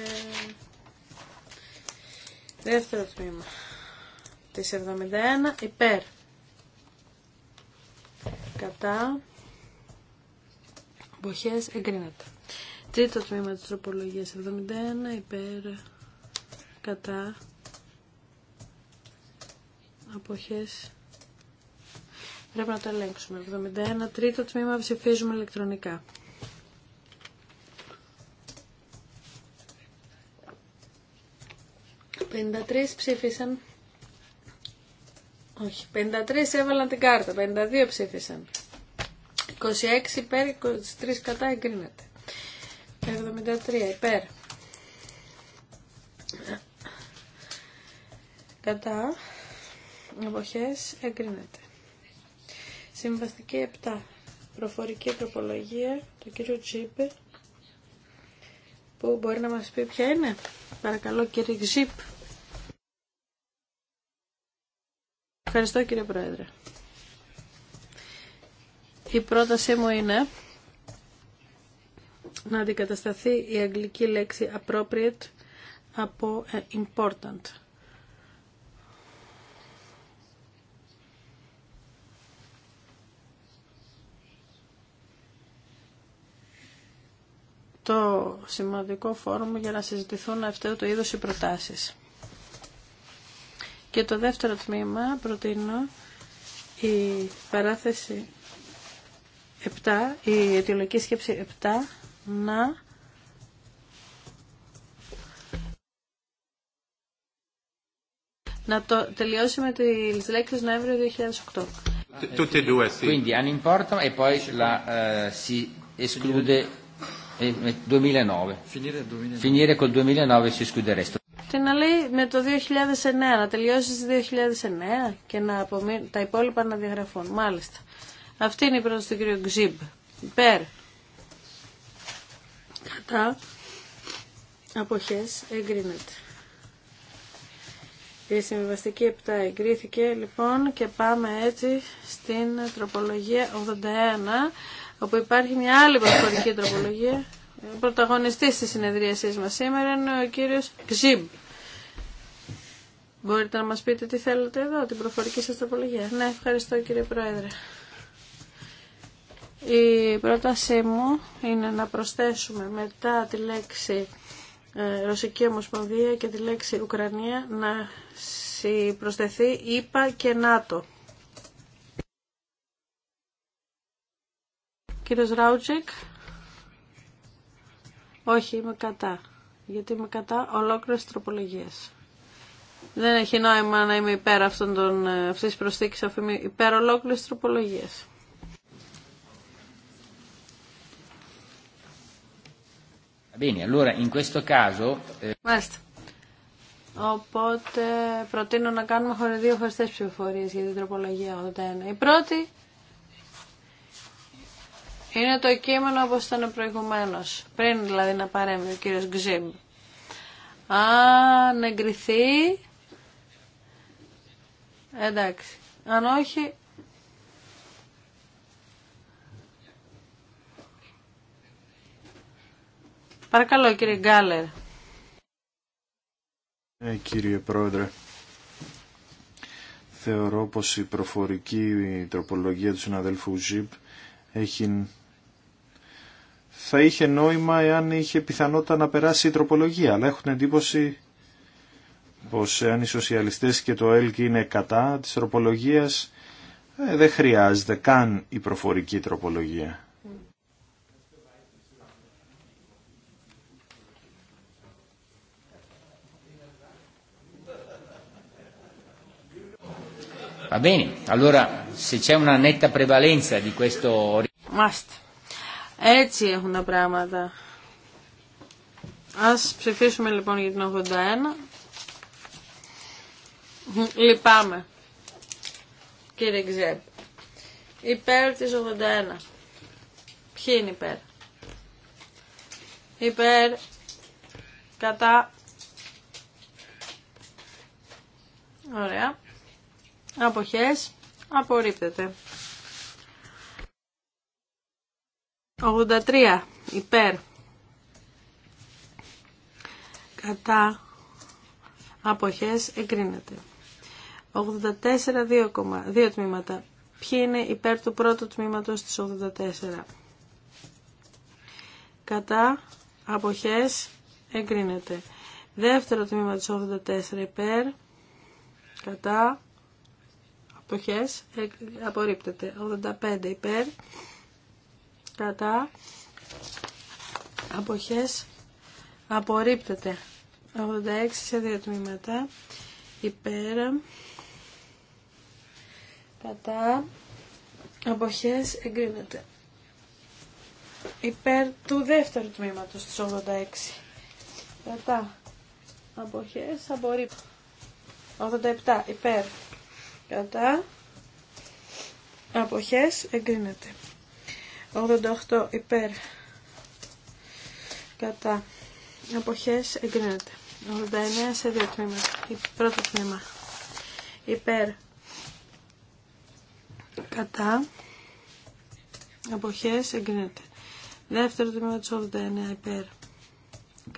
δεύτερο τμήμα της 71 υπέρ, κατά, αποχές εγκρίνεται. Τρίτο τμήμα τη τροπολογία 71 υπέρ κατά αποχές πρέπει να το ελέγξουμε. 71 τρίτο τμήμα ψηφίζουμε ηλεκτρονικά. «53 ψήφισαν, όχι, 53 έβαλαν την κάρτα, 52 ψήφισαν. 26 υπέρ, 23 κατά εγκρίνεται. 73 υπέρ. Κατά. Εποχές εγκρίνεται. Συμβαστική 7. Προφορική τροπολογία του κύριου Τζίπε. Που μπορεί να μας πει ποια είναι. Παρακαλώ κύριε Τζίπ. Ευχαριστώ κύριε Πρόεδρε. Η πρότασή μου είναι να αντικατασταθεί η αγγλική λέξη appropriate από ε, important. Το σημαντικό φόρουμ για να συζητηθούν αυτό το είδος οι προτάσεις. Και το δεύτερο τμήμα προτείνω η παράθεση 7, η αιτιολογική σκέψη 7 να να το τελειώσει με τις λέξεις Νοέμβριο 2008. Tutte e due, sì. Quindi anno importa e poi la, eh, si esclude 2009. Eh, Finire, 2009. Finire col 2009 si esclude il resto. Τι να λέει με το 2009, να τελειώσει το 2009 και να απομει... τα υπόλοιπα να διαγραφούν. Μάλιστα. Αυτή είναι η πρόταση του κύριου Γκζίμπ. Υπέρ. Κατά. Αποχές. Εγκρίνεται. Η συμβιβαστική 7 εγκρίθηκε λοιπόν και πάμε έτσι στην τροπολογία 81 όπου υπάρχει μια άλλη προφορική τροπολογία. Ο πρωταγωνιστής της συνεδρίασής μας σήμερα είναι ο κύριος Ξύμπ. Μπορείτε να μας πείτε τι θέλετε εδώ, την προφορική σας τροπολογία. Ναι, ευχαριστώ κύριε Πρόεδρε. Η πρότασή μου είναι να προσθέσουμε μετά τη λέξη ε, Ρωσική Ομοσπονδία και τη λέξη Ουκρανία να προσθεθεί ΙΠΑ και ΝΑΤΟ. Κύριος Ράουτζικ. όχι είμαι κατά, γιατί είμαι κατά ολόκληρες τροπολογίες. Δεν έχει νόημα να είμαι υπέρ αυτών των, ε, αυτής της προσθήκης, αφού είμαι υπέρ ολόκληρες τροπολογίες. Bene, eh, Οπότε προτείνω να κάνουμε χωρί δύο χωριστέ ψηφοφορίε για την τροπολογία 81. Η πρώτη είναι το κείμενο όπω ήταν προηγουμένω, πριν δηλαδή να παρέμβει ο κύριο Γκζίμ. Αν εγκριθεί. Εντάξει. Αν όχι, Παρακαλώ κύριε Γκάλερ. Ε, κύριε Πρόεδρε, θεωρώ πως η προφορική τροπολογία του συναδέλφου Ζιπ έχει... θα είχε νόημα εάν είχε πιθανότητα να περάσει η τροπολογία, αλλά έχουν εντύπωση πως εάν οι σοσιαλιστές και το ΕΛΚ είναι κατά της τροπολογίας, ε, δεν χρειάζεται καν η προφορική τροπολογία. Va bene, allora se c'è una netta prevalenza di questo... Έτσι έχουν τα πράγματα. Ας ψηφίσουμε λοιπόν για την 81. Λυπάμαι. Κύριε Ξέπ. Υπέρ της 81. Ποιοι είναι υπέρ. Υπέρ. Κατά. Ωραία αποχές απορρίπτεται. 83 υπέρ κατά αποχές εγκρίνεται. 84 δύο τμήματα. Ποιοι είναι υπέρ του πρώτου τμήματος της 84. Κατά αποχές εγκρίνεται. Δεύτερο τμήμα της 84 υπέρ. Κατά αποχές ε, απορρίπτεται. 85 υπέρ κατά αποχές απορρίπτεται. 86 σε δύο τμήματα υπέρ κατά αποχές εγκρίνεται. Υπέρ του δεύτερου τμήματος της 86 κατά αποχές απορρίπτεται. 87 υπέρ κατά αποχές εγκρίνεται 88 υπέρ κατά αποχές εγκρίνεται 89 σε δύο τμήματα πρώτο τμήμα υπέρ κατά αποχές εγκρίνεται δεύτερο τμήμα της 89 υπέρ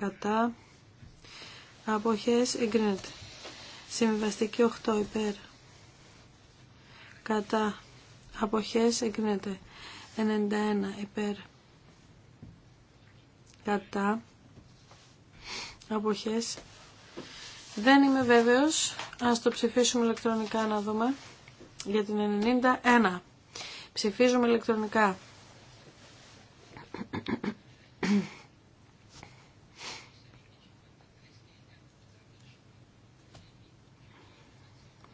κατά αποχές εγκρίνεται συμβιβαστική 8 υπέρ κατά αποχές εγκρίνεται 91 υπέρ κατά αποχές δεν είμαι βέβαιος ας το ψηφίσουμε ηλεκτρονικά να δούμε για την 91 ψηφίζουμε ηλεκτρονικά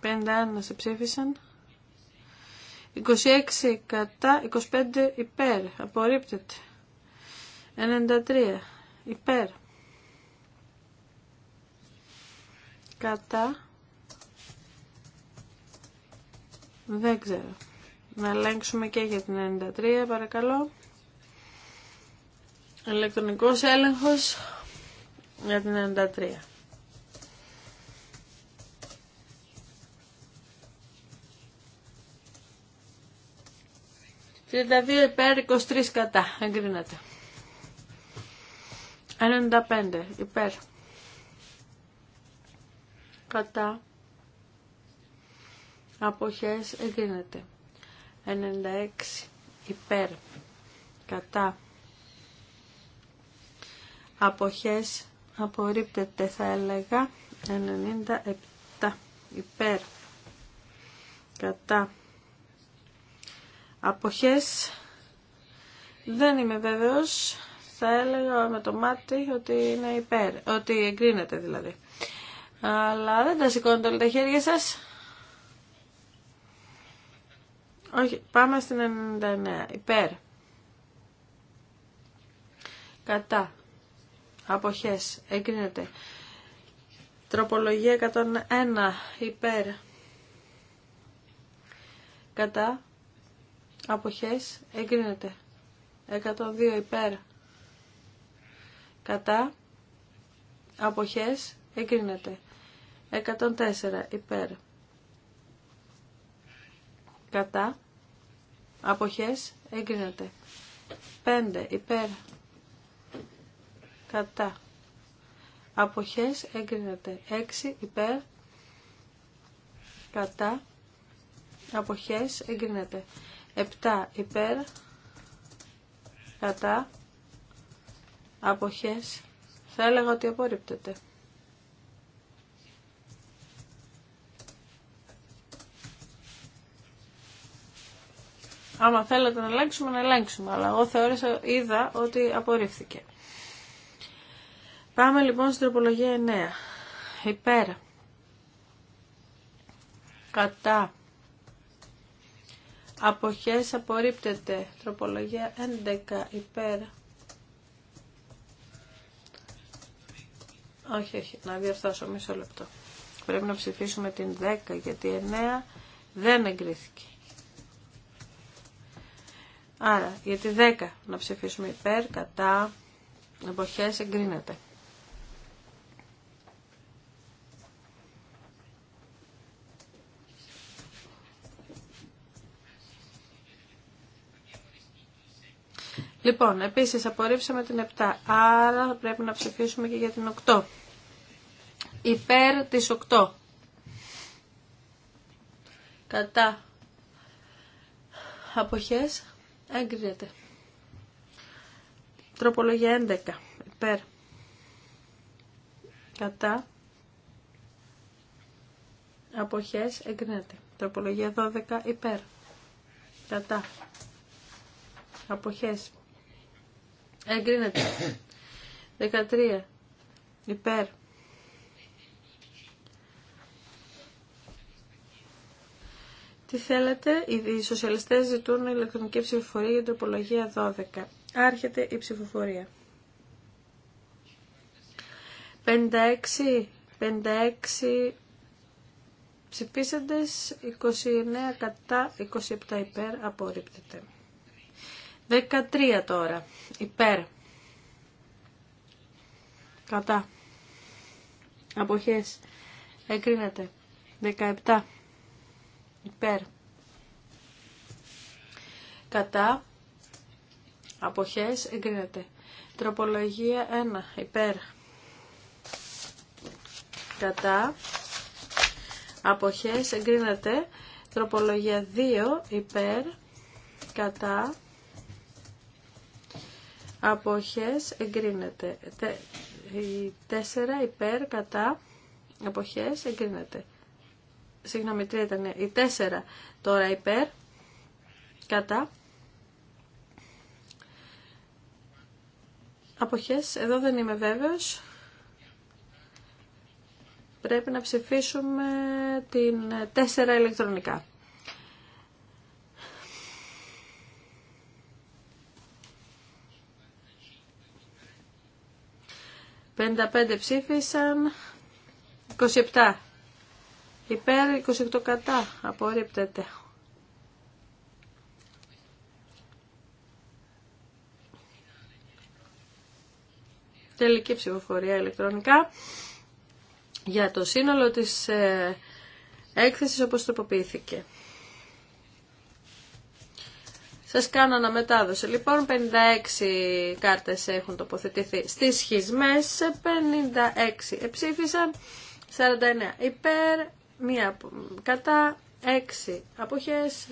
Πέντε σε ψήφισαν. 26 κατά, 25 υπέρ. Απορρίπτεται. 93 υπέρ. Κατά. Δεν ξέρω. Να ελέγξουμε και για την 93 παρακαλώ. Ελεκτρονικός έλεγχος για την 93. 32 υπέρ, 23 κατά. Εγκρίνεται. 95 υπέρ. Κατά. Αποχές εγκρίνεται. 96 υπέρ. Κατά. Αποχές απορρίπτεται θα έλεγα. 97 υπέρ. Κατά αποχές δεν είμαι βέβαιος. Θα έλεγα με το μάτι ότι είναι υπέρ, ότι εγκρίνεται δηλαδή. Αλλά δεν τα σηκώνετε όλα τα χέρια σας. Όχι, πάμε στην 99. Υπέρ. Κατά. Αποχές. Εγκρίνεται. Τροπολογία 101. Υπέρ. Κατά αποχές εγκρίνεται 102 υπέρ κατά αποχές εγκρίνεται 104 υπέρ κατά αποχές εγκρίνεται 5 υπέρ κατά αποχές εγκρίνεται 6 υπέρ κατά αποχές εγκρίνεται 7 υπέρ κατά αποχές θα έλεγα ότι απορρίπτεται. Άμα θέλετε να ελέγξουμε, να ελέγξουμε. Αλλά εγώ θεώρησα, είδα ότι απορρίφθηκε. Πάμε λοιπόν στην τροπολογία 9. Υπέρ. Κατά. Αποχές απορρίπτεται. Τροπολογία 11 υπέρ. Όχι, όχι, να διορθώσω μισό λεπτό. Πρέπει να ψηφίσουμε την 10 γιατί η 9 δεν εγκρίθηκε. Άρα, για τη 10 να ψηφίσουμε υπέρ, κατά, εποχές εγκρίνεται. Λοιπόν, επίση απορρίψαμε την 7, άρα θα πρέπει να ψηφίσουμε και για την 8. Υπέρ τη 8. Κατά. Αποχές. Έγκρινεται. Τροπολογία 11. Υπέρ. Κατά. Αποχές. Εγκρίνεται. Τροπολογία 12. Υπέρ. Κατά. Αποχές. Εγκρίνεται. 13. Υπέρ. Τι θέλετε, οι σοσιαλιστές ζητούν ηλεκτρονική ψηφοφορία για την τροπολογία 12. Άρχεται η ψηφοφορία. 56, 56 ψηφίσαντες, 29 κατά, 27 υπέρ, απορρίπτεται. 13 τώρα. Υπέρ. Κατά. Αποχές. Εγκρίνεται. 17. Υπέρ. Κατά. Αποχές. Εγκρίνεται. Τροπολογία 1. Υπέρ. Κατά. Αποχές. Εγκρίνεται. Τροπολογία 2. Υπέρ. Κατά αποχές εγκρίνεται. Η 4 υπέρ κατά αποχές εγκρίνεται. Συγγνώμη, ήταν η 4 τώρα υπέρ κατά αποχές. Εδώ δεν είμαι βέβαιος. Πρέπει να ψηφίσουμε την 4 ηλεκτρονικά. 55 ψήφισαν, 27 υπέρ, 28 κατά, απορρίπτεται. Τελική ψηφοφορία ηλεκτρονικά για το σύνολο της ε, έκθεσης όπως τοποποιήθηκε. Σας κάνω αναμετάδοση. Λοιπόν, 56 κάρτες έχουν τοποθετηθεί στις σχισμές, 56 εψήφισαν, 49 υπέρ, μία κατά, 6 αποχές.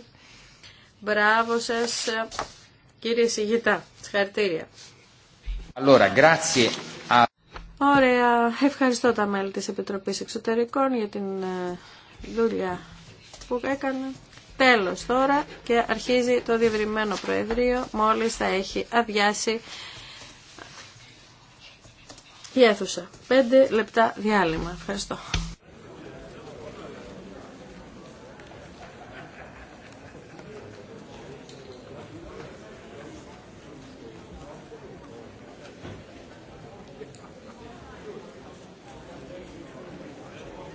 Μπράβο σας, κύριε Σιγητά. Συγχαρητήρια. Allora, grazie. Ωραία. Ευχαριστώ τα μέλη της Επιτροπής Εξωτερικών για την ε, δουλειά που έκανε. Τέλος τώρα και αρχίζει το διευρυμένο Προεδρείο μόλις θα έχει αδειάσει η αίθουσα. Πέντε λεπτά διάλειμμα. Ευχαριστώ.